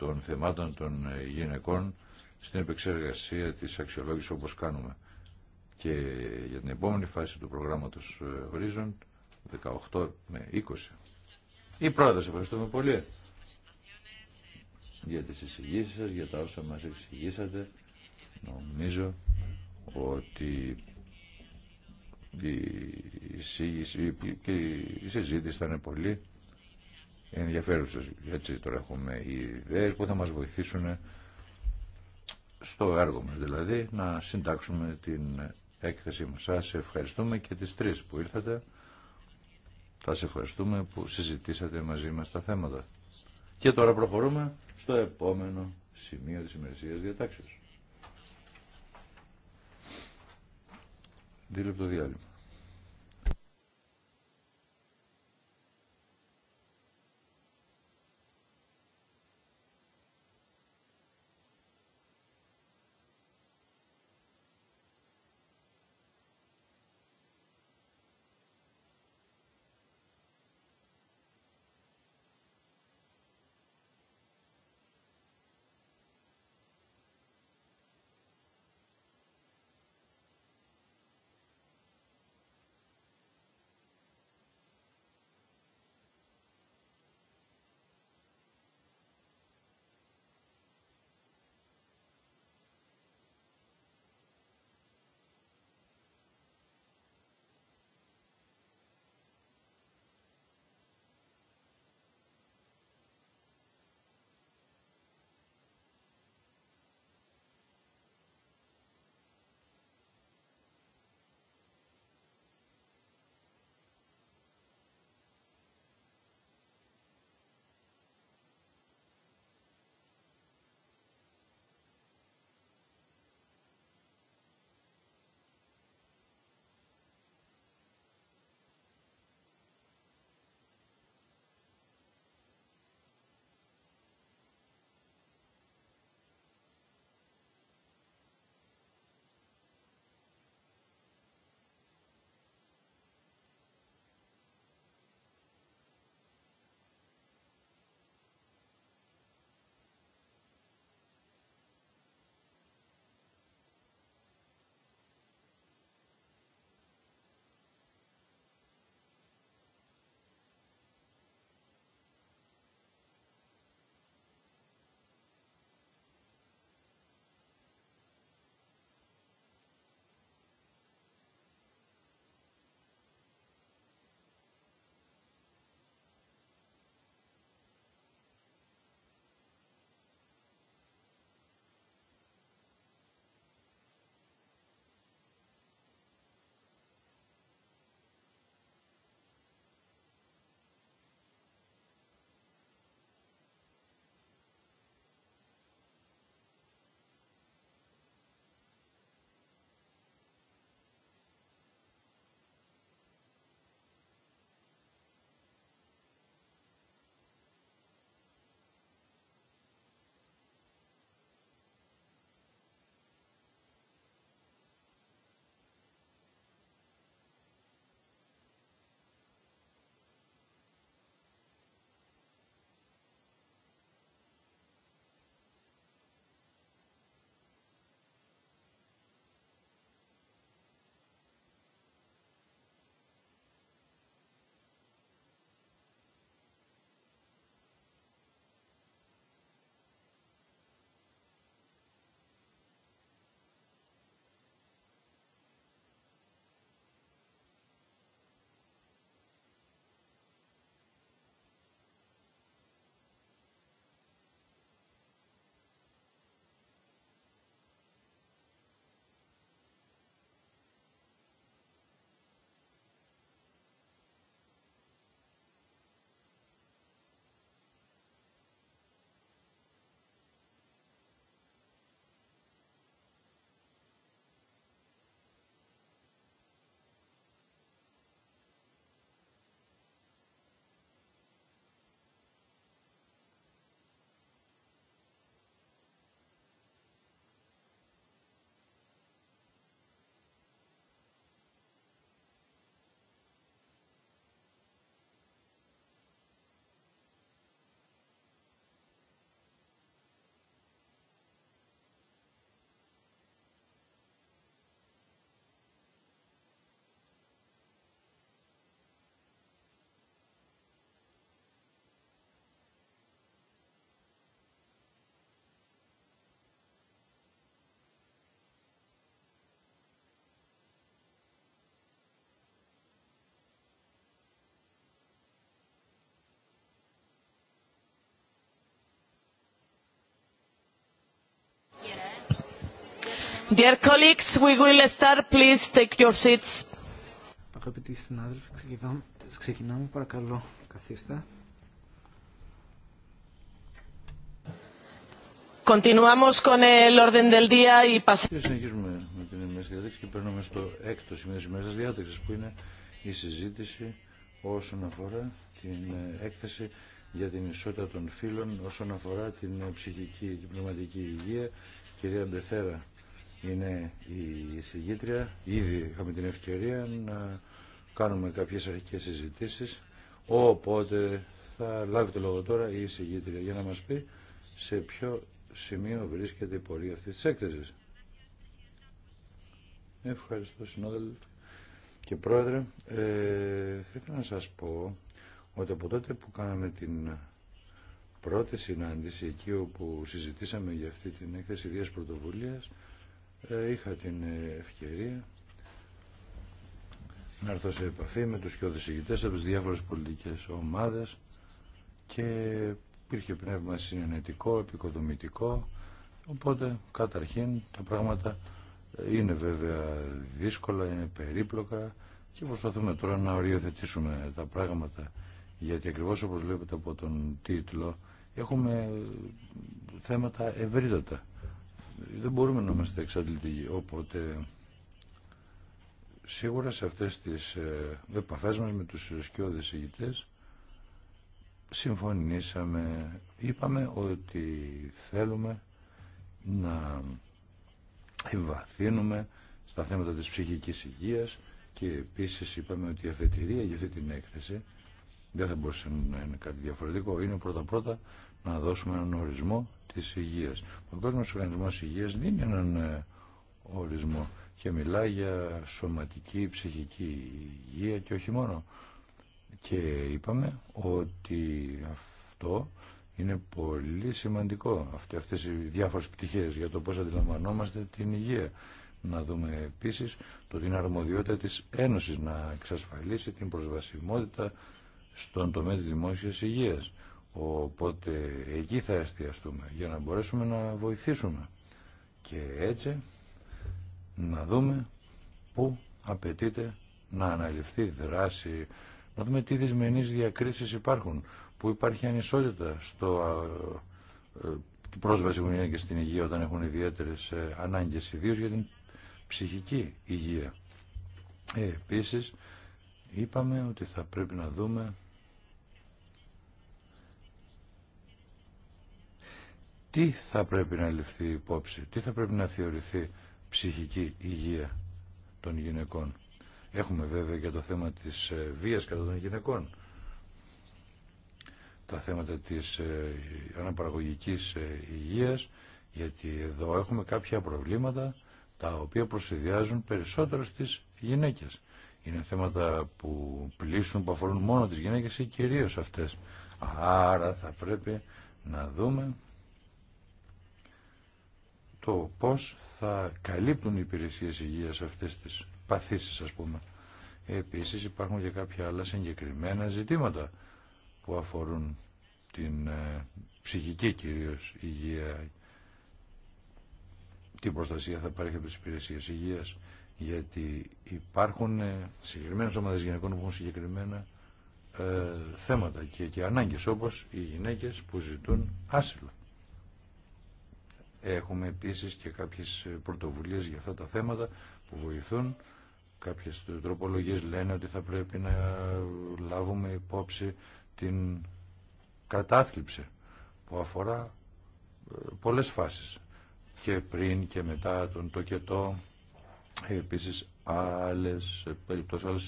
των θεμάτων των γυναικών στην επεξεργασία της αξιολόγησης όπως κάνουμε. Και για την επόμενη φάση του προγράμματος ε, Horizon 18 με 20. Η πρόταση ευχαριστούμε πολύ για τις εισηγήσεις σας, για τα όσα μας εξηγήσατε. Νομίζω ότι η εισήγηση και η συζήτηση ήταν πολύ ενδιαφέρουσες. Έτσι τώρα έχουμε Οι ιδέες που θα μας βοηθήσουν στο έργο μας, δηλαδή να συντάξουμε την έκθεσή μας. Σας ευχαριστούμε και τις τρεις που ήρθατε. Σας ευχαριστούμε που συζητήσατε μαζί μας τα θέματα. Και τώρα προχωρούμε στο επόμενο σημείο της ημερησίας διατάξεως. Δίλεπτο διάλειμμα. Dear colleagues, we will start. Please take your seats. Αγαπητοί συνάδελφοι, ξεκινάμε, παρακαλώ, καθίστε. Συνεχίζουμε με την ημέρα διάταξη και περνούμε στο έκτο σημείο της ημέρας διάταξης που είναι η συζήτηση όσον αφορά την ε, έκθεση για την ισότητα των φύλων όσον αφορά την ψυχική και πνευματική υγεία. Κυρία Μπεθέρα είναι η συγγήτρια. Ήδη είχαμε την ευκαιρία να κάνουμε κάποιες αρχικές συζητήσεις. Οπότε θα λάβει το λόγο τώρα η συγγήτρια για να μας πει σε ποιο σημείο βρίσκεται η πορεία αυτής της έκθεσης. Ευχαριστώ συνόδελφε και πρόεδρε. Ε, θα ήθελα να σας πω ότι από τότε που κάναμε την πρώτη συνάντηση εκεί όπου συζητήσαμε για αυτή την έκθεση ιδίας πρωτοβουλίας ε, είχα την ευκαιρία να έρθω σε επαφή με τους κοιόδες από τις διάφορες πολιτικές ομάδες και υπήρχε πνεύμα συνενετικό, επικοδομητικό οπότε καταρχήν τα πράγματα είναι βέβαια δύσκολα, είναι περίπλοκα και προσπαθούμε τώρα να οριοθετήσουμε τα πράγματα γιατί ακριβώς όπως βλέπετε από τον τίτλο έχουμε θέματα ευρύτατα δεν μπορούμε να είμαστε εξαντλητικοί. Οπότε σίγουρα σε αυτές τις ε, επαφές μας με τους ισοσκιώδες ηγητές συμφωνήσαμε, είπαμε ότι θέλουμε να εμβαθύνουμε στα θέματα της ψυχικής υγείας και επίσης είπαμε ότι η αφετηρία για αυτή την έκθεση δεν θα μπορούσε να είναι κάτι διαφορετικό. Είναι πρώτα-πρώτα να δώσουμε έναν ορισμό της υγείας. Ο Κόσμος Οργανισμός Υγείας δίνει έναν ε, ορισμό και μιλά για σωματική, ψυχική υγεία και όχι μόνο. Και είπαμε ότι αυτό είναι πολύ σημαντικό, αυτές οι διάφορες πτυχές για το πώς αντιλαμβανόμαστε την υγεία. Να δούμε επίσης το την αρμοδιότητα της Ένωσης να εξασφαλίσει την προσβασιμότητα στον τομέα της δημόσιας υγείας. Οπότε εκεί θα εστιαστούμε για να μπορέσουμε να βοηθήσουμε και έτσι να δούμε πού απαιτείται να αναλυφθεί δράση, να δούμε τι δυσμενείς διακρίσεις υπάρχουν, που υπάρχει ανισότητα στο ε, πρόσβαση που είναι και στην υγεία όταν έχουν ιδιαίτερες ε, ανάγκες, ιδίως για την ψυχική υγεία. Ε, επίσης, είπαμε ότι θα πρέπει να δούμε τι θα πρέπει να ληφθεί υπόψη, τι θα πρέπει να θεωρηθεί ψυχική υγεία των γυναικών. Έχουμε βέβαια και το θέμα της ε, βίας κατά των γυναικών, τα θέματα της ε, αναπαραγωγικής ε, υγείας, γιατί εδώ έχουμε κάποια προβλήματα τα οποία προσυδειάζουν περισσότερο στις γυναίκες. Είναι θέματα που πλήσουν, που αφορούν μόνο τις γυναίκες ή κυρίως αυτές. Άρα θα πρέπει να δούμε το πώς θα καλύπτουν οι υπηρεσίες υγείας αυτές τις παθήσεις ας πούμε. Επίσης υπάρχουν και κάποια άλλα συγκεκριμένα ζητήματα που αφορούν την ε, ψυχική κυρίως υγεία την προστασία θα υπάρχει από τις υπηρεσίες υγείας γιατί υπάρχουν ε, συγκεκριμένες ομάδες γυναικών που έχουν συγκεκριμένα ε, θέματα και, και ανάγκες όπως οι γυναίκες που ζητούν άσυλο. Έχουμε επίσης και κάποιες πρωτοβουλίες για αυτά τα θέματα που βοηθούν. Κάποιες τροπολογίες λένε ότι θα πρέπει να λάβουμε υπόψη την κατάθλιψη που αφορά ε, πολλές φάσεις και πριν και μετά τον τοκετό επίσης άλλες περιπτώσεις, άλλε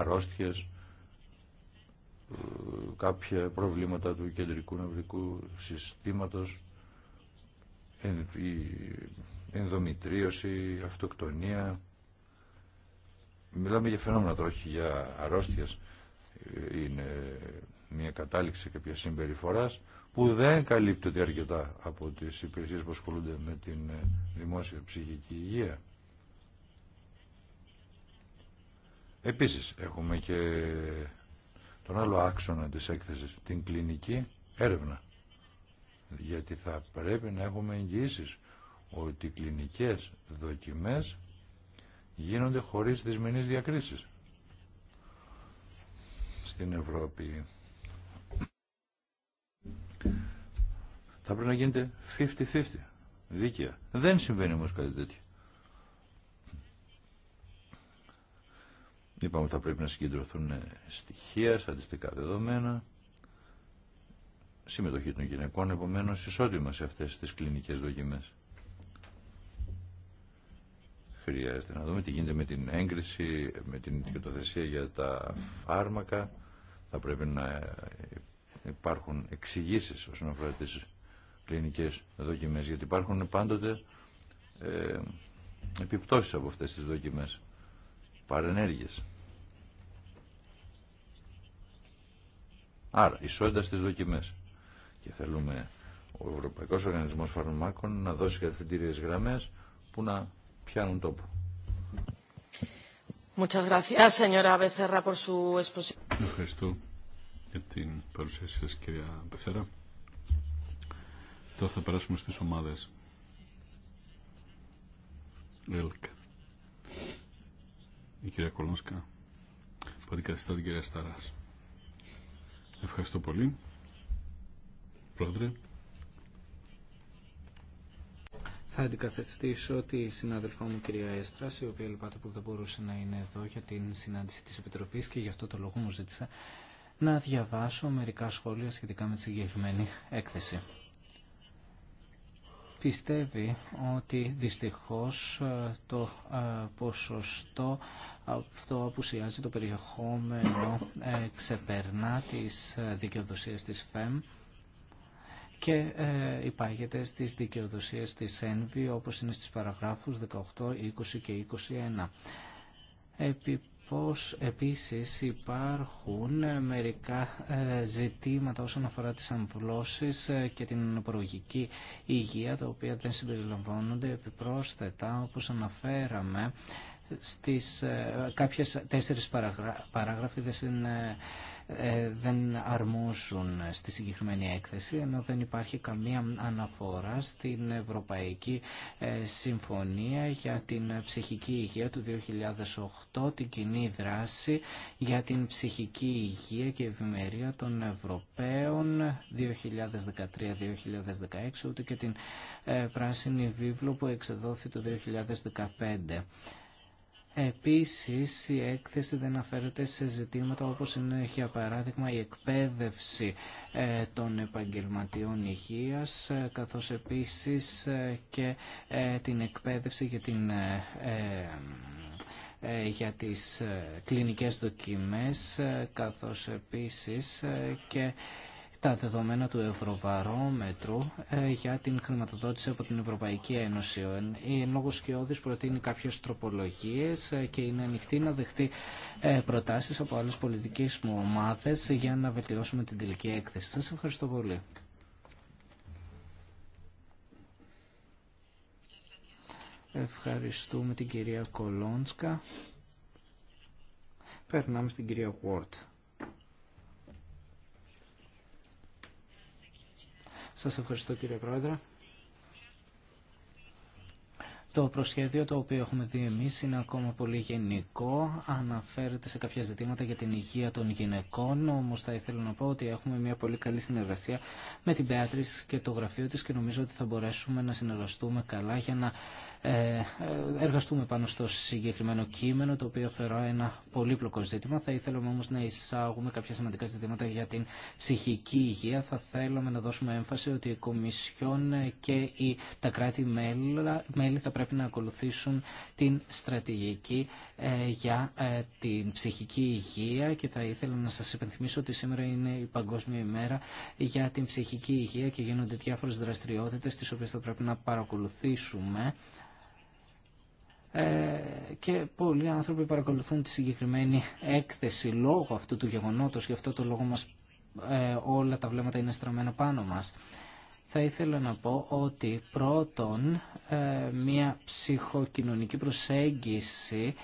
αρρώστιες ε, κάποια προβλήματα του κεντρικού νευρικού συστήματος ενδομητρίωση, αυτοκτονία. Μιλάμε για φαινόμενα τώρα, όχι για αρρώστιες. Είναι μια κατάληξη κάποια συμπεριφορά που δεν καλύπτεται αρκετά από τις υπηρεσίες που ασχολούνται με την ε, δημόσια ψυχική υγεία. Επίσης έχουμε και τον άλλο άξονα της έκθεσης, την κλινική έρευνα γιατί θα πρέπει να έχουμε εγγυήσεις ότι οι κλινικές δοκιμές γίνονται χωρίς δυσμενείς διακρίσεις στην Ευρώπη. Θα πρέπει να γίνεται 50-50, δίκαια. Δεν συμβαίνει όμως κάτι τέτοιο. Είπαμε ότι θα πρέπει να συγκεντρωθούν στοιχεία, στατιστικά δεδομένα συμμετοχή των γυναικών, επομένως ισότιμα σε αυτές τις κλινικές δοκιμές. Χρειάζεται να δούμε τι γίνεται με την έγκριση, με την ιδιωτοθεσία για τα φάρμακα. Θα πρέπει να υπάρχουν εξηγήσει όσον αφορά τις κλινικές δοκιμές, γιατί υπάρχουν πάντοτε ε, επιπτώσεις από αυτές τις δοκιμές, παρενέργειες. Άρα, ισότητα στις δοκιμές και θέλουμε ο Ευρωπαϊκός Οργανισμός Φαρμάκων να δώσει κατευθυντήριες γραμμές που να πιάνουν τόπο. Ευχαριστώ για την παρουσία σας κυρία Μπεθέρα. Τώρα θα περάσουμε στις ομάδες. Η κυρία Κολόνσκα που αντικαθιστά την κυρία Σταράς. Ευχαριστώ πολύ. Πρόεδρε. Θα αντικαθεστήσω τη συνάδελφό μου κυρία Έστρα, η οποία λυπάται που δεν μπορούσε να είναι εδώ για την συνάντηση της Επιτροπής και γι' αυτό το λόγο μου ζήτησα να διαβάσω μερικά σχόλια σχετικά με τη συγκεκριμένη έκθεση. Πιστεύει ότι δυστυχώς ε, το ε, ποσοστό αυτό απουσιάζει το περιεχόμενο ε, ξεπερνά τις δικαιοδοσίες της ΦΕΜ και ε, υπάγεται στις δικαιοδοσίες της ΕΝΒΗ όπως είναι στις παραγράφους 18, 20 και 21. Επί επίσης υπάρχουν ε, μερικά ε, ζητήματα όσον αφορά τις αμβλώσεις ε, και την προογική υγεία τα οποία δεν συμπεριλαμβάνονται επιπρόσθετα όπως αναφέραμε στις κάποιες τέσσερις παράγραφοι δεν ε, δεν αρμόσουν στη συγκεκριμένη έκθεση, ενώ δεν υπάρχει καμία αναφορά στην Ευρωπαϊκή ε, Συμφωνία για την ψυχική υγεία του 2008, την κοινή δράση για την ψυχική υγεία και ευημερία των Ευρωπαίων 2013-2016, ούτε και την ε, πράσινη βίβλο που εξεδόθη το 2015. Επίσης, η έκθεση δεν αναφέρεται σε ζητήματα όπως είναι, για παράδειγμα, η εκπαίδευση ε, των επαγγελματιών υγείας, ε, καθώς επίσης ε, και την εκπαίδευση για την για τις κλινικές δοκιμές καθώς επίσης και τα δεδομένα του Ευρωβαρόμετρου ε, για την χρηματοδότηση από την Ευρωπαϊκή Ένωση. Η εν λόγω προτείνει κάποιες τροπολογίες ε, και είναι ανοιχτή να δεχτεί ε, προτάσεις από άλλες πολιτικές μου ομάδες για να βελτιώσουμε την τελική έκθεση. Σας ευχαριστώ πολύ. Ευχαριστούμε την κυρία Κολόντσκα. Περνάμε στην κυρία Ward. Σας ευχαριστώ κύριε Πρόεδρε. Το προσχέδιο το οποίο έχουμε δει εμεί είναι ακόμα πολύ γενικό. Αναφέρεται σε κάποια ζητήματα για την υγεία των γυναικών. Όμως θα ήθελα να πω ότι έχουμε μια πολύ καλή συνεργασία με την Πέατρη και το γραφείο της και νομίζω ότι θα μπορέσουμε να συνεργαστούμε καλά για να ε, ε, εργαστούμε πάνω στο συγκεκριμένο κείμενο, το οποίο αφορά ένα πολύπλοκο ζήτημα. Θα ήθελαμε όμως να εισάγουμε κάποια σημαντικά ζητήματα για την ψυχική υγεία. Θα θέλαμε να δώσουμε έμφαση ότι οι Κομισιόν και τα κράτη-μέλη θα πρέπει να ακολουθήσουν την στρατηγική ε, για την ψυχική υγεία και θα ήθελα να σας υπενθυμίσω ότι σήμερα είναι η Παγκόσμια ημέρα για την ψυχική υγεία και γίνονται διάφορες δραστηριότητες τις οποίες θα πρέπει να παρακολουθήσουμε ε, και πολλοί άνθρωποι παρακολουθούν τη συγκεκριμένη έκθεση λόγω αυτού του γεγονότος γι' αυτό το λόγο μας ε, όλα τα βλέμματα είναι στραμμένα πάνω μας. Θα ήθελα να πω ότι πρώτον ε, μια ψυχοκοινωνική προσέγγιση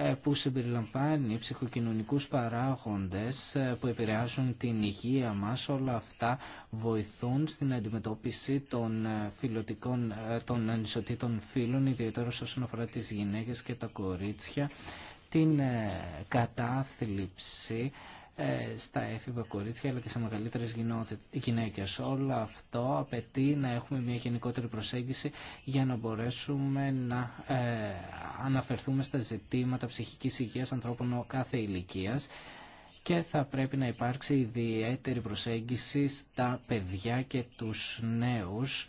ε, που συμπεριλαμβάνει ψυχοκοινωνικούς παράγοντες ε, που επηρεάζουν την υγεία μας. Όλα αυτά βοηθούν στην αντιμετώπιση των, ε, φιλοτικών, των ανισοτήτων φύλων, ιδιαίτερα όσον αφορά τις γυναίκες και τα κορίτσια, την κατάθλιψη ε, στα έφηβα κορίτσια αλλά και σε μεγαλύτερες γυναίκες. Όλο αυτό απαιτεί να έχουμε μια γενικότερη προσέγγιση για να μπορέσουμε να ε, αναφερθούμε στα ζητήματα ψυχικής υγείας ανθρώπων κάθε ηλικίας και θα πρέπει να υπάρξει ιδιαίτερη προσέγγιση στα παιδιά και τους νέους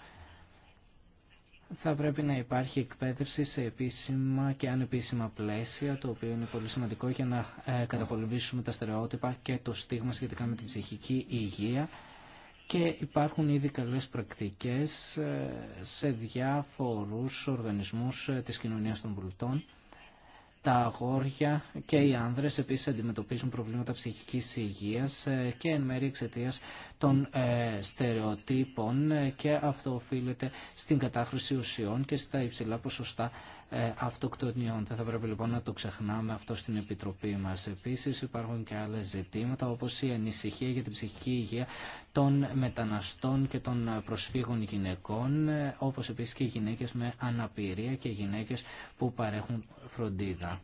θα πρέπει να υπάρχει εκπαίδευση σε επίσημα και ανεπίσημα πλαίσια, το οποίο είναι πολύ σημαντικό για να ε, καταπολεμήσουμε τα στερεότυπα και το στίγμα σχετικά με την ψυχική υγεία. Και υπάρχουν ήδη καλές πρακτικές ε, σε διάφορους οργανισμούς ε, της κοινωνίας των πολιτών. Τα αγόρια και οι άνδρες επίσης αντιμετωπίζουν προβλήματα ψυχικής υγείας ε, και εν μέρει εξαιτίας των ε, στερεοτύπων ε, και αυτό οφείλεται στην κατάχρηση ουσιών και στα υψηλά ποσοστά ε, αυτοκτονιών. Δεν θα πρέπει λοιπόν να το ξεχνάμε αυτό στην Επιτροπή μας. Επίσης υπάρχουν και άλλες ζητήματα όπως η ανησυχία για την ψυχική υγεία των μεταναστών και των προσφύγων γυναικών ε, όπως επίσης και γυναίκες με αναπηρία και γυναίκες που παρέχουν φροντίδα.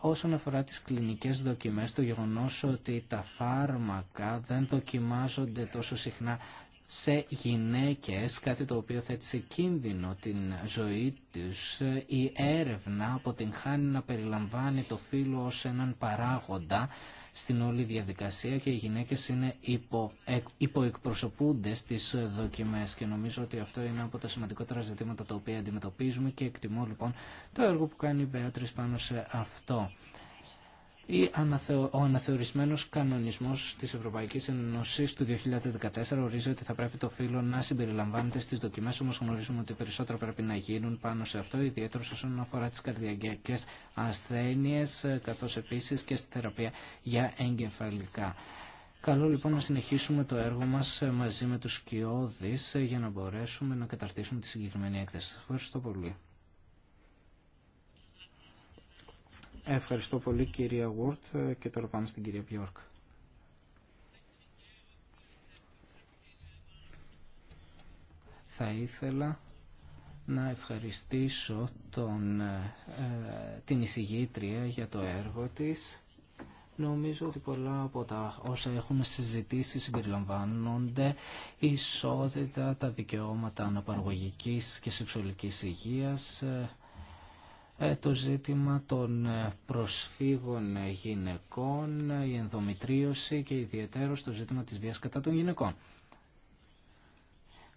Όσον αφορά τις κλινικές δοκιμές, το γεγονός ότι τα φάρμακα δεν δοκιμάζονται τόσο συχνά σε γυναίκες, κάτι το οποίο θέτει σε κίνδυνο την ζωή τους. Η έρευνα από την Χάνη να περιλαμβάνει το φύλλο ως έναν παράγοντα στην όλη διαδικασία και οι γυναίκες είναι υπο, υποεκπροσωπούνται στις δοκιμές και νομίζω ότι αυτό είναι από τα σημαντικότερα ζητήματα τα οποία αντιμετωπίζουμε και εκτιμώ λοιπόν το έργο που κάνει η Μπέατρης πάνω σε αυτό ή ο αναθεωρισμένος κανονισμός της Ευρωπαϊκής Ένωσης του 2014 ορίζει ότι θα πρέπει το φύλλο να συμπεριλαμβάνεται στις δοκιμές, όμως γνωρίζουμε ότι περισσότερα πρέπει να γίνουν πάνω σε αυτό, ιδιαίτερα όσον αφορά τις καρδιακές ασθένειες, καθώς επίσης και στη θεραπεία για εγκεφαλικά. Καλό λοιπόν να συνεχίσουμε το έργο μας μαζί με τους Κιώδης για να μπορέσουμε να καταρτήσουμε τη συγκεκριμένη έκθεση. ευχαριστώ πολύ. Ευχαριστώ πολύ κυρία Γουρτ, και τώρα πάμε στην κυρία Πιόρκ. Θα ήθελα να ευχαριστήσω τον, ε, την εισηγήτρια για το έργο της. Νομίζω ότι πολλά από τα όσα έχουμε συζητήσει συμπεριλαμβάνονται ισότητα, τα δικαιώματα αναπαραγωγικής και σεξουαλικής υγείας, ε, ε, το ζήτημα των ε, προσφύγων ε, γυναικών, η ενδομητρίωση και ιδιαίτερο το ζήτημα της βίας κατά των γυναικών.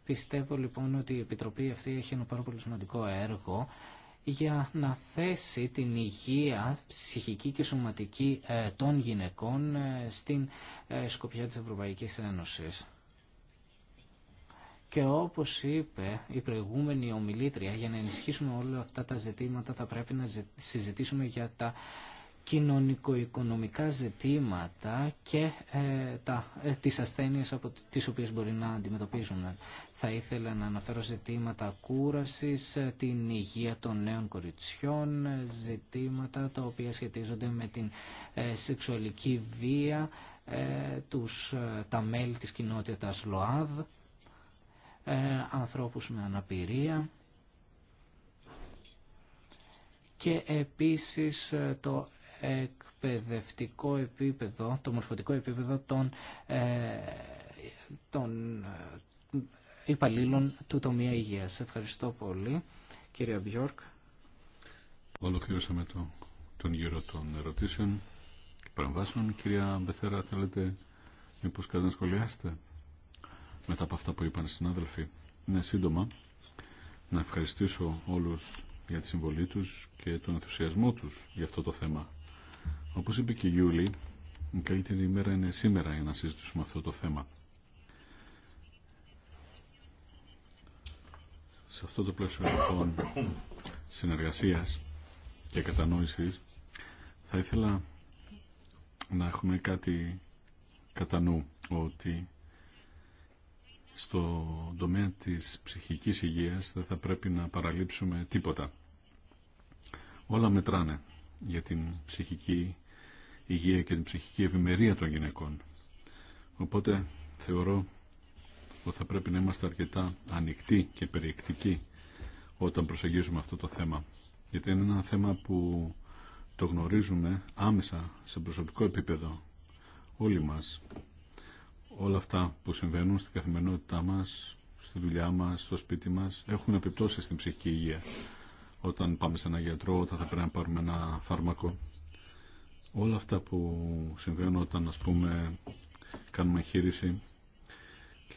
Πιστεύω λοιπόν ότι η Επιτροπή αυτή έχει ένα πάρα πολύ σημαντικό έργο για να θέσει την υγεία ψυχική και σωματική των γυναικών στην σκοπιά της Ευρωπαϊκής Ένωσης. Και όπως είπε η προηγούμενη ομιλήτρια, για να ενισχύσουμε όλα αυτά τα ζητήματα θα πρέπει να συζητήσουμε για τα κοινωνικο-οικονομικά ζητήματα και ε, τα, ε, τις ασθένειες από τις οποίες μπορεί να αντιμετωπίζουμε. Θα ήθελα να αναφέρω ζητήματα κούρασης, ε, την υγεία των νέων κοριτσιών, ε, ζητήματα τα οποία σχετίζονται με την σεξουαλική βία, τους, τα μέλη της κοινότητας ΛΟΑΔ. Ε, ανθρώπους με αναπηρία και επίσης ε, το εκπαιδευτικό επίπεδο, το μορφωτικό επίπεδο των, ε, των υπαλλήλων του τομία υγείας. Ευχαριστώ πολύ, κυρία Μπιόρκ. Ολοκλήρωσαμε το, τον γύρο των ερωτήσεων και παραμβάσεων. Κυρία Μπεθέρα, θέλετε μήπως κάτι να σχολιάσετε μετά από αυτά που είπαν οι συνάδελφοι. Είναι σύντομα να ευχαριστήσω όλους για τη συμβολή τους και τον ενθουσιασμό τους για αυτό το θέμα. Όπως είπε και η Γιούλη, η καλύτερη ημέρα είναι σήμερα για να συζητήσουμε αυτό το θέμα. Σε αυτό το πλαίσιο λοιπόν συνεργασίας και κατανόησης θα ήθελα να έχουμε κάτι κατά νου ότι στο τομέα της ψυχικής υγείας δεν θα πρέπει να παραλείψουμε τίποτα. Όλα μετράνε για την ψυχική υγεία και την ψυχική ευημερία των γυναικών. Οπότε θεωρώ ότι θα πρέπει να είμαστε αρκετά ανοιχτοί και περιεκτικοί όταν προσεγγίζουμε αυτό το θέμα. Γιατί είναι ένα θέμα που το γνωρίζουμε άμεσα σε προσωπικό επίπεδο όλοι μας όλα αυτά που συμβαίνουν στην καθημερινότητά μας, στη δουλειά μας, στο σπίτι μας, έχουν επιπτώσεις στην ψυχική υγεία. Όταν πάμε σε ένα γιατρό, όταν θα πρέπει να πάρουμε ένα φάρμακο. Όλα αυτά που συμβαίνουν όταν, ας πούμε, κάνουμε χείριση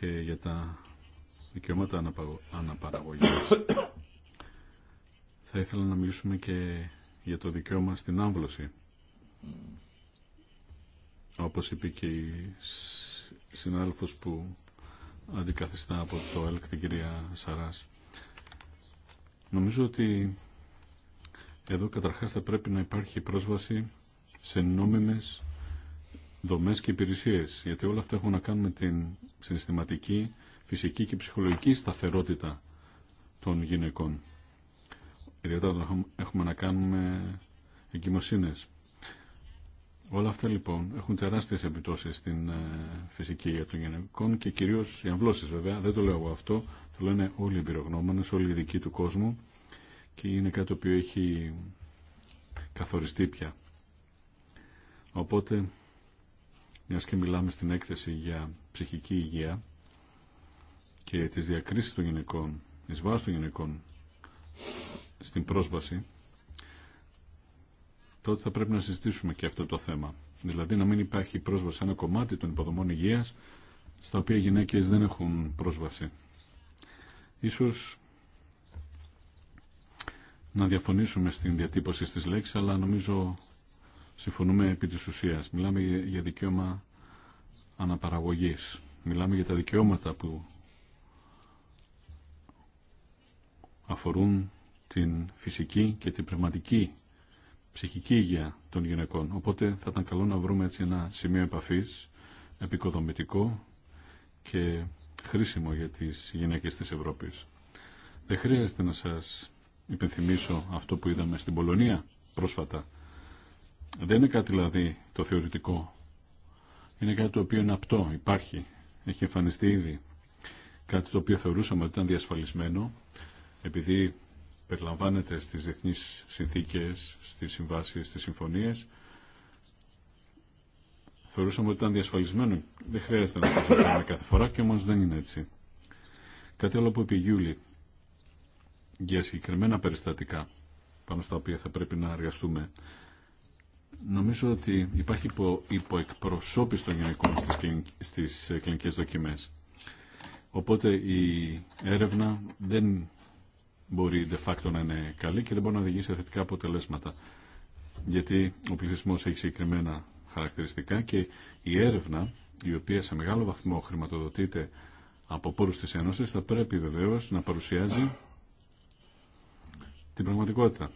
και για τα δικαιώματα αναπαραγωγής. θα ήθελα να μιλήσουμε και για το δικαίωμα στην άμβλωση. Όπως είπε και η συνάδελφος που αντικαθιστά από το ΕΛΚ την κυρία Σαράς. Νομίζω ότι εδώ καταρχάς θα πρέπει να υπάρχει πρόσβαση σε νόμιμες δομές και υπηρεσίες, γιατί όλα αυτά έχουν να κάνουν με την συναισθηματική, φυσική και ψυχολογική σταθερότητα των γυναικών. Ιδιαίτερα έχουμε να κάνουμε εγκυμοσύνες. Όλα αυτά λοιπόν έχουν τεράστιες επιπτώσεις στην ε, φυσική για των γυναικών και κυρίως οι αμβλώσεις βέβαια, δεν το λέω εγώ αυτό, το λένε όλοι οι εμπειρογνώμονες, όλοι οι ειδικοί του κόσμου και είναι κάτι το οποίο έχει καθοριστεί πια. Οπότε, μια και μιλάμε στην έκθεση για ψυχική υγεία και τις διακρίσεις των γυναικών, εις βάση των γυναικών στην πρόσβαση, τότε θα πρέπει να συζητήσουμε και αυτό το θέμα. Δηλαδή να μην υπάρχει πρόσβαση σε ένα κομμάτι των υποδομών υγεία, στα οποία οι γυναίκες δεν έχουν πρόσβαση. Ίσως να διαφωνήσουμε στην διατύπωση στις λέξεις, αλλά νομίζω συμφωνούμε επί της ουσίας. Μιλάμε για δικαίωμα αναπαραγωγής. Μιλάμε για τα δικαιώματα που αφορούν την φυσική και την πνευματική ψυχική υγεία των γυναικών. Οπότε θα ήταν καλό να βρούμε έτσι ένα σημείο επαφής, επικοδομητικό και χρήσιμο για τις γυναίκες της Ευρώπης. Δεν χρειάζεται να σας υπενθυμίσω αυτό που είδαμε στην Πολωνία πρόσφατα. Δεν είναι κάτι δηλαδή το θεωρητικό. Είναι κάτι το οποίο είναι απτό, υπάρχει, έχει εμφανιστεί ήδη. Κάτι το οποίο θεωρούσαμε ότι ήταν διασφαλισμένο, επειδή περιλαμβάνεται στις διεθνείς συνθήκες, στις συμβάσεις, στις συμφωνίες. Θεωρούσαμε ότι ήταν διασφαλισμένο. Δεν χρειάζεται να το κάθε φορά και όμως δεν είναι έτσι. Κάτι άλλο που είπε η Γιούλη για συγκεκριμένα περιστατικά πάνω στα οποία θα πρέπει να εργαστούμε. Νομίζω ότι υπάρχει υπο, υποεκπροσώπηση των γυναικών στις, στις κλινικές δοκιμές. Οπότε η έρευνα δεν μπορεί de facto να είναι καλή και δεν μπορεί να οδηγήσει σε θετικά αποτελέσματα. Γιατί ο πληθυσμό έχει συγκεκριμένα χαρακτηριστικά και η έρευνα, η οποία σε μεγάλο βαθμό χρηματοδοτείται από πόρου τη Ένωση θα πρέπει βεβαίω να παρουσιάζει την πραγματικότητα.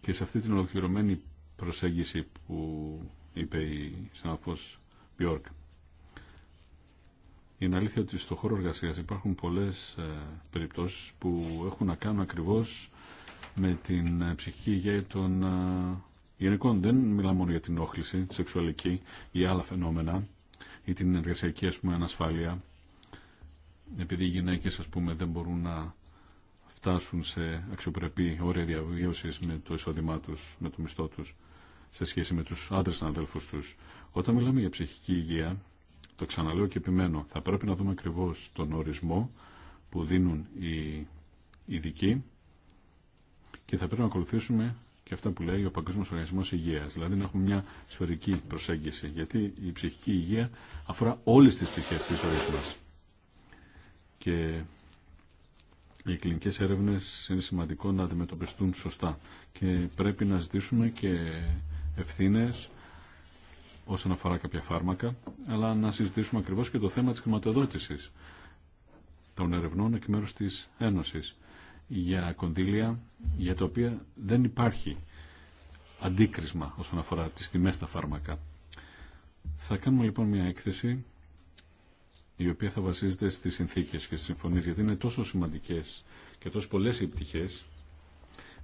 Και σε αυτή την ολοκληρωμένη προσέγγιση που είπε η συνάδελφος Μπιόρκ. Είναι αλήθεια ότι στο χώρο εργασίας υπάρχουν πολλές ε, περιπτώσεις που έχουν να κάνουν ακριβώς με την ε, ψυχική υγεία των ε, γενικών. Δεν μιλάμε μόνο για την όχληση, τη σεξουαλική ή άλλα φαινόμενα ή την εργασιακή ας ανασφάλεια επειδή οι γυναίκες ας πούμε δεν μπορούν να φτάσουν σε αξιοπρεπή όρια διαβίωσης με το εισόδημά τους, με το μισθό τους σε σχέση με τους άντρες αδέλφους τους. Όταν μιλάμε για ψυχική υγεία το ξαναλέω και επιμένω. Θα πρέπει να δούμε ακριβώ τον ορισμό που δίνουν οι ειδικοί και θα πρέπει να ακολουθήσουμε και αυτά που λέει ο Παγκόσμιο Οργανισμό Υγεία. Δηλαδή να έχουμε μια σφαιρική προσέγγιση. Γιατί η ψυχική υγεία αφορά όλε τι πτυχέ τη ζωή μα. Και οι κλινικές έρευνες είναι σημαντικό να αντιμετωπιστούν σωστά και πρέπει να ζητήσουμε και ευθύνε όσον αφορά κάποια φάρμακα, αλλά να συζητήσουμε ακριβώς και το θέμα της χρηματοδότησης των ερευνών εκ μέρους της Ένωσης για κονδύλια για τα οποία δεν υπάρχει αντίκρισμα όσον αφορά τις τιμές στα φάρμακα. Θα κάνουμε λοιπόν μια έκθεση η οποία θα βασίζεται στις συνθήκες και στις συμφωνίες γιατί είναι τόσο σημαντικές και τόσο πολλές οι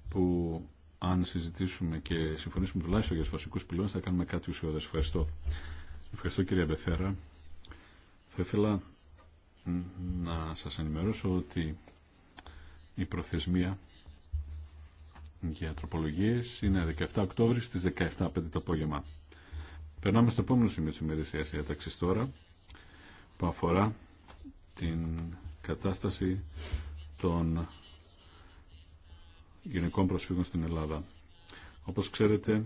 που αν συζητήσουμε και συμφωνήσουμε τουλάχιστον για του βασικού πυλώνε, θα κάνουμε κάτι ουσιώδε. Ευχαριστώ. Ευχαριστώ κύριε Μπεθέρα. Θα ήθελα να σας ενημερώσω ότι η προθεσμία για τροπολογίες είναι 17 Οκτώβρη στις 17.05 το απόγευμα. Περνάμε στο επόμενο σημείο της ημερησίας διάταξη τώρα που αφορά την κατάσταση των γυναικών προσφύγων στην Ελλάδα. Όπως ξέρετε,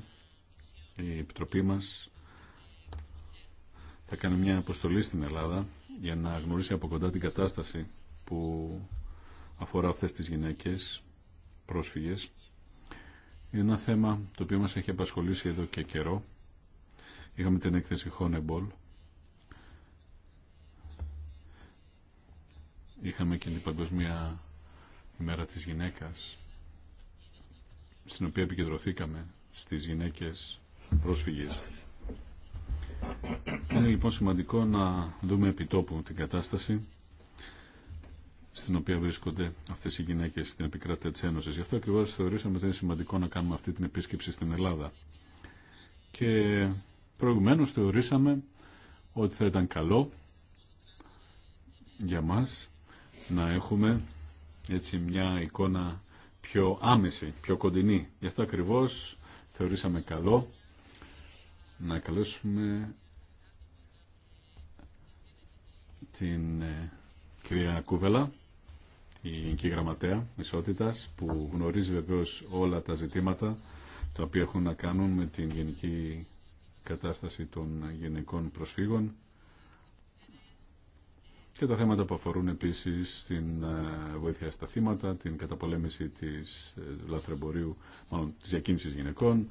η Επιτροπή μας θα κάνει μια αποστολή στην Ελλάδα για να γνωρίσει από κοντά την κατάσταση που αφορά αυτές τις γυναίκες πρόσφυγες. Είναι ένα θέμα το οποίο μας έχει απασχολήσει εδώ και καιρό. Είχαμε την έκθεση Honeyball. Είχαμε και την Παγκοσμία ημέρα της γυναίκας στην οποία επικεντρωθήκαμε στις γυναίκες πρόσφυγες. Είναι λοιπόν σημαντικό να δούμε επιτόπου την κατάσταση στην οποία βρίσκονται αυτέ οι γυναίκε στην επικράτεια τη Ένωση. Γι' αυτό ακριβώ θεωρήσαμε ότι είναι σημαντικό να κάνουμε αυτή την επίσκεψη στην Ελλάδα. Και προηγουμένω θεωρήσαμε ότι θα ήταν καλό για μας να έχουμε έτσι μια εικόνα πιο άμεση, πιο κοντινή. Γι' αυτό ακριβώς θεωρήσαμε καλό να καλέσουμε την ε, κυρία Κούβελα, η Γενική Γραμματέα Ισότητας, που γνωρίζει βεβαίως όλα τα ζητήματα τα οποία έχουν να κάνουν με την γενική κατάσταση των γενικών προσφύγων και τα θέματα που αφορούν επίσης την ε, βοήθεια στα θύματα, την καταπολέμηση της ε, λαθρεμπορίου, μάλλον της διακίνησης γυναικών.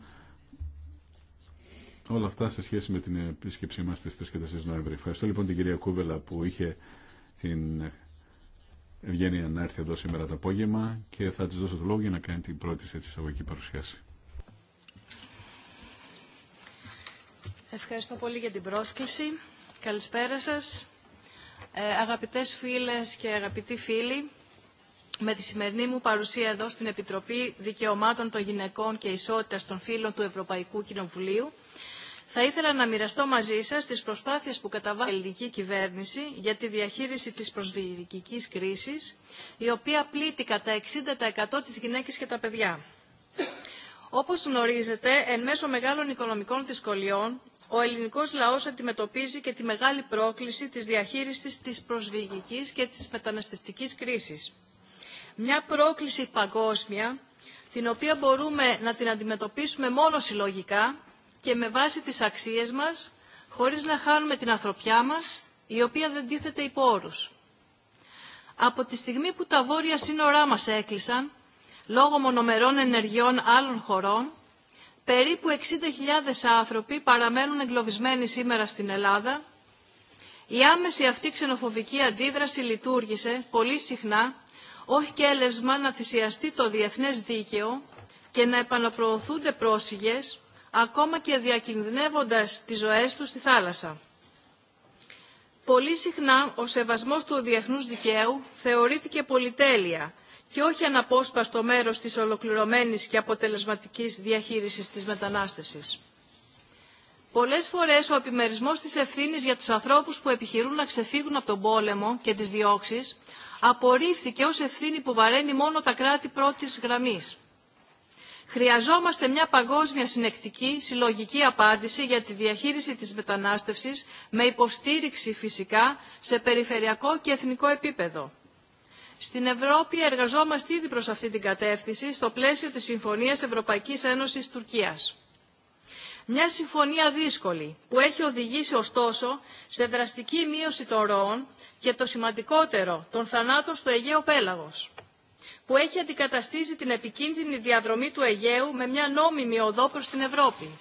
Όλα αυτά σε σχέση με την επίσκεψή μας στις 3 και 4 Νοέμβρη. Ευχαριστώ λοιπόν την κυρία Κούβελα που είχε την ευγένεια να έρθει εδώ σήμερα το απόγευμα και θα της δώσω το λόγο για να κάνει την πρώτη σε εισαγωγική παρουσίαση. Ευχαριστώ πολύ για την πρόσκληση. Καλησπέρα σας. Ε, αγαπητές φίλες και αγαπητοί φίλοι, με τη σημερινή μου παρουσία εδώ στην Επιτροπή Δικαιωμάτων των Γυναικών και Ισότητας των Φίλων του Ευρωπαϊκού Κοινοβουλίου, θα ήθελα να μοιραστώ μαζί σας τις προσπάθειες που καταβάλλει η ελληνική κυβέρνηση για τη διαχείριση της προσβητικής κρίσης, η οποία πλήττει κατά 60% τις γυναίκες και τα παιδιά. Όπως γνωρίζετε, εν μέσω μεγάλων οικονομικών δυσκολιών, ο ελληνικός λαός αντιμετωπίζει και τη μεγάλη πρόκληση της διαχείρισης της προσβυγικής και της μεταναστευτικής κρίσης. Μια πρόκληση παγκόσμια, την οποία μπορούμε να την αντιμετωπίσουμε μόνο συλλογικά και με βάση τις αξίες μας, χωρίς να χάνουμε την ανθρωπιά μας, η οποία δεν τίθεται υπό όρους. Από τη στιγμή που τα βόρεια σύνορά μας έκλεισαν, λόγω μονομερών ενεργειών άλλων χωρών, περίπου 60.000 άνθρωποι παραμένουν εγκλωβισμένοι σήμερα στην Ελλάδα. Η άμεση αυτή ξενοφοβική αντίδραση λειτουργήσε πολύ συχνά όχι και έλεσμα να θυσιαστεί το διεθνές δίκαιο και να επαναπροωθούνται πρόσφυγες, ακόμα και διακινδυνεύοντας τις ζωές τους στη θάλασσα. Πολύ συχνά ο σεβασμός του διεθνούς δικαίου θεωρήθηκε πολυτέλεια και όχι αναπόσπαστο μέρος της ολοκληρωμένης και αποτελεσματικής διαχείρισης της μετανάστευσης. Πολλές φορές ο επιμερισμός της ευθύνης για τους ανθρώπους που επιχειρούν να ξεφύγουν από τον πόλεμο και τις διώξεις απορρίφθηκε ως ευθύνη που βαραίνει μόνο τα κράτη πρώτης γραμμής. Χρειαζόμαστε μια παγκόσμια συνεκτική, συλλογική απάντηση για τη διαχείριση της μετανάστευσης με υποστήριξη φυσικά σε περιφερειακό και εθνικό επίπεδο. Στην Ευρώπη εργαζόμαστε ήδη προς αυτή την κατεύθυνση στο πλαίσιο της Συμφωνίας Ευρωπαϊκής Ένωσης Τουρκίας. Μια συμφωνία δύσκολη που έχει οδηγήσει ωστόσο σε δραστική μείωση των ροών και το σημαντικότερο των θανάτων στο Αιγαίο Πέλαγος που έχει αντικαταστήσει την επικίνδυνη διαδρομή του Αιγαίου με μια νόμιμη οδό προς την Ευρώπη.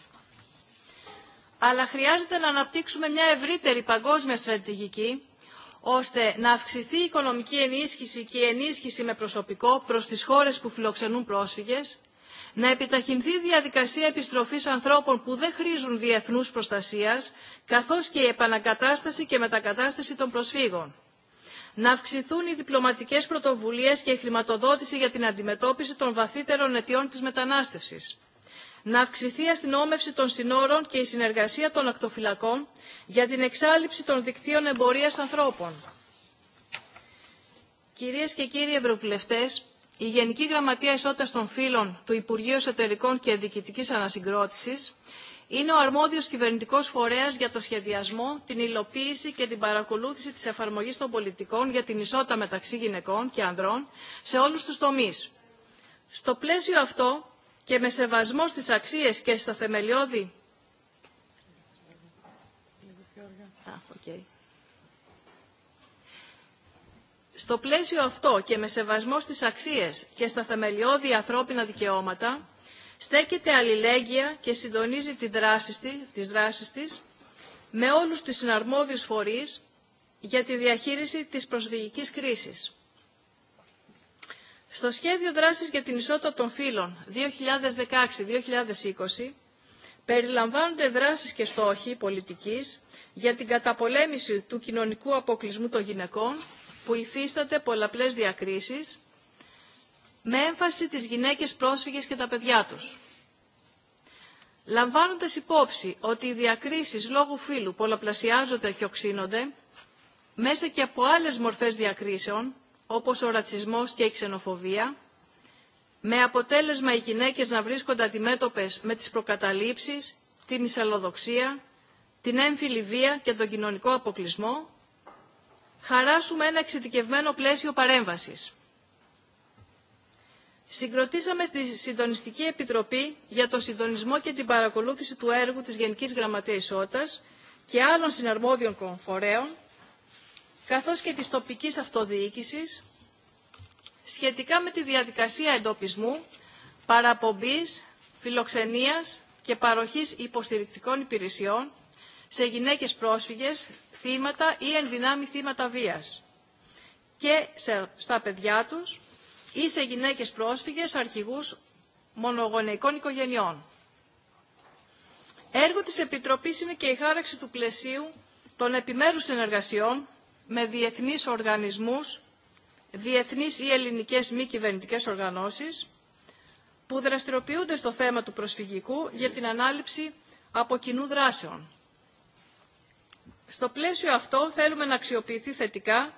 Αλλά χρειάζεται να αναπτύξουμε μια ευρύτερη παγκόσμια στρατηγική ώστε να αυξηθεί η οικονομική ενίσχυση και η ενίσχυση με προσωπικό προς τις χώρες που φιλοξενούν πρόσφυγες, να επιταχυνθεί η διαδικασία επιστροφής ανθρώπων που δεν χρήζουν διεθνούς προστασίας, καθώς και η επανακατάσταση και μετακατάσταση των προσφύγων. Να αυξηθούν οι διπλωματικές πρωτοβουλίες και η χρηματοδότηση για την αντιμετώπιση των βαθύτερων αιτιών της μετανάστευσης να αυξηθεί η αστυνόμευση των συνόρων και η συνεργασία των ακτοφυλακών για την εξάλληψη των δικτύων εμπορίας ανθρώπων. Κυρίες και κύριοι Ευρωβουλευτές, η Γενική Γραμματεία Ισότητας των Φύλων του Υπουργείου Εσωτερικών και Διοικητικής Ανασυγκρότησης είναι ο αρμόδιος κυβερνητικός φορέας για το σχεδιασμό, την υλοποίηση και την παρακολούθηση της εφαρμογής των πολιτικών για την ισότητα μεταξύ γυναικών και ανδρών σε όλους τους τομείς. Στο πλαίσιο αυτό, και με σεβασμό στις αξίες και στα θεμελιώδη. Στο πλαίσιο αυτό και με σεβασμό στις αξίες και στα θεμελιώδη ανθρώπινα δικαιώματα, στέκεται αλληλέγγυα και συντονίζει τη δράση της, τις δράσεις με όλους τους συναρμόδιους φορείς για τη διαχείριση της προσφυγικής κρίσης. Στο σχέδιο δράσης για την ισότητα των φύλων 2016-2020 περιλαμβάνονται δράσεις και στόχοι πολιτικής για την καταπολέμηση του κοινωνικού αποκλεισμού των γυναικών που υφίσταται πολλαπλές διακρίσεις με έμφαση τις γυναίκες πρόσφυγες και τα παιδιά τους. Λαμβάνοντας υπόψη ότι οι διακρίσεις λόγου φύλου πολλαπλασιάζονται και οξύνονται, μέσα και από άλλες μορφές διακρίσεων, όπως ο ρατσισμός και η ξενοφοβία, με αποτέλεσμα οι γυναίκες να βρίσκονται αντιμέτωπες με τις προκαταλήψεις, τη μυσαλλοδοξία, την έμφυλη βία και τον κοινωνικό αποκλεισμό, χαράσουμε ένα εξειδικευμένο πλαίσιο παρέμβασης. Συγκροτήσαμε τη Συντονιστική Επιτροπή για το συντονισμό και την παρακολούθηση του έργου της Γενικής Γραμματείας Ισότητας και άλλων συναρμόδιων κομφορέων καθώς και της τοπικής αυτοδιοίκησης σχετικά με τη διαδικασία εντοπισμού, παραπομπής, φιλοξενίας και παροχής υποστηρικτικών υπηρεσιών σε γυναίκες πρόσφυγες, θύματα ή ενδυνάμει θύματα βίας και στα παιδιά τους ή σε γυναίκες πρόσφυγες αρχηγούς μονογονεϊκών οικογενειών. Έργο της Επιτροπής είναι και η χάραξη του πλαισίου των επιμέρους συνεργασιών με διεθνείς οργανισμούς, διεθνείς ή ελληνικές μη κυβερνητικέ οργανώσεις, που δραστηριοποιούνται στο θέμα του προσφυγικού για την ανάληψη από κοινού δράσεων. Στο πλαίσιο αυτό θέλουμε να αξιοποιηθεί θετικά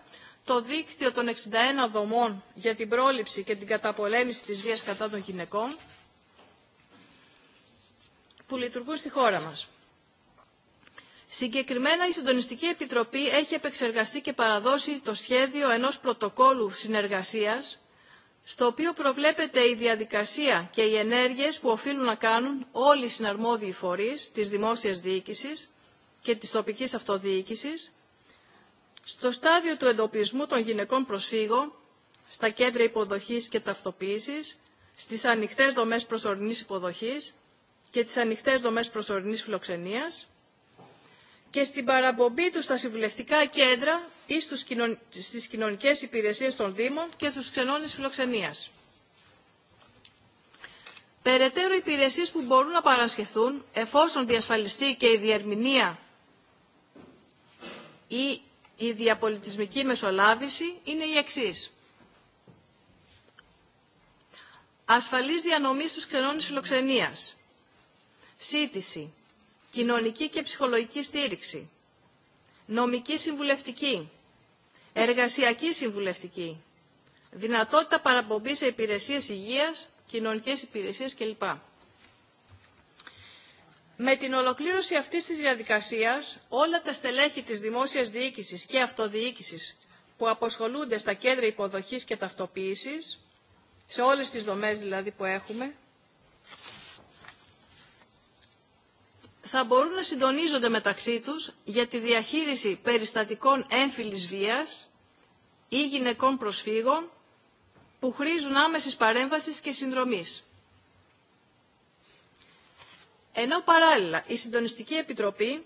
το δίκτυο των 61 δομών για την πρόληψη και την καταπολέμηση της βίας κατά των γυναικών που λειτουργούν στη χώρα μας. Συγκεκριμένα η Συντονιστική Επιτροπή έχει επεξεργαστεί και παραδώσει το σχέδιο ενός πρωτοκόλου συνεργασίας στο οποίο προβλέπεται η διαδικασία και οι ενέργειες που οφείλουν να κάνουν όλοι οι συναρμόδιοι φορείς της δημόσιας διοίκησης και της τοπικής αυτοδιοίκησης στο στάδιο του εντοπισμού των γυναικών προσφύγων στα κέντρα υποδοχής και ταυτοποίησης, στις ανοιχτές δομές προσωρινής υποδοχής και τις ανοιχτές δομές προσωρινής φιλοξενίας, και στην παραπομπή του στα συμβουλευτικά κέντρα ή στις κοινωνικές υπηρεσίες των Δήμων και τους ξενώνες φιλοξενίας. Περαιτέρω υπηρεσίες που μπορούν να παρασχεθούν εφόσον διασφαλιστεί και η διερμηνία ή η διαπολιτισμική μεσολάβηση είναι η εξής. Ασφαλής διανομή στους ξενώνες φιλοξενίας. Σήτηση κοινωνική και ψυχολογική στήριξη, νομική συμβουλευτική, εργασιακή συμβουλευτική, δυνατότητα παραπομπής σε υπηρεσίες υγείας, κοινωνικές υπηρεσίες κλπ. Με την ολοκλήρωση αυτής της διαδικασίας, όλα τα στελέχη της δημόσιας διοίκησης και αυτοδιοίκησης που αποσχολούνται στα κέντρα υποδοχής και ταυτοποίησης, σε όλες τις δομές δηλαδή που έχουμε, θα μπορούν να συντονίζονται μεταξύ τους για τη διαχείριση περιστατικών έμφυλης βίας ή γυναικών προσφύγων που χρήζουν άμεσης παρέμβασης και συνδρομής. Ενώ παράλληλα η Συντονιστική Επιτροπή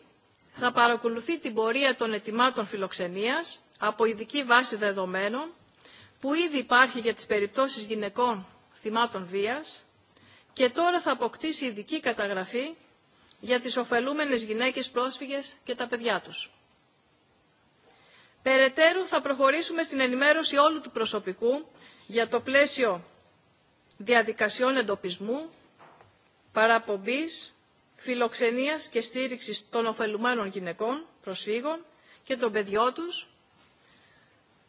θα παρακολουθεί την πορεία των ετοιμάτων φιλοξενίας από ειδική βάση δεδομένων που ήδη υπάρχει για τις περιπτώσεις γυναικών θυμάτων βίας και τώρα θα αποκτήσει ειδική καταγραφή για τις ωφελούμενες γυναίκες πρόσφυγες και τα παιδιά τους. Περαιτέρω θα προχωρήσουμε στην ενημέρωση όλου του προσωπικού για το πλαίσιο διαδικασιών εντοπισμού, παραπομπής, φιλοξενίας και στήριξης των ωφελουμένων γυναικών, προσφύγων και των παιδιών τους,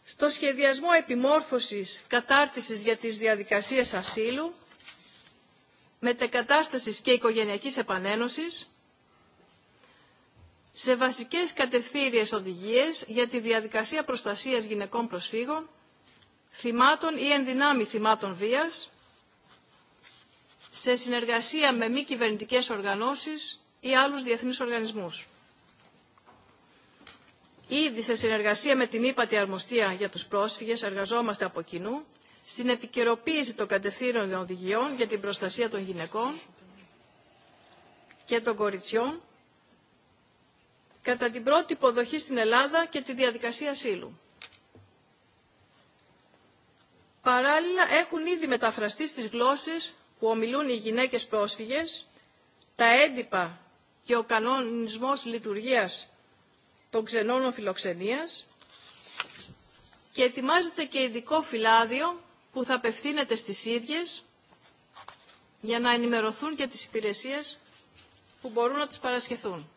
στο σχεδιασμό επιμόρφωσης κατάρτισης για τις διαδικασίες ασύλου, μετεκατάστασης και οικογενειακής επανένωσης, σε βασικές κατευθύριες οδηγίες για τη διαδικασία προστασίας γυναικών προσφύγων, θυμάτων ή ενδυνάμει θυμάτων βίας, σε συνεργασία με μη κυβερνητικέ οργανώσεις ή άλλους διεθνείς οργανισμούς. Ήδη σε συνεργασία με την ύπατη αρμοστία για τους πρόσφυγες εργαζόμαστε από κοινού στην επικαιροποίηση των κατευθύνων οδηγιών για την προστασία των γυναικών και των κοριτσιών κατά την πρώτη υποδοχή στην Ελλάδα και τη διαδικασία ασύλου. Παράλληλα έχουν ήδη μεταφραστεί στις γλώσσες που ομιλούν οι γυναίκες πρόσφυγες τα έντυπα και ο κανονισμός λειτουργίας των ξενών φιλοξενίας και ετοιμάζεται και ειδικό φυλάδιο που θα απευθύνεται στις ίδιες για να ενημερωθούν και τις υπηρεσίες που μπορούν να τις παρασχεθούν.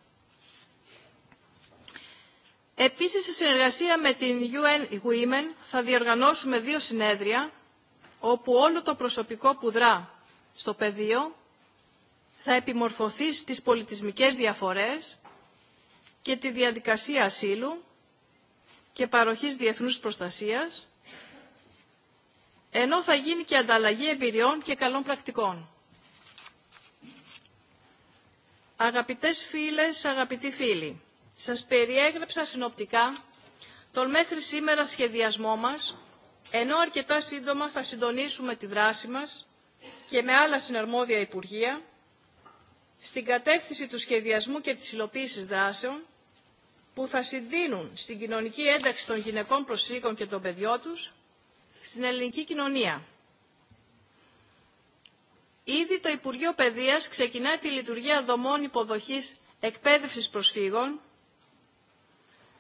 Επίσης, σε συνεργασία με την UN Women θα διοργανώσουμε δύο συνέδρια, όπου όλο το προσωπικό που δρά στο πεδίο θα επιμορφωθεί στις πολιτισμικές διαφορές και τη διαδικασία ασύλου και παροχής διεθνούς προστασίας, ενώ θα γίνει και ανταλλαγή εμπειριών και καλών πρακτικών. Αγαπητές φίλες, αγαπητοί φίλοι, σας περιέγραψα συνοπτικά τον μέχρι σήμερα σχεδιασμό μας, ενώ αρκετά σύντομα θα συντονίσουμε τη δράση μας και με άλλα συναρμόδια Υπουργεία, στην κατεύθυνση του σχεδιασμού και της υλοποίησης δράσεων, που θα συνδύνουν στην κοινωνική ένταξη των γυναικών προσφύγων και των παιδιών τους στην ελληνική κοινωνία. Ήδη το Υπουργείο Παιδείας ξεκινάει τη λειτουργία δομών υποδοχής εκπαίδευσης προσφύγων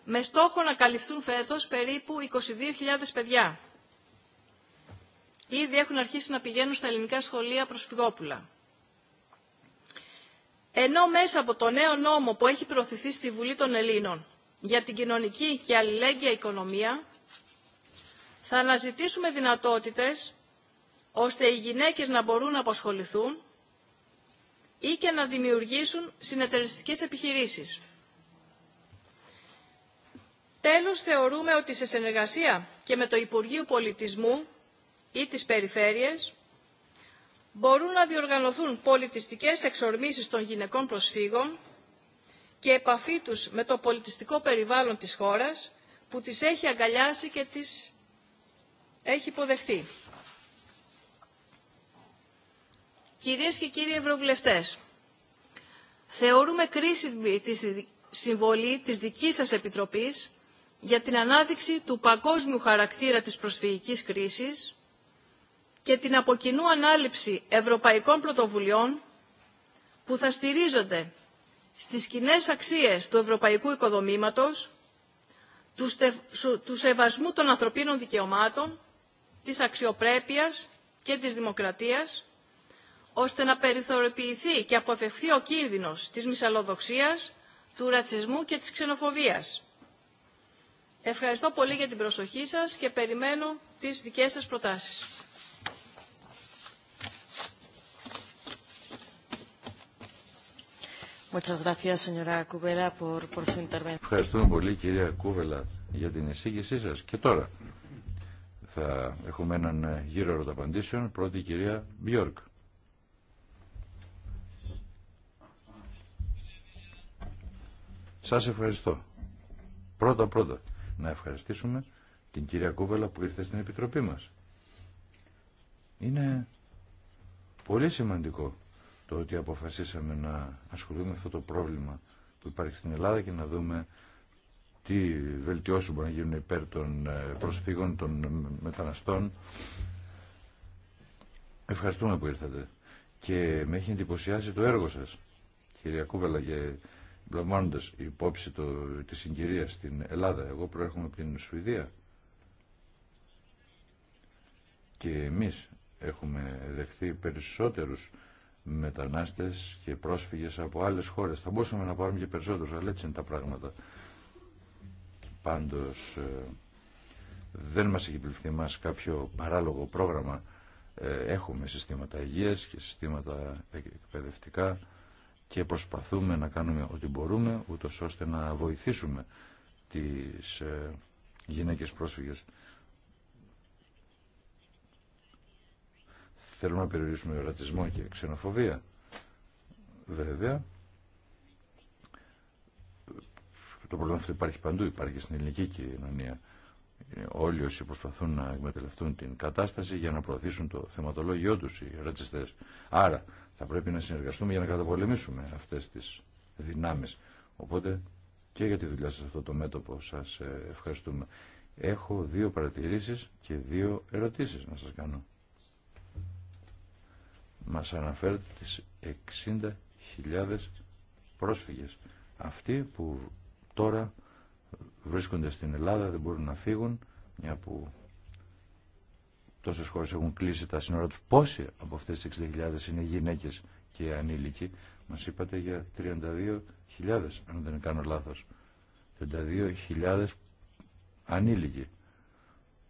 με στόχο να καλυφθούν φέτος περίπου 22.000 παιδιά. Ήδη έχουν αρχίσει να πηγαίνουν στα ελληνικά σχολεία προσφυγόπουλα. Ενώ μέσα από το νέο νόμο που έχει προωθηθεί στη Βουλή των Ελλήνων για την κοινωνική και αλληλέγγυα οικονομία θα αναζητήσουμε δυνατότητες ώστε οι γυναίκες να μπορούν να αποσχοληθούν ή και να δημιουργήσουν συνεταιριστικές επιχειρήσεις. Τέλος, θεωρούμε ότι σε συνεργασία και με το Υπουργείο Πολιτισμού ή τις Περιφέρειες μπορούν να διοργανωθούν πολιτιστικές εξορμήσεις των γυναικών προσφύγων και επαφή τους με το πολιτιστικό περιβάλλον της χώρας που τις έχει αγκαλιάσει και τις έχει υποδεχτεί. Κυρίες και κύριοι Ευρωβουλευτές, θεωρούμε κρίσιμη τη συμβολή της δικής σας Επιτροπής για την ανάδειξη του παγκόσμιου χαρακτήρα της προσφυγικής κρίσης και την αποκοινού ανάληψη ευρωπαϊκών πρωτοβουλειών που θα στηρίζονται στις κοινέ αξίες του ευρωπαϊκού οικοδομήματος, του σεβασμού των ανθρωπίνων δικαιωμάτων της αξιοπρέπειας και της δημοκρατίας, ώστε να περιθωριοποιηθεί και αποφευχθεί ο κίνδυνος της μυσαλλοδοξίας, του ρατσισμού και της ξενοφοβίας. Ευχαριστώ πολύ για την προσοχή σας και περιμένω τις δικές σας προτάσεις. Ευχαριστούμε πολύ κυρία Κούβελα για την εισήγησή σας. Και τώρα θα έχουμε έναν ε, γύρο ερωταπαντήσεων. Πρώτη κυρία Μπιόρκ. Σας ευχαριστώ. Πρώτα πρώτα να ευχαριστήσουμε την κυρία Κούβελα που ήρθε στην Επιτροπή μας. Είναι πολύ σημαντικό το ότι αποφασίσαμε να ασχολούμε με αυτό το πρόβλημα που υπάρχει στην Ελλάδα και να δούμε τι βελτιώσεις μπορεί να γίνουν υπέρ των ε, προσφύγων, των μεταναστών. Ευχαριστούμε που ήρθατε. Και με έχει εντυπωσιάσει το έργο σας, κυρία Κούβελα, και λαμβάνοντας υπόψη το, τη συγκυρία στην Ελλάδα. Εγώ προέρχομαι από την Σουηδία. Και εμείς έχουμε δεχθεί περισσότερους μετανάστες και πρόσφυγες από άλλες χώρες. Θα μπορούσαμε να πάρουμε και περισσότερους, αλλά έτσι είναι τα πράγματα. Πάντως ε, δεν μας έχει πληθεί μας κάποιο παράλογο πρόγραμμα. Ε, έχουμε συστήματα υγείας και συστήματα εκπαιδευτικά και προσπαθούμε να κάνουμε ό,τι μπορούμε ούτως ώστε να βοηθήσουμε τις ε, γυναίκες πρόσφυγες. Θέλουμε να περιορίσουμε ρατσισμό και ξενοφοβία. Βέβαια, Το πρόβλημα αυτό υπάρχει παντού, υπάρχει στην ελληνική κοινωνία. Ε, όλοι όσοι προσπαθούν να εκμεταλλευτούν την κατάσταση για να προωθήσουν το θεματολόγιο του οι ρατσιστέ. Άρα θα πρέπει να συνεργαστούμε για να καταπολεμήσουμε αυτέ τι δυνάμει. Οπότε και για τη δουλειά σε αυτό το μέτωπο σα ε, ευχαριστούμε. Έχω δύο παρατηρήσει και δύο ερωτήσει να σα κάνω. Μα αναφέρετε τι 60.000 πρόσφυγες. Αυτοί που τώρα βρίσκονται στην Ελλάδα, δεν μπορούν να φύγουν, μια που τόσες χώρες έχουν κλείσει τα σύνορα τους. Πόσοι από αυτές τις 60.000 είναι γυναίκες και ανήλικοι, μας είπατε για 32.000, αν δεν κάνω λάθος. 32.000 ανήλικοι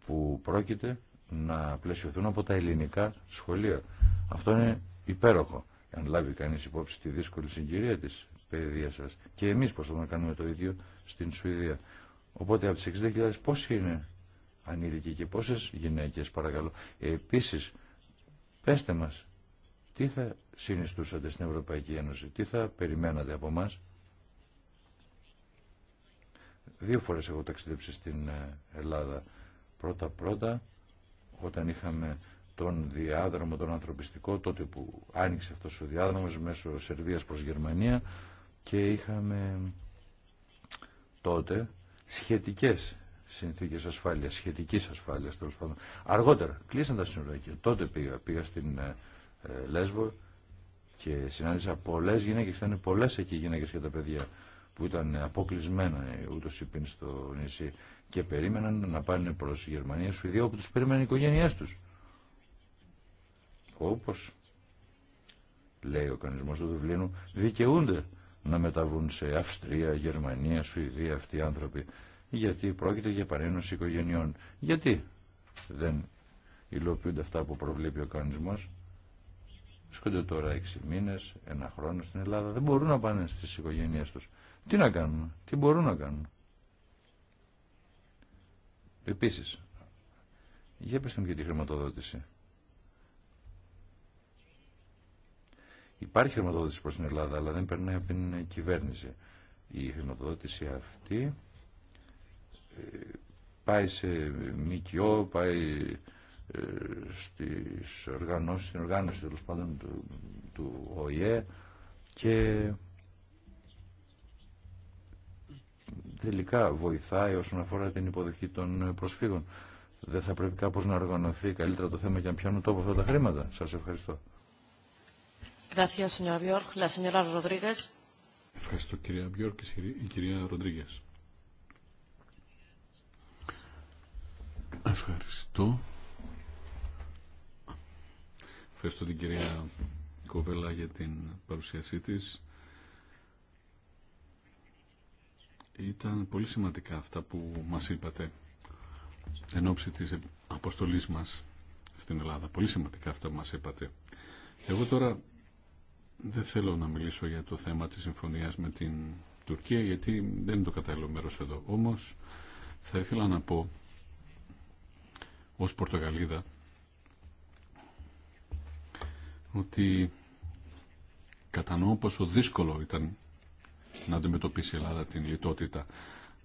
που πρόκειται να πλαισιωθούν από τα ελληνικά σχολεία. Αυτό είναι υπέροχο. Αν λάβει κανείς υπόψη τη δύσκολη συγκυρία της παιδεία Και εμείς προσπαθούμε να κάνουμε το ίδιο στην Σουηδία. Οπότε από τι 60.000 πόσοι είναι ανήλικοι και πόσε γυναίκε παρακαλώ. Επίση, πέστε μα, τι θα συνιστούσατε στην Ευρωπαϊκή Ένωση, τι θα περιμένατε από εμά. Δύο φορές έχω ταξιδέψει στην ε, Ελλάδα. Πρώτα-πρώτα, όταν είχαμε τον διάδρομο, τον ανθρωπιστικό, τότε που άνοιξε αυτός ο διάδρομος μέσω Σερβίας προς Γερμανία, και είχαμε τότε σχετικές συνθήκες ασφάλειας, σχετικής ασφάλειας τέλος πάντων. Αργότερα κλείσαν τα σύνορα και τότε πήγα, πήγα στην ε, ε, Λέσβο και συνάντησα πολλές γυναίκες, ήταν πολλές εκεί γυναίκες και τα παιδιά που ήταν αποκλεισμένα ε, ούτως πίν στο νησί και περίμεναν να πάνε προς Γερμανία, Σουηδία, όπου τους περίμεναν οι οικογένειές τους. Όπως λέει ο κανονισμός του Δουβλίνου, δικαιούνται να μεταβούν σε Αυστρία, Γερμανία, Σουηδία αυτοί οι άνθρωποι. Γιατί πρόκειται για παρένωση οικογενειών. Γιατί δεν υλοποιούνται αυτά που προβλέπει ο κανονισμός. Βρίσκονται τώρα έξι μήνες, ένα χρόνο στην Ελλάδα. Δεν μπορούν να πάνε στις οικογένειε τους. Τι να κάνουν, τι μπορούν να κάνουν. Επίση, για πετε μου και τη χρηματοδότηση. Υπάρχει χρηματοδότηση προς την Ελλάδα, αλλά δεν περνάει από την κυβέρνηση. Η χρηματοδότηση αυτή ε, πάει σε ΜΚΟ, πάει ε, στις οργανώσεις, στην οργάνωση τέλο πάντων του, του ΟΗΕ και τελικά βοηθάει όσον αφορά την υποδοχή των προσφύγων. Δεν θα πρέπει κάπως να οργανωθεί καλύτερα το θέμα για να πιάνουν τόπο αυτά τα χρήματα. Σας ευχαριστώ. Ευχαριστώ κυρία Μπιόρκ και η κυρία Ροντρίγκε. Ευχαριστώ. Ευχαριστώ την κυρία Κοβέλα για την παρουσίασή της. Ήταν πολύ σημαντικά αυτά που μας είπατε εν ώψη της αποστολής μας στην Ελλάδα. Πολύ σημαντικά αυτά που μας είπατε. Εγώ τώρα δεν θέλω να μιλήσω για το θέμα της συμφωνίας με την Τουρκία γιατί δεν είναι το κατάλληλο μέρος εδώ. Όμως θα ήθελα να πω ως Πορτογαλίδα ότι κατανοώ πόσο δύσκολο ήταν να αντιμετωπίσει η Ελλάδα την λιτότητα.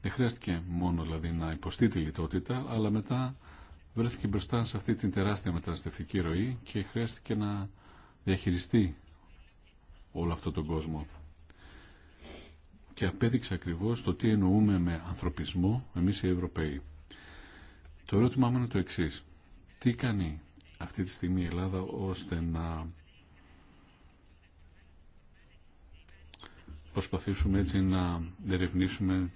Δεν χρειάστηκε μόνο δηλαδή να υποστεί τη λιτότητα, αλλά μετά βρέθηκε μπροστά σε αυτή την τεράστια μεταναστευτική ροή και χρειάστηκε να διαχειριστεί όλο αυτόν τον κόσμο. Και απέδειξε ακριβώς το τι εννοούμε με ανθρωπισμό εμείς οι Ευρωπαίοι. Το ερώτημά μου είναι το εξή. Τι κάνει αυτή τη στιγμή η Ελλάδα ώστε να προσπαθήσουμε έτσι να ερευνήσουμε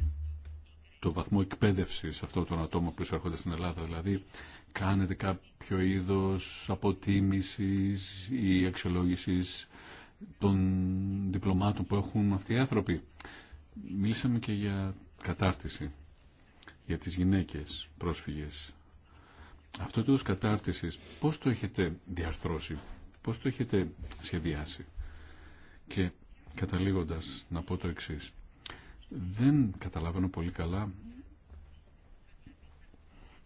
το βαθμό εκπαίδευση αυτών των ατόμων που εισέρχονται στην Ελλάδα. Δηλαδή, κάνετε κάποιο είδος αποτίμηση ή αξιολόγηση των διπλωμάτων που έχουν αυτοί οι άνθρωποι. Μίλησαμε και για κατάρτιση για τις γυναίκες πρόσφυγες. Αυτό το κατάρτισης πώς το έχετε διαρθρώσει, πώς το έχετε σχεδιάσει. Και καταλήγοντας να πω το εξής. Δεν καταλαβαίνω πολύ καλά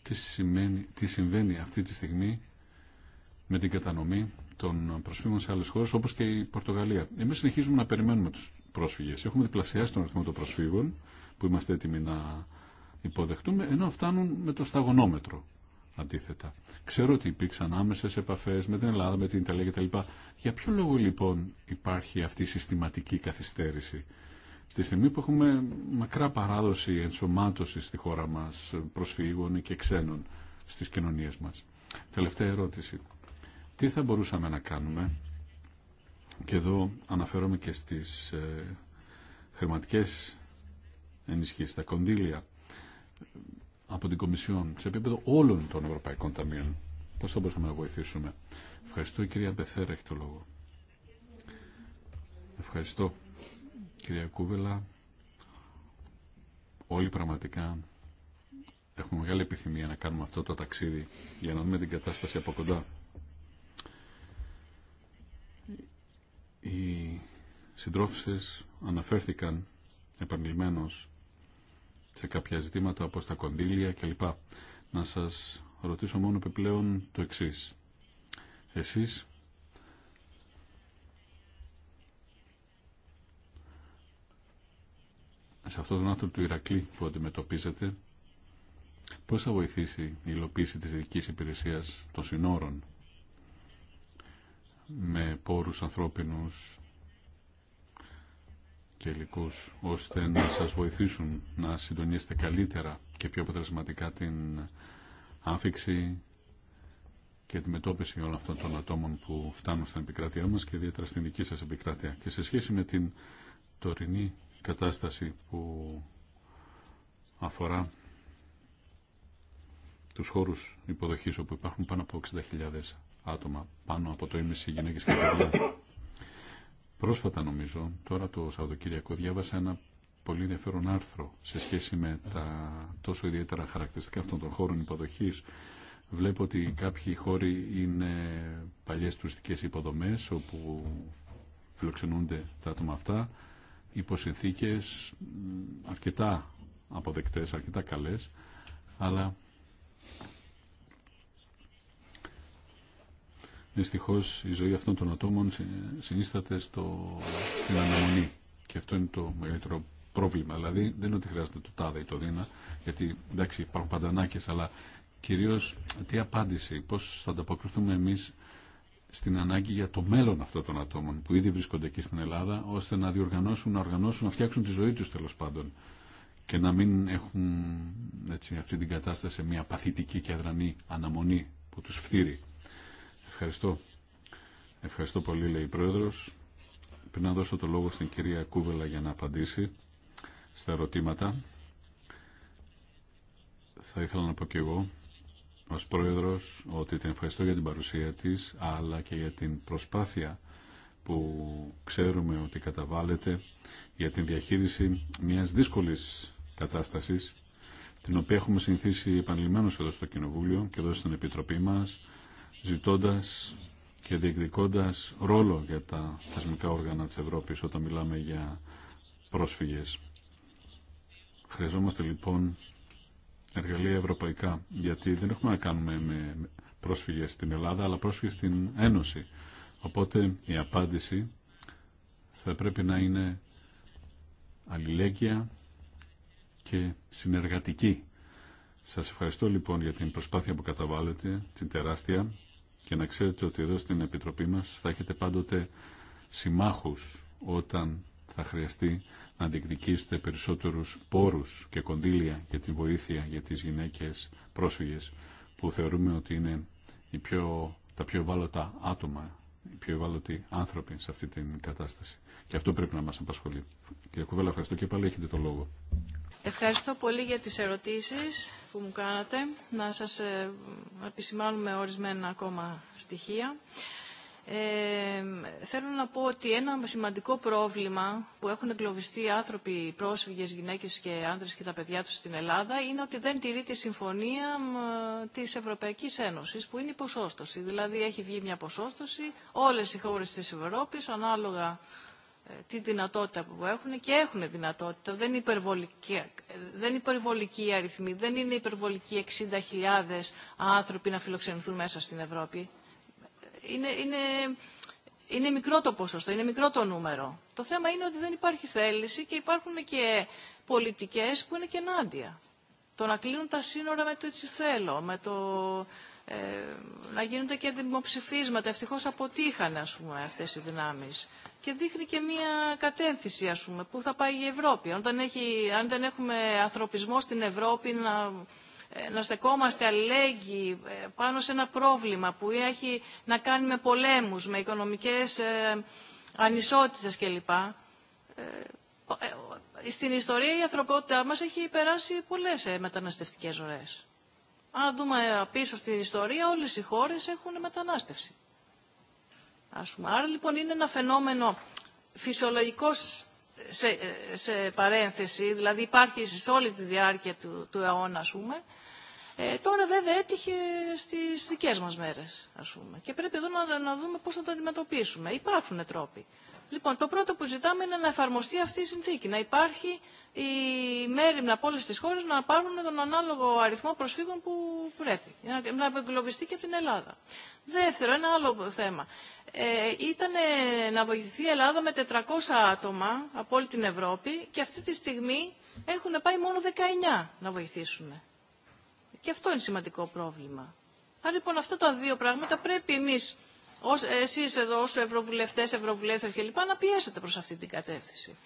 τι, σημαίνει, τι συμβαίνει αυτή τη στιγμή με την κατανομή των προσφύγων σε άλλε χώρε όπω και η Πορτογαλία. Εμεί συνεχίζουμε να περιμένουμε του προσφυγέ. Έχουμε διπλασιάσει τον αριθμό των προσφύγων που είμαστε έτοιμοι να υποδεχτούμε ενώ φτάνουν με το σταγονόμετρο αντίθετα. Ξέρω ότι υπήρξαν άμεσε επαφέ με την Ελλάδα, με την Ιταλία κτλ. Για ποιο λόγο λοιπόν υπάρχει αυτή η συστηματική καθυστέρηση. Τη στιγμή που έχουμε μακρά παράδοση ενσωμάτωση στη χώρα μα προσφύγων και ξένων στι κοινωνίε μα. Τελευταία ερώτηση. Τι θα μπορούσαμε να κάνουμε και εδώ αναφέρομαι και στις ε, χρηματικές ενισχύσεις, τα κονδύλια από την Κομισιόν σε επίπεδο όλων των Ευρωπαϊκών Ταμείων. Πώς θα μπορούσαμε να βοηθήσουμε. Ευχαριστώ η κυρία Μπεθέρα έχει το λόγο. Ευχαριστώ κυρία Κούβελα. Όλοι πραγματικά έχουμε μεγάλη επιθυμία να κάνουμε αυτό το ταξίδι για να δούμε την κατάσταση από κοντά. Οι συντρόφισσες αναφέρθηκαν επανειλημμένως σε κάποια ζητήματα από τα κονδύλια κλπ. Να σας ρωτήσω μόνο επιπλέον το εξής. Εσείς σε αυτόν τον άνθρωπο του Ηρακλή που αντιμετωπίζετε πώς θα βοηθήσει η υλοποίηση της ειδική υπηρεσίας των συνόρων με πόρους ανθρώπινους και υλικούς, ώστε να σας βοηθήσουν να συντονίσετε καλύτερα και πιο αποτελεσματικά την άφηξη και τη μετώπιση όλων αυτών των ατόμων που φτάνουν στην επικράτειά μας και ιδιαίτερα στην δική σας επικράτεια. Και σε σχέση με την τωρινή κατάσταση που αφορά τους χώρους υποδοχής όπου υπάρχουν πάνω από 60.000 άτομα, πάνω από το ίμιση γυναίκε και παιδιά. Πρόσφατα νομίζω, τώρα το Σαββατοκύριακο, διάβασα ένα πολύ ενδιαφέρον άρθρο σε σχέση με τα τόσο ιδιαίτερα χαρακτηριστικά αυτών των χώρων υποδοχή. Βλέπω ότι κάποιοι χώροι είναι παλιέ τουριστικέ υποδομέ όπου φιλοξενούνται τα άτομα αυτά υπό συνθήκε αρκετά αποδεκτέ, αρκετά καλέ, αλλά Δυστυχώ η ζωή αυτών των ατόμων συνίσταται στο, στην αναμονή. Και αυτό είναι το μεγαλύτερο πρόβλημα. Δηλαδή δεν είναι ότι χρειάζεται το τάδε ή το δίνα, γιατί εντάξει υπάρχουν παντανάκες, αλλά κυρίω τι απάντηση, πώ θα ανταποκριθούμε εμεί στην ανάγκη για το μέλλον αυτών των ατόμων που ήδη βρίσκονται εκεί στην Ελλάδα, ώστε να διοργανώσουν, να οργανώσουν, να φτιάξουν τη ζωή του τέλο πάντων και να μην έχουν έτσι, αυτή την κατάσταση σε μια παθητική και αδρανή αναμονή που τους φτύρει. Ευχαριστώ. Ευχαριστώ πολύ, λέει η Πρόεδρος. Πριν να δώσω το λόγο στην κυρία Κούβελα για να απαντήσει στα ερωτήματα, θα ήθελα να πω και εγώ ως Πρόεδρος ότι την ευχαριστώ για την παρουσία της, αλλά και για την προσπάθεια που ξέρουμε ότι καταβάλλεται για την διαχείριση μιας δύσκολης κατάστασης την οποία έχουμε συνηθίσει επανειλημμένως εδώ στο Κοινοβούλιο και εδώ στην Επιτροπή μας ζητώντας και διεκδικώντας ρόλο για τα θεσμικά όργανα της Ευρώπης όταν μιλάμε για πρόσφυγες. Χρειαζόμαστε λοιπόν εργαλεία ευρωπαϊκά, γιατί δεν έχουμε να κάνουμε με πρόσφυγες στην Ελλάδα, αλλά πρόσφυγες στην Ένωση. Οπότε η απάντηση θα πρέπει να είναι αλληλέγγυα και συνεργατική. Σας ευχαριστώ λοιπόν για την προσπάθεια που καταβάλλετε, την τεράστια, και να ξέρετε ότι εδώ στην Επιτροπή μας θα έχετε πάντοτε συμμάχους όταν θα χρειαστεί να διεκδικήσετε περισσότερους πόρους και κονδύλια για τη βοήθεια για τις γυναίκες πρόσφυγες που θεωρούμε ότι είναι οι πιο, τα πιο ευάλωτα άτομα, οι πιο ευάλωτοι άνθρωποι σε αυτή την κατάσταση. Και αυτό πρέπει να μας απασχολεί. Κύριε Κουβέλα, ευχαριστώ και πάλι έχετε το λόγο. Ευχαριστώ πολύ για τις ερωτήσεις που μου κάνατε. Να σας ε, επισημάνουμε ορισμένα ακόμα στοιχεία. Ε, θέλω να πω ότι ένα σημαντικό πρόβλημα που έχουν εγκλωβιστεί άνθρωποι, πρόσφυγες, γυναίκες και άνδρες και τα παιδιά τους στην Ελλάδα είναι ότι δεν τηρεί τη συμφωνία της Ευρωπαϊκής Ένωσης που είναι η ποσόστοση. Δηλαδή έχει βγει μια ποσόστοση, όλες οι χώρες της Ευρώπης ανάλογα ε, τη δυνατότητα που έχουν και έχουν δυνατότητα. Δεν είναι υπερβολική, δεν υπερβολική η αριθμή, δεν είναι υπερβολική 60.000 άνθρωποι να φιλοξενηθούν μέσα στην Ευρώπη. Είναι, είναι, είναι μικρό το ποσοστό, είναι μικρό το νούμερο. Το θέμα είναι ότι δεν υπάρχει θέληση και υπάρχουν και πολιτικές που είναι και ενάντια. Το να κλείνουν τα σύνορα με το έτσι θέλω, με το ε, να γίνονται και δημοψηφίσματα. ευτυχώ αποτύχανε ας πούμε, αυτές οι δυνάμεις. Και δείχνει και μια κατεύθυνση, ας πούμε, που θα πάει η Ευρώπη. Όταν έχει, αν δεν έχουμε ανθρωπισμό στην Ευρώπη, να, ε, να στεκόμαστε αλληλέγγυοι ε, πάνω σε ένα πρόβλημα που έχει να κάνει με πολέμους, με οικονομικές ανισότητες κλπ. Στην ιστορία η ανθρωπότητά μας έχει περάσει πολλές μεταναστευτικές ώρες. Αν δούμε πίσω στην ιστορία, όλες οι χώρες έχουν μετανάστευση. Ας πούμε. Άρα λοιπόν είναι ένα φαινόμενο φυσιολογικό σε, σε παρένθεση, δηλαδή υπάρχει σε όλη τη διάρκεια του, του αιώνα, ας πούμε. Ε, τώρα βέβαια έτυχε στις δικές μας μέρες, ας πούμε. Και πρέπει εδώ να, να δούμε πώς θα το αντιμετωπίσουμε. Υπάρχουν τρόποι. Λοιπόν, το πρώτο που ζητάμε είναι να εφαρμοστεί αυτή η συνθήκη, να υπάρχει οι μέρη από όλε τι χώρε να πάρουν τον ανάλογο αριθμό προσφύγων που πρέπει, να απεγκλωβιστεί και από την Ελλάδα. Δεύτερο, ένα άλλο θέμα. Ε, ήταν να βοηθηθεί η Ελλάδα με 400 άτομα από όλη την Ευρώπη και αυτή τη στιγμή έχουν πάει μόνο 19 να βοηθήσουν. Και αυτό είναι σημαντικό πρόβλημα. Άρα λοιπόν αυτά τα δύο πράγματα πρέπει εμείς εσείς εδώ ως ευρωβουλευτές, ευρωβουλεύτες κλπ. να πιέσετε προς αυτή την κατεύθυνση.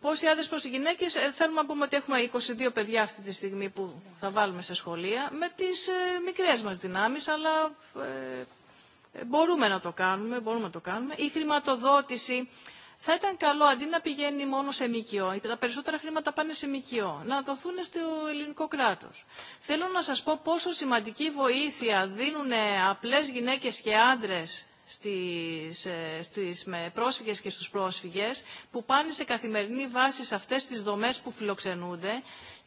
Πόσοι άντρε, πόσοι γυναίκε, ε, θέλουμε να πούμε ότι έχουμε 22 παιδιά αυτή τη στιγμή που θα βάλουμε σε σχολεία με τι ε, μικρέ μα δυνάμει, αλλά ε, μπορούμε να το κάνουμε, μπορούμε να το κάνουμε. Η χρηματοδότηση θα ήταν καλό αντί να πηγαίνει μόνο σε ΜΚΟ, τα περισσότερα χρήματα πάνε σε ΜΚΟ, να δοθούν στο ελληνικό κράτο. Θέλω να σα πω πόσο σημαντική βοήθεια δίνουν απλέ γυναίκε και άντρε στις, ε, στις με πρόσφυγες και στους πρόσφυγες που πάνε σε καθημερινή βάση σε αυτές τις δομές που φιλοξενούνται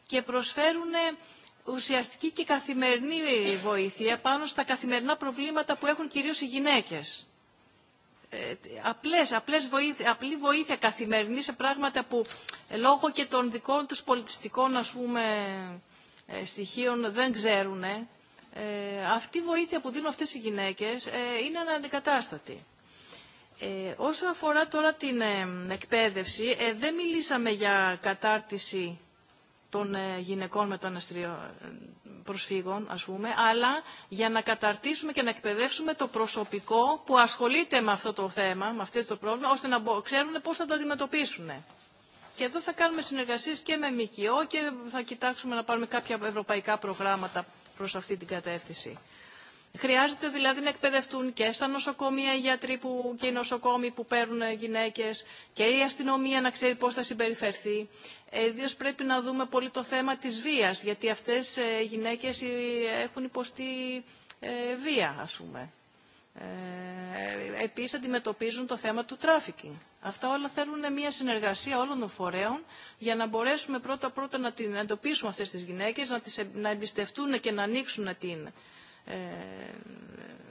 και προσφέρουν ε, ουσιαστική και καθημερινή βοήθεια πάνω στα καθημερινά προβλήματα που έχουν κυρίως οι γυναίκες. Ε, απλές, απλές βοήθεια, απλή βοήθεια καθημερινή σε πράγματα που λόγω και των δικών τους πολιτιστικών ας πούμε, στοιχείων δεν ξέρουν ε, αυτή η βοήθεια που δίνουν αυτές οι γυναίκες ε, είναι αναντικατάστατη. Ε, όσο αφορά τώρα την ε, εκπαίδευση, δεν μιλήσαμε για κατάρτιση των γυναικών μεταναστριών προσφύγων, ας πούμε, αλλά για να καταρτήσουμε και να εκπαιδεύσουμε το προσωπικό που ασχολείται με αυτό το θέμα, με αυτό το πρόβλημα, ώστε να ξέρουν πώς θα το αντιμετωπίσουν. Και εδώ θα κάνουμε συνεργασίες και με ΜΚΟ και θα κοιτάξουμε να πάρουμε κάποια ευρωπαϊκά προγράμματα προς αυτή την κατεύθυνση. Χρειάζεται δηλαδή να εκπαιδευτούν και στα νοσοκομεία οι γιατροί που, και οι νοσοκόμοι που παίρνουν γυναίκες και η αστυνομία να ξέρει πώς θα συμπεριφερθεί. Ιδίω πρέπει να δούμε πολύ το θέμα της βίας, γιατί αυτές ε, οι γυναίκες ε, έχουν υποστεί ε, βία, ας πούμε. Ε, επίσης αντιμετωπίζουν το θέμα του τράφικινγκ. Αυτά όλα θέλουν μια συνεργασία όλων των φορέων για να μπορέσουμε πρώτα-πρώτα να, την, εντοπίσουμε αυτές τις γυναίκες, να, τις, ε, να εμπιστευτούν και να ανοίξουν την, ε,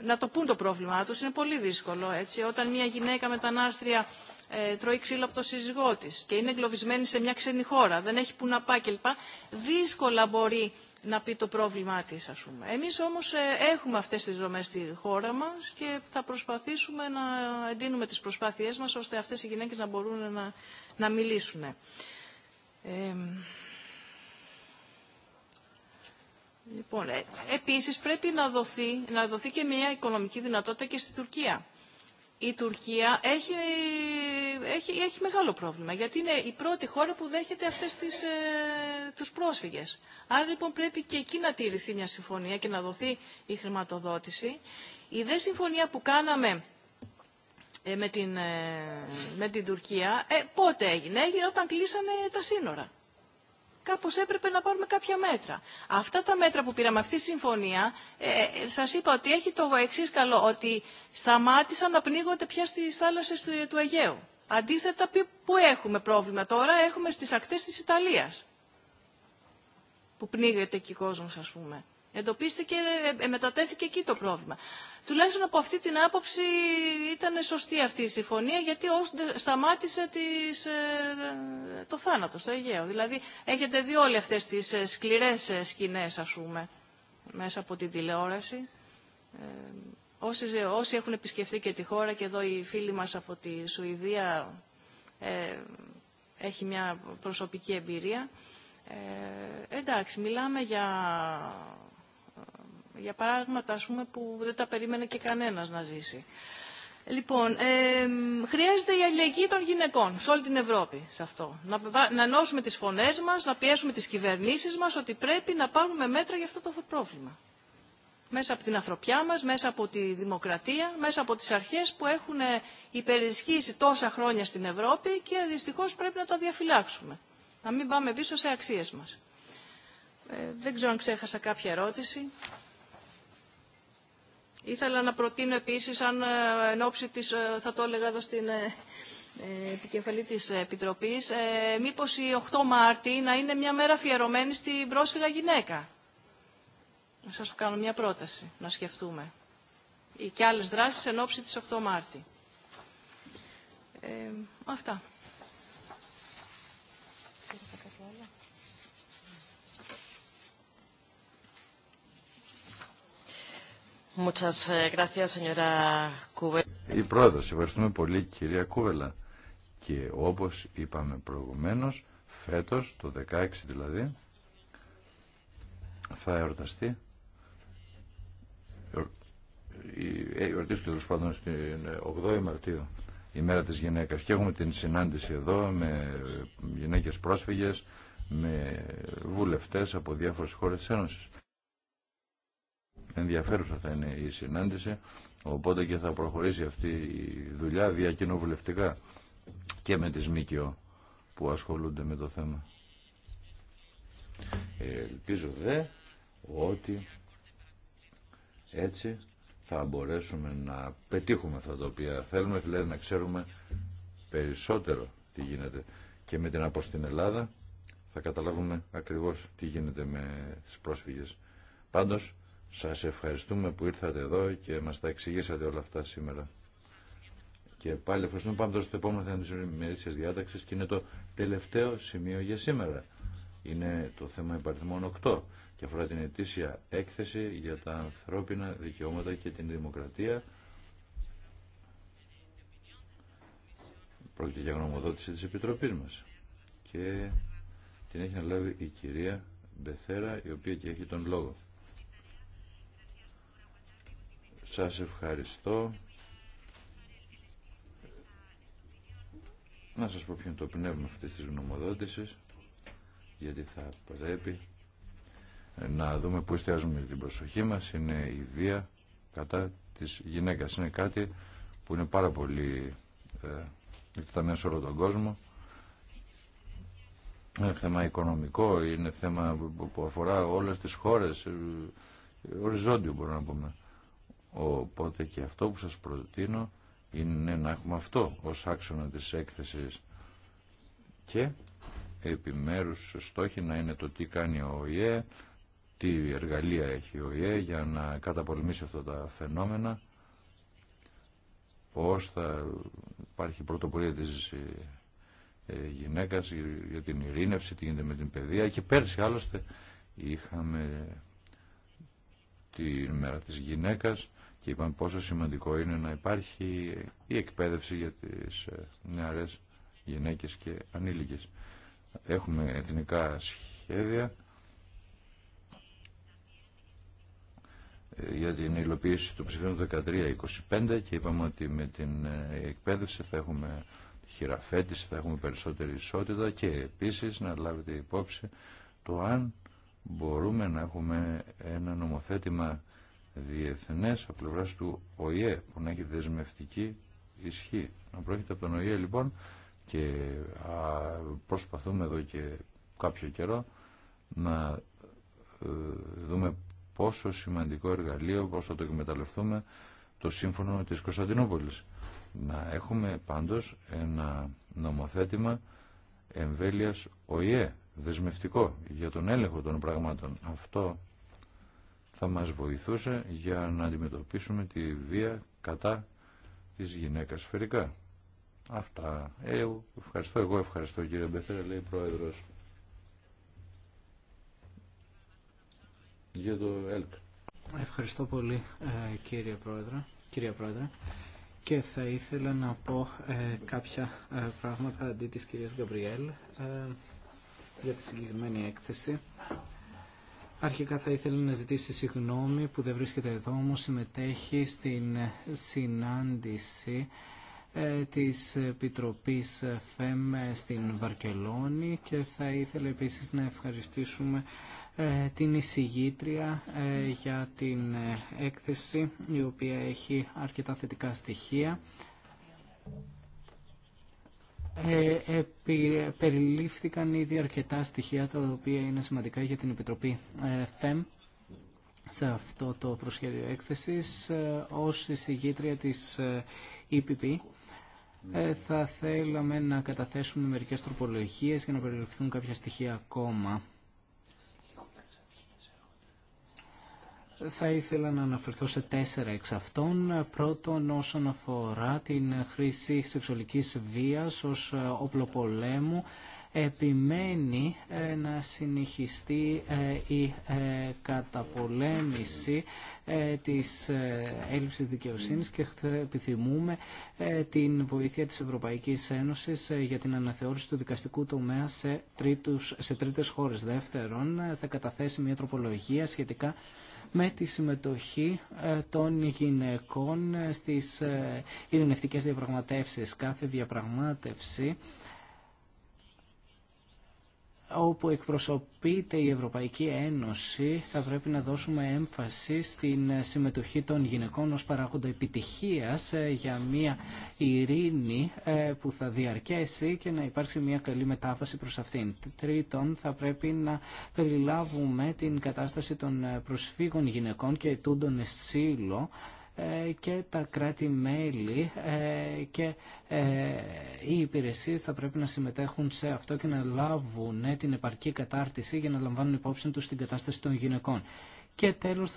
να το πούν το πρόβλημά τους. Είναι πολύ δύσκολο έτσι. Όταν μια γυναίκα μετανάστρια ε, τρώει ξύλο από το σύζυγό τη και είναι εγκλωβισμένη σε μια ξένη χώρα, δεν έχει που να πάει κλπ. Δύσκολα μπορεί να πει το πρόβλημά τη. α πούμε. Εμείς όμως ε, έχουμε αυτές τις δομέ στη χώρα μας και θα προσπαθήσουμε να εντείνουμε τις προσπάθειές μας ώστε αυτές οι γυναίκες να μπορούν να, να μιλήσουν. Ε, λοιπόν, ε, επίσης πρέπει να δοθεί, να δοθεί και μια οικονομική δυνατότητα και στη Τουρκία η Τουρκία έχει, μεγάλο πρόβλημα, γιατί είναι η πρώτη χώρα που δέχεται αυτές τις, ε, τους πρόσφυγες. Άρα λοιπόν πρέπει και εκεί να τηρηθεί μια συμφωνία και να δοθεί η χρηματοδότηση. Η δε συμφωνία που κάναμε ε, με, την, ε, με την Τουρκία, ε, πότε έγινε, έγινε όταν κλείσανε τα σύνορα. Κάπω έπρεπε να πάρουμε κάποια μέτρα. Αυτά τα μέτρα που πήραμε, αυτή η συμφωνία, ε, ε σας είπα ότι έχει το εξή καλό, ότι σταμάτησαν να πνίγονται πια στι θάλασσε του, του Αιγαίου. Αντίθετα, που έχουμε πρόβλημα τώρα, έχουμε στις ακτές της Ιταλίας, που πνίγεται εκεί ο κόσμος, ας πούμε εντοπίστηκε, ε, ε, μετατέθηκε εκεί το πρόβλημα. Τουλάχιστον από αυτή την άποψη ήταν σωστή αυτή η συμφωνία γιατί σταμάτησε τις, ε, το θάνατο στο Αιγαίο. Δηλαδή έχετε δει όλες αυτές τις σκληρές σκηνές ας πούμε μέσα από την τηλεόραση. Όσοι, έχουν επισκεφτεί και τη χώρα και εδώ οι φίλοι μας από τη Σουηδία ε, έχει μια προσωπική εμπειρία. Ε, εντάξει, μιλάμε για για παράδειγμα, ας πούμε, που δεν τα περίμενε και κανένας να ζήσει. Λοιπόν, ε, χρειάζεται η αλληλεγγύη των γυναικών σε όλη την Ευρώπη σε αυτό. Να, να ενώσουμε τις φωνές μας, να πιέσουμε τις κυβερνήσεις μας ότι πρέπει να πάρουμε μέτρα για αυτό το πρόβλημα. Μέσα από την ανθρωπιά μας, μέσα από τη δημοκρατία, μέσα από τις αρχές που έχουν ε, υπερισχύσει τόσα χρόνια στην Ευρώπη και δυστυχώς πρέπει να τα διαφυλάξουμε. Να μην πάμε πίσω σε αξίες μας. Ε, δεν ξέρω αν ξέχασα κάποια ερώτηση. Ήθελα να προτείνω επίσης, αν ε, εν ώψη της, ε, θα το έλεγα εδώ στην ε, επικεφαλή της Επιτροπής, μήπως η 8 Μάρτη να είναι μια μέρα αφιερωμένη στην πρόσφυγα γυναίκα. Να σας κάνω μια πρόταση, να σκεφτούμε. Και άλλες δράσεις εν ώψη της 8 Μάρτη. Ε, αυτά. Eh, η πρόεδρο, ευχαριστούμε πολύ κυρία Κούβελα. Και όπω είπαμε προηγουμένω, φέτο, το 16 δηλαδή, θα εορταστεί ε, εορτήσει τέλο πάντων στην 8η Μαρτίου η μέρα της γυναίκας και έχουμε την συνάντηση εδώ με γυναίκες πρόσφυγες με βουλευτές από διάφορες χώρες της Ένωσης ενδιαφέρουσα θα είναι η συνάντηση, οπότε και θα προχωρήσει αυτή η δουλειά διακοινοβουλευτικά και με τις ΜΚΟ που ασχολούνται με το θέμα. Ελπίζω δε ότι έτσι θα μπορέσουμε να πετύχουμε αυτά τα οποία θέλουμε, δηλαδή να ξέρουμε περισσότερο τι γίνεται. Και με την από στην Ελλάδα θα καταλάβουμε ακριβώς τι γίνεται με τις πρόσφυγες. Πάντως σας ευχαριστούμε που ήρθατε εδώ και μας τα εξηγήσατε όλα αυτά σήμερα. Και πάλι ευχαριστούμε πάμε τώρα στο επόμενο θέμα της ημερήσιας διάταξης και είναι το τελευταίο σημείο για σήμερα. Είναι το θέμα υπαριθμών 8 και αφορά την ετήσια έκθεση για τα ανθρώπινα δικαιώματα και την δημοκρατία. Πρόκειται για γνωμοδότηση της Επιτροπής μας. Και την έχει αναλάβει η κυρία Μπεθέρα, η οποία και έχει τον λόγο. Σας ευχαριστώ. Να σας πω ποιο είναι το πνεύμα αυτής της γνωμοδότησης, γιατί θα πρέπει να δούμε πού εστιάζουμε την προσοχή μας. Είναι η βία κατά της γυναίκας. Είναι κάτι που είναι πάρα πολύ ε, εκτεταμένο σε όλο τον κόσμο. Είναι θέμα οικονομικό, είναι θέμα που αφορά όλες τις χώρες, ε, οριζόντιο μπορούμε να πούμε. Οπότε και αυτό που σας προτείνω είναι να έχουμε αυτό ως άξονα της έκθεσης και επιμέρους στόχοι να είναι το τι κάνει ο ΟΗΕ, τι εργαλεία έχει ο ΟΗΕ για να καταπολεμήσει αυτά τα φαινόμενα, πώς θα υπάρχει πρωτοπορία της ε, γυναίκας για την ειρήνευση, τι γίνεται με την παιδεία και πέρσι άλλωστε είχαμε τη μέρα της γυναίκας και είπαμε πόσο σημαντικό είναι να υπάρχει η εκπαίδευση για τις ε, νεαρές γυναίκες και ανήλικες. Έχουμε εθνικά σχέδια ε, για την υλοποίηση του ψηφίου 13-25 και είπαμε ότι με την ε, εκπαίδευση θα έχουμε χειραφέτηση, θα έχουμε περισσότερη ισότητα και επίσης να λάβετε υπόψη το αν μπορούμε να έχουμε ένα νομοθέτημα διεθνές από πλευράς του ΟΗΕ που να έχει δεσμευτική ισχύ. Να πρόκειται από τον ΟΗΕ λοιπόν και προσπαθούμε εδώ και κάποιο καιρό να ε, δούμε πόσο σημαντικό εργαλείο, πόσο θα το εκμεταλλευτούμε το σύμφωνο της Κωνσταντινούπολης. Να έχουμε πάντως ένα νομοθέτημα εμβέλειας ΟΗΕ, δεσμευτικό για τον έλεγχο των πραγμάτων. Αυτό θα μας βοηθούσε για να αντιμετωπίσουμε τη βία κατά της γυναίκας σφαιρικά. Αυτά. Ε, ευχαριστώ, εγώ ευχαριστώ κύριε Μπεθέρα, λέει πρόεδρος. Για το Ευχαριστώ πολύ ε, κύριε πρόεδρε. Κύριε πρόεδρε. Και θα ήθελα να πω ε, κάποια ε, πράγματα αντί της κυρίας Γκαμπριέλ για τη συγκεκριμένη έκθεση. Αρχικά θα ήθελα να ζητήσει συγγνώμη που δεν βρίσκεται εδώ, όμως συμμετέχει στην συνάντηση ε, της Επιτροπής ΦΕΜ στην Βαρκελόνη και θα ήθελα επίσης να ευχαριστήσουμε ε, την εισηγήτρια ε, για την έκθεση η οποία έχει αρκετά θετικά στοιχεία ε, περιλήφθηκαν ήδη αρκετά στοιχεία τα οποία είναι σημαντικά για την Επιτροπή ε, ΦΕΜ σε αυτό το προσχέδιο έκθεσης ε, ως εισηγήτρια της EPP. Ε, ε, θα θέλαμε να καταθέσουμε μερικές τροπολογίες για να περιληφθούν κάποια στοιχεία ακόμα. θα ήθελα να αναφερθώ σε τέσσερα εξ αυτών. Πρώτον, όσον αφορά την χρήση σεξουαλικής βίας ως ε, όπλο πολέμου, επιμένει ε, να συνεχιστεί ε, η καταπολέμηση της έλλειψης δικαιοσύνης και επιθυμούμε την βοήθεια της Ευρωπαϊκής Ένωσης για την αναθεώρηση του δικαστικού τομέα σε, τρίτους, σε τρίτες χώρες. Δεύτερον, θα καταθέσει μια τροπολογία σχετικά με τη συμμετοχή ε, των γυναικών ε, στις ε, ειρηνευτικές διαπραγματεύσεις. Κάθε διαπραγμάτευση όπου εκπροσωπείται η Ευρωπαϊκή Ένωση θα πρέπει να δώσουμε έμφαση στην συμμετοχή των γυναικών ως παράγοντα επιτυχίας ε, για μια ειρήνη ε, που θα διαρκέσει και να υπάρξει μια καλή μετάβαση προς αυτήν. Τρίτον, θα πρέπει να περιλάβουμε την κατάσταση των ε, προσφύγων γυναικών και ετούντων εσύλο ε, και τα κράτη-μέλη ε, και ε, οι υπηρεσίες θα πρέπει να συμμετέχουν σε αυτό και να λάβουν την επαρκή κατάρτιση για να λαμβάνουν υπόψη τους την κατάσταση των γυναικών. Και τέλος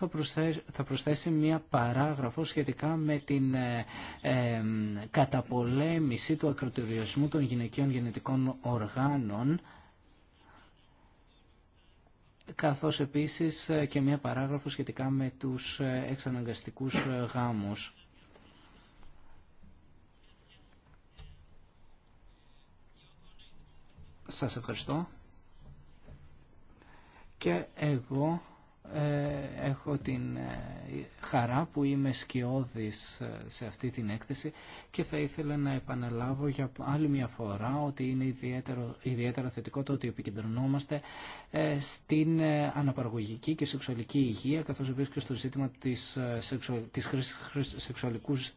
θα προσθέσει, μία παράγραφο σχετικά με την καταπολέμηση του ακροτηριασμού των γυναικείων γενετικών οργάνων καθώς επίσης ε, και μία παράγραφο σχετικά με τους ε, εξαναγκαστικούς ε, γάμους. Σας ευχαριστώ. Και εγώ ε, έχω την ε, χαρά που είμαι σκιώδης ε, σε αυτή την έκθεση και θα ήθελα να επαναλάβω για άλλη μια φορά ότι είναι ιδιαίτερο, ιδιαίτερα θετικό το ότι επικεντρωνόμαστε στην αναπαραγωγική και σεξουαλική υγεία καθώς επίσης στο ζήτημα της, σεξου, της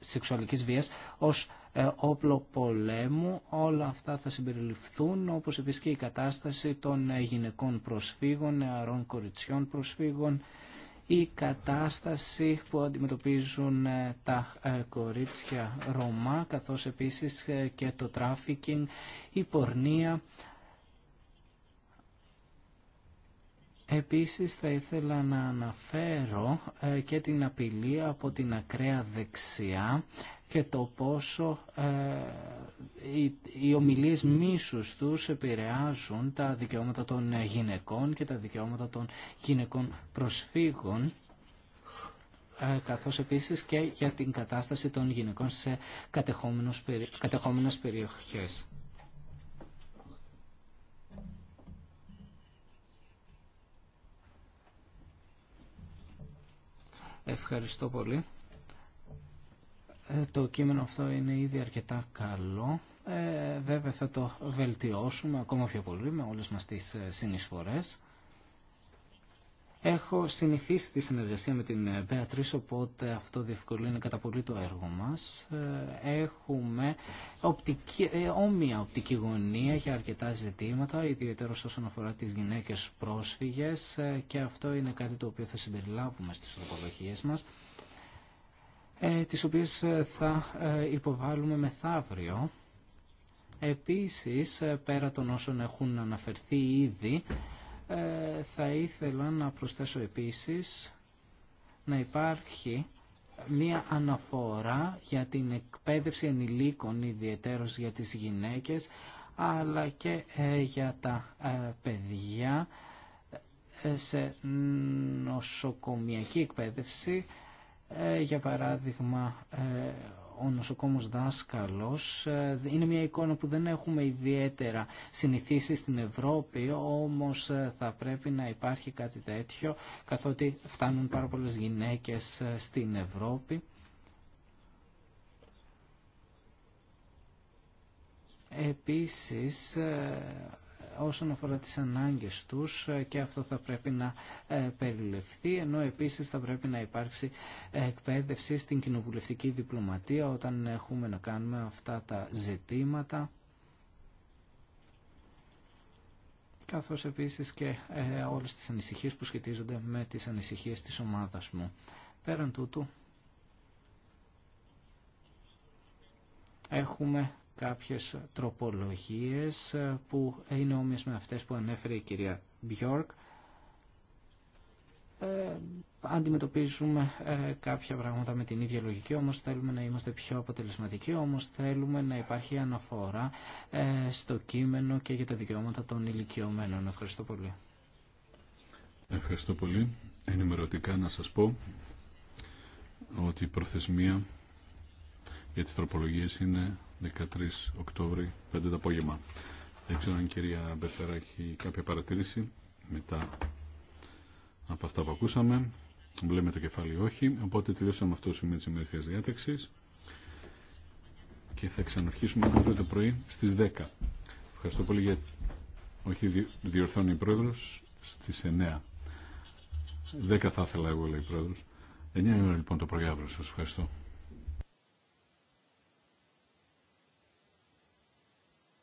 σεξουαλικής βίας ως ε, όπλο πολέμου. Όλα αυτά θα συμπεριληφθούν, όπως επίσης και η κατάσταση των ε, γυναικών προσφύγων, νεαρών κοριτσιών προσφύγων, η κατάσταση που αντιμετωπίζουν ε, τα κορίτσια Ρωμά, καθώς επίσης και το τράφικινγκ, η πορνεία. Επίσης θα ήθελα να αναφέρω και την απειλή από την ακραία δεξιά και το πόσο ε, οι ομιλίες μίσους τους επηρεάζουν τα δικαιώματα των γυναικών και τα δικαιώματα των γυναικών προσφύγων ε, καθώς επίσης και για την κατάσταση των γυναικών σε κατεχόμενες περιοχές. Ευχαριστώ πολύ. Ε, το κείμενο αυτό είναι ήδη αρκετά καλό. Ε, βέβαια θα το βελτιώσουμε ακόμα πιο πολύ με όλες μας τις ε, συνεισφορές. Έχω συνηθίσει τη συνεργασία με την Μπέατρης, οπότε αυτό διευκολύνει κατά πολύ το έργο μας. Έχουμε οπτική, όμοια οπτική γωνία για αρκετά ζητήματα, ιδιαίτερα όσον αφορά τις γυναίκες πρόσφυγες και αυτό είναι κάτι το οποίο θα συμπεριλάβουμε στις τροπολογίες μας. Ε, τις οποίες ε, θα ε, υποβάλουμε μεθαύριο. Επίσης, πέρα των όσων έχουν αναφερθεί ήδη, θα ήθελα να προσθέσω επίσης να υπάρχει μία αναφορά για την εκπαίδευση ενηλίκων, ιδιαίτερως για τις γυναίκες, αλλά και για τα παιδιά σε νοσοκομιακή εκπαίδευση ε, για παράδειγμα ε, ο νοσοκόμος δάσκαλος ε, είναι μια εικόνα που δεν έχουμε ιδιαίτερα συνηθίσει στην Ευρώπη όμως θα πρέπει να υπάρχει κάτι τέτοιο καθότι φτάνουν πάρα πολλές γυναίκες στην Ευρώπη Επίσης όσον αφορά τις ανάγκες τους ε, και αυτό θα πρέπει να ε, περιληφθεί ενώ επίσης θα πρέπει να υπάρξει εκπαίδευση στην κοινοβουλευτική διπλωματία όταν έχουμε να κάνουμε αυτά τα ζητήματα καθώς επίσης και ε, όλες τις ανησυχίες που σχετίζονται με τις ανησυχίες της ομάδας μου. Πέραν τούτου, έχουμε κάποιες τροπολογίες που είναι όμοιες με αυτές που ανέφερε η κυρία Μπιόρκ. Ε, αντιμετωπίζουμε ε, κάποια πράγματα με την ίδια λογική, όμως θέλουμε να είμαστε πιο αποτελεσματικοί, όμως θέλουμε να υπάρχει αναφορά ε, στο κείμενο και για τα δικαιώματα των ηλικιωμένων. Ευχαριστώ πολύ. Ευχαριστώ πολύ. Ενημερωτικά να σας πω ότι η προθεσμία για τις τροπολογίες είναι 13 Οκτώβρη, 5 το απόγευμα. Δεν ξέρω αν η κυρία Μπεφέρα έχει κάποια παρατηρήση μετά από αυτά που ακούσαμε. Βλέπουμε το κεφάλι όχι, οπότε τελειώσαμε αυτό το σημείο της ημερήθειας διάταξης και θα ξαναρχίσουμε αύριο το πρωί στις 10. Ευχαριστώ πολύ για... Όχι, διορθώνει η πρόεδρος στις 9. 10 θα ήθελα εγώ, λέει η πρόεδρος. 9 ώρα λοιπόν το πρωί Σας ευχαριστώ.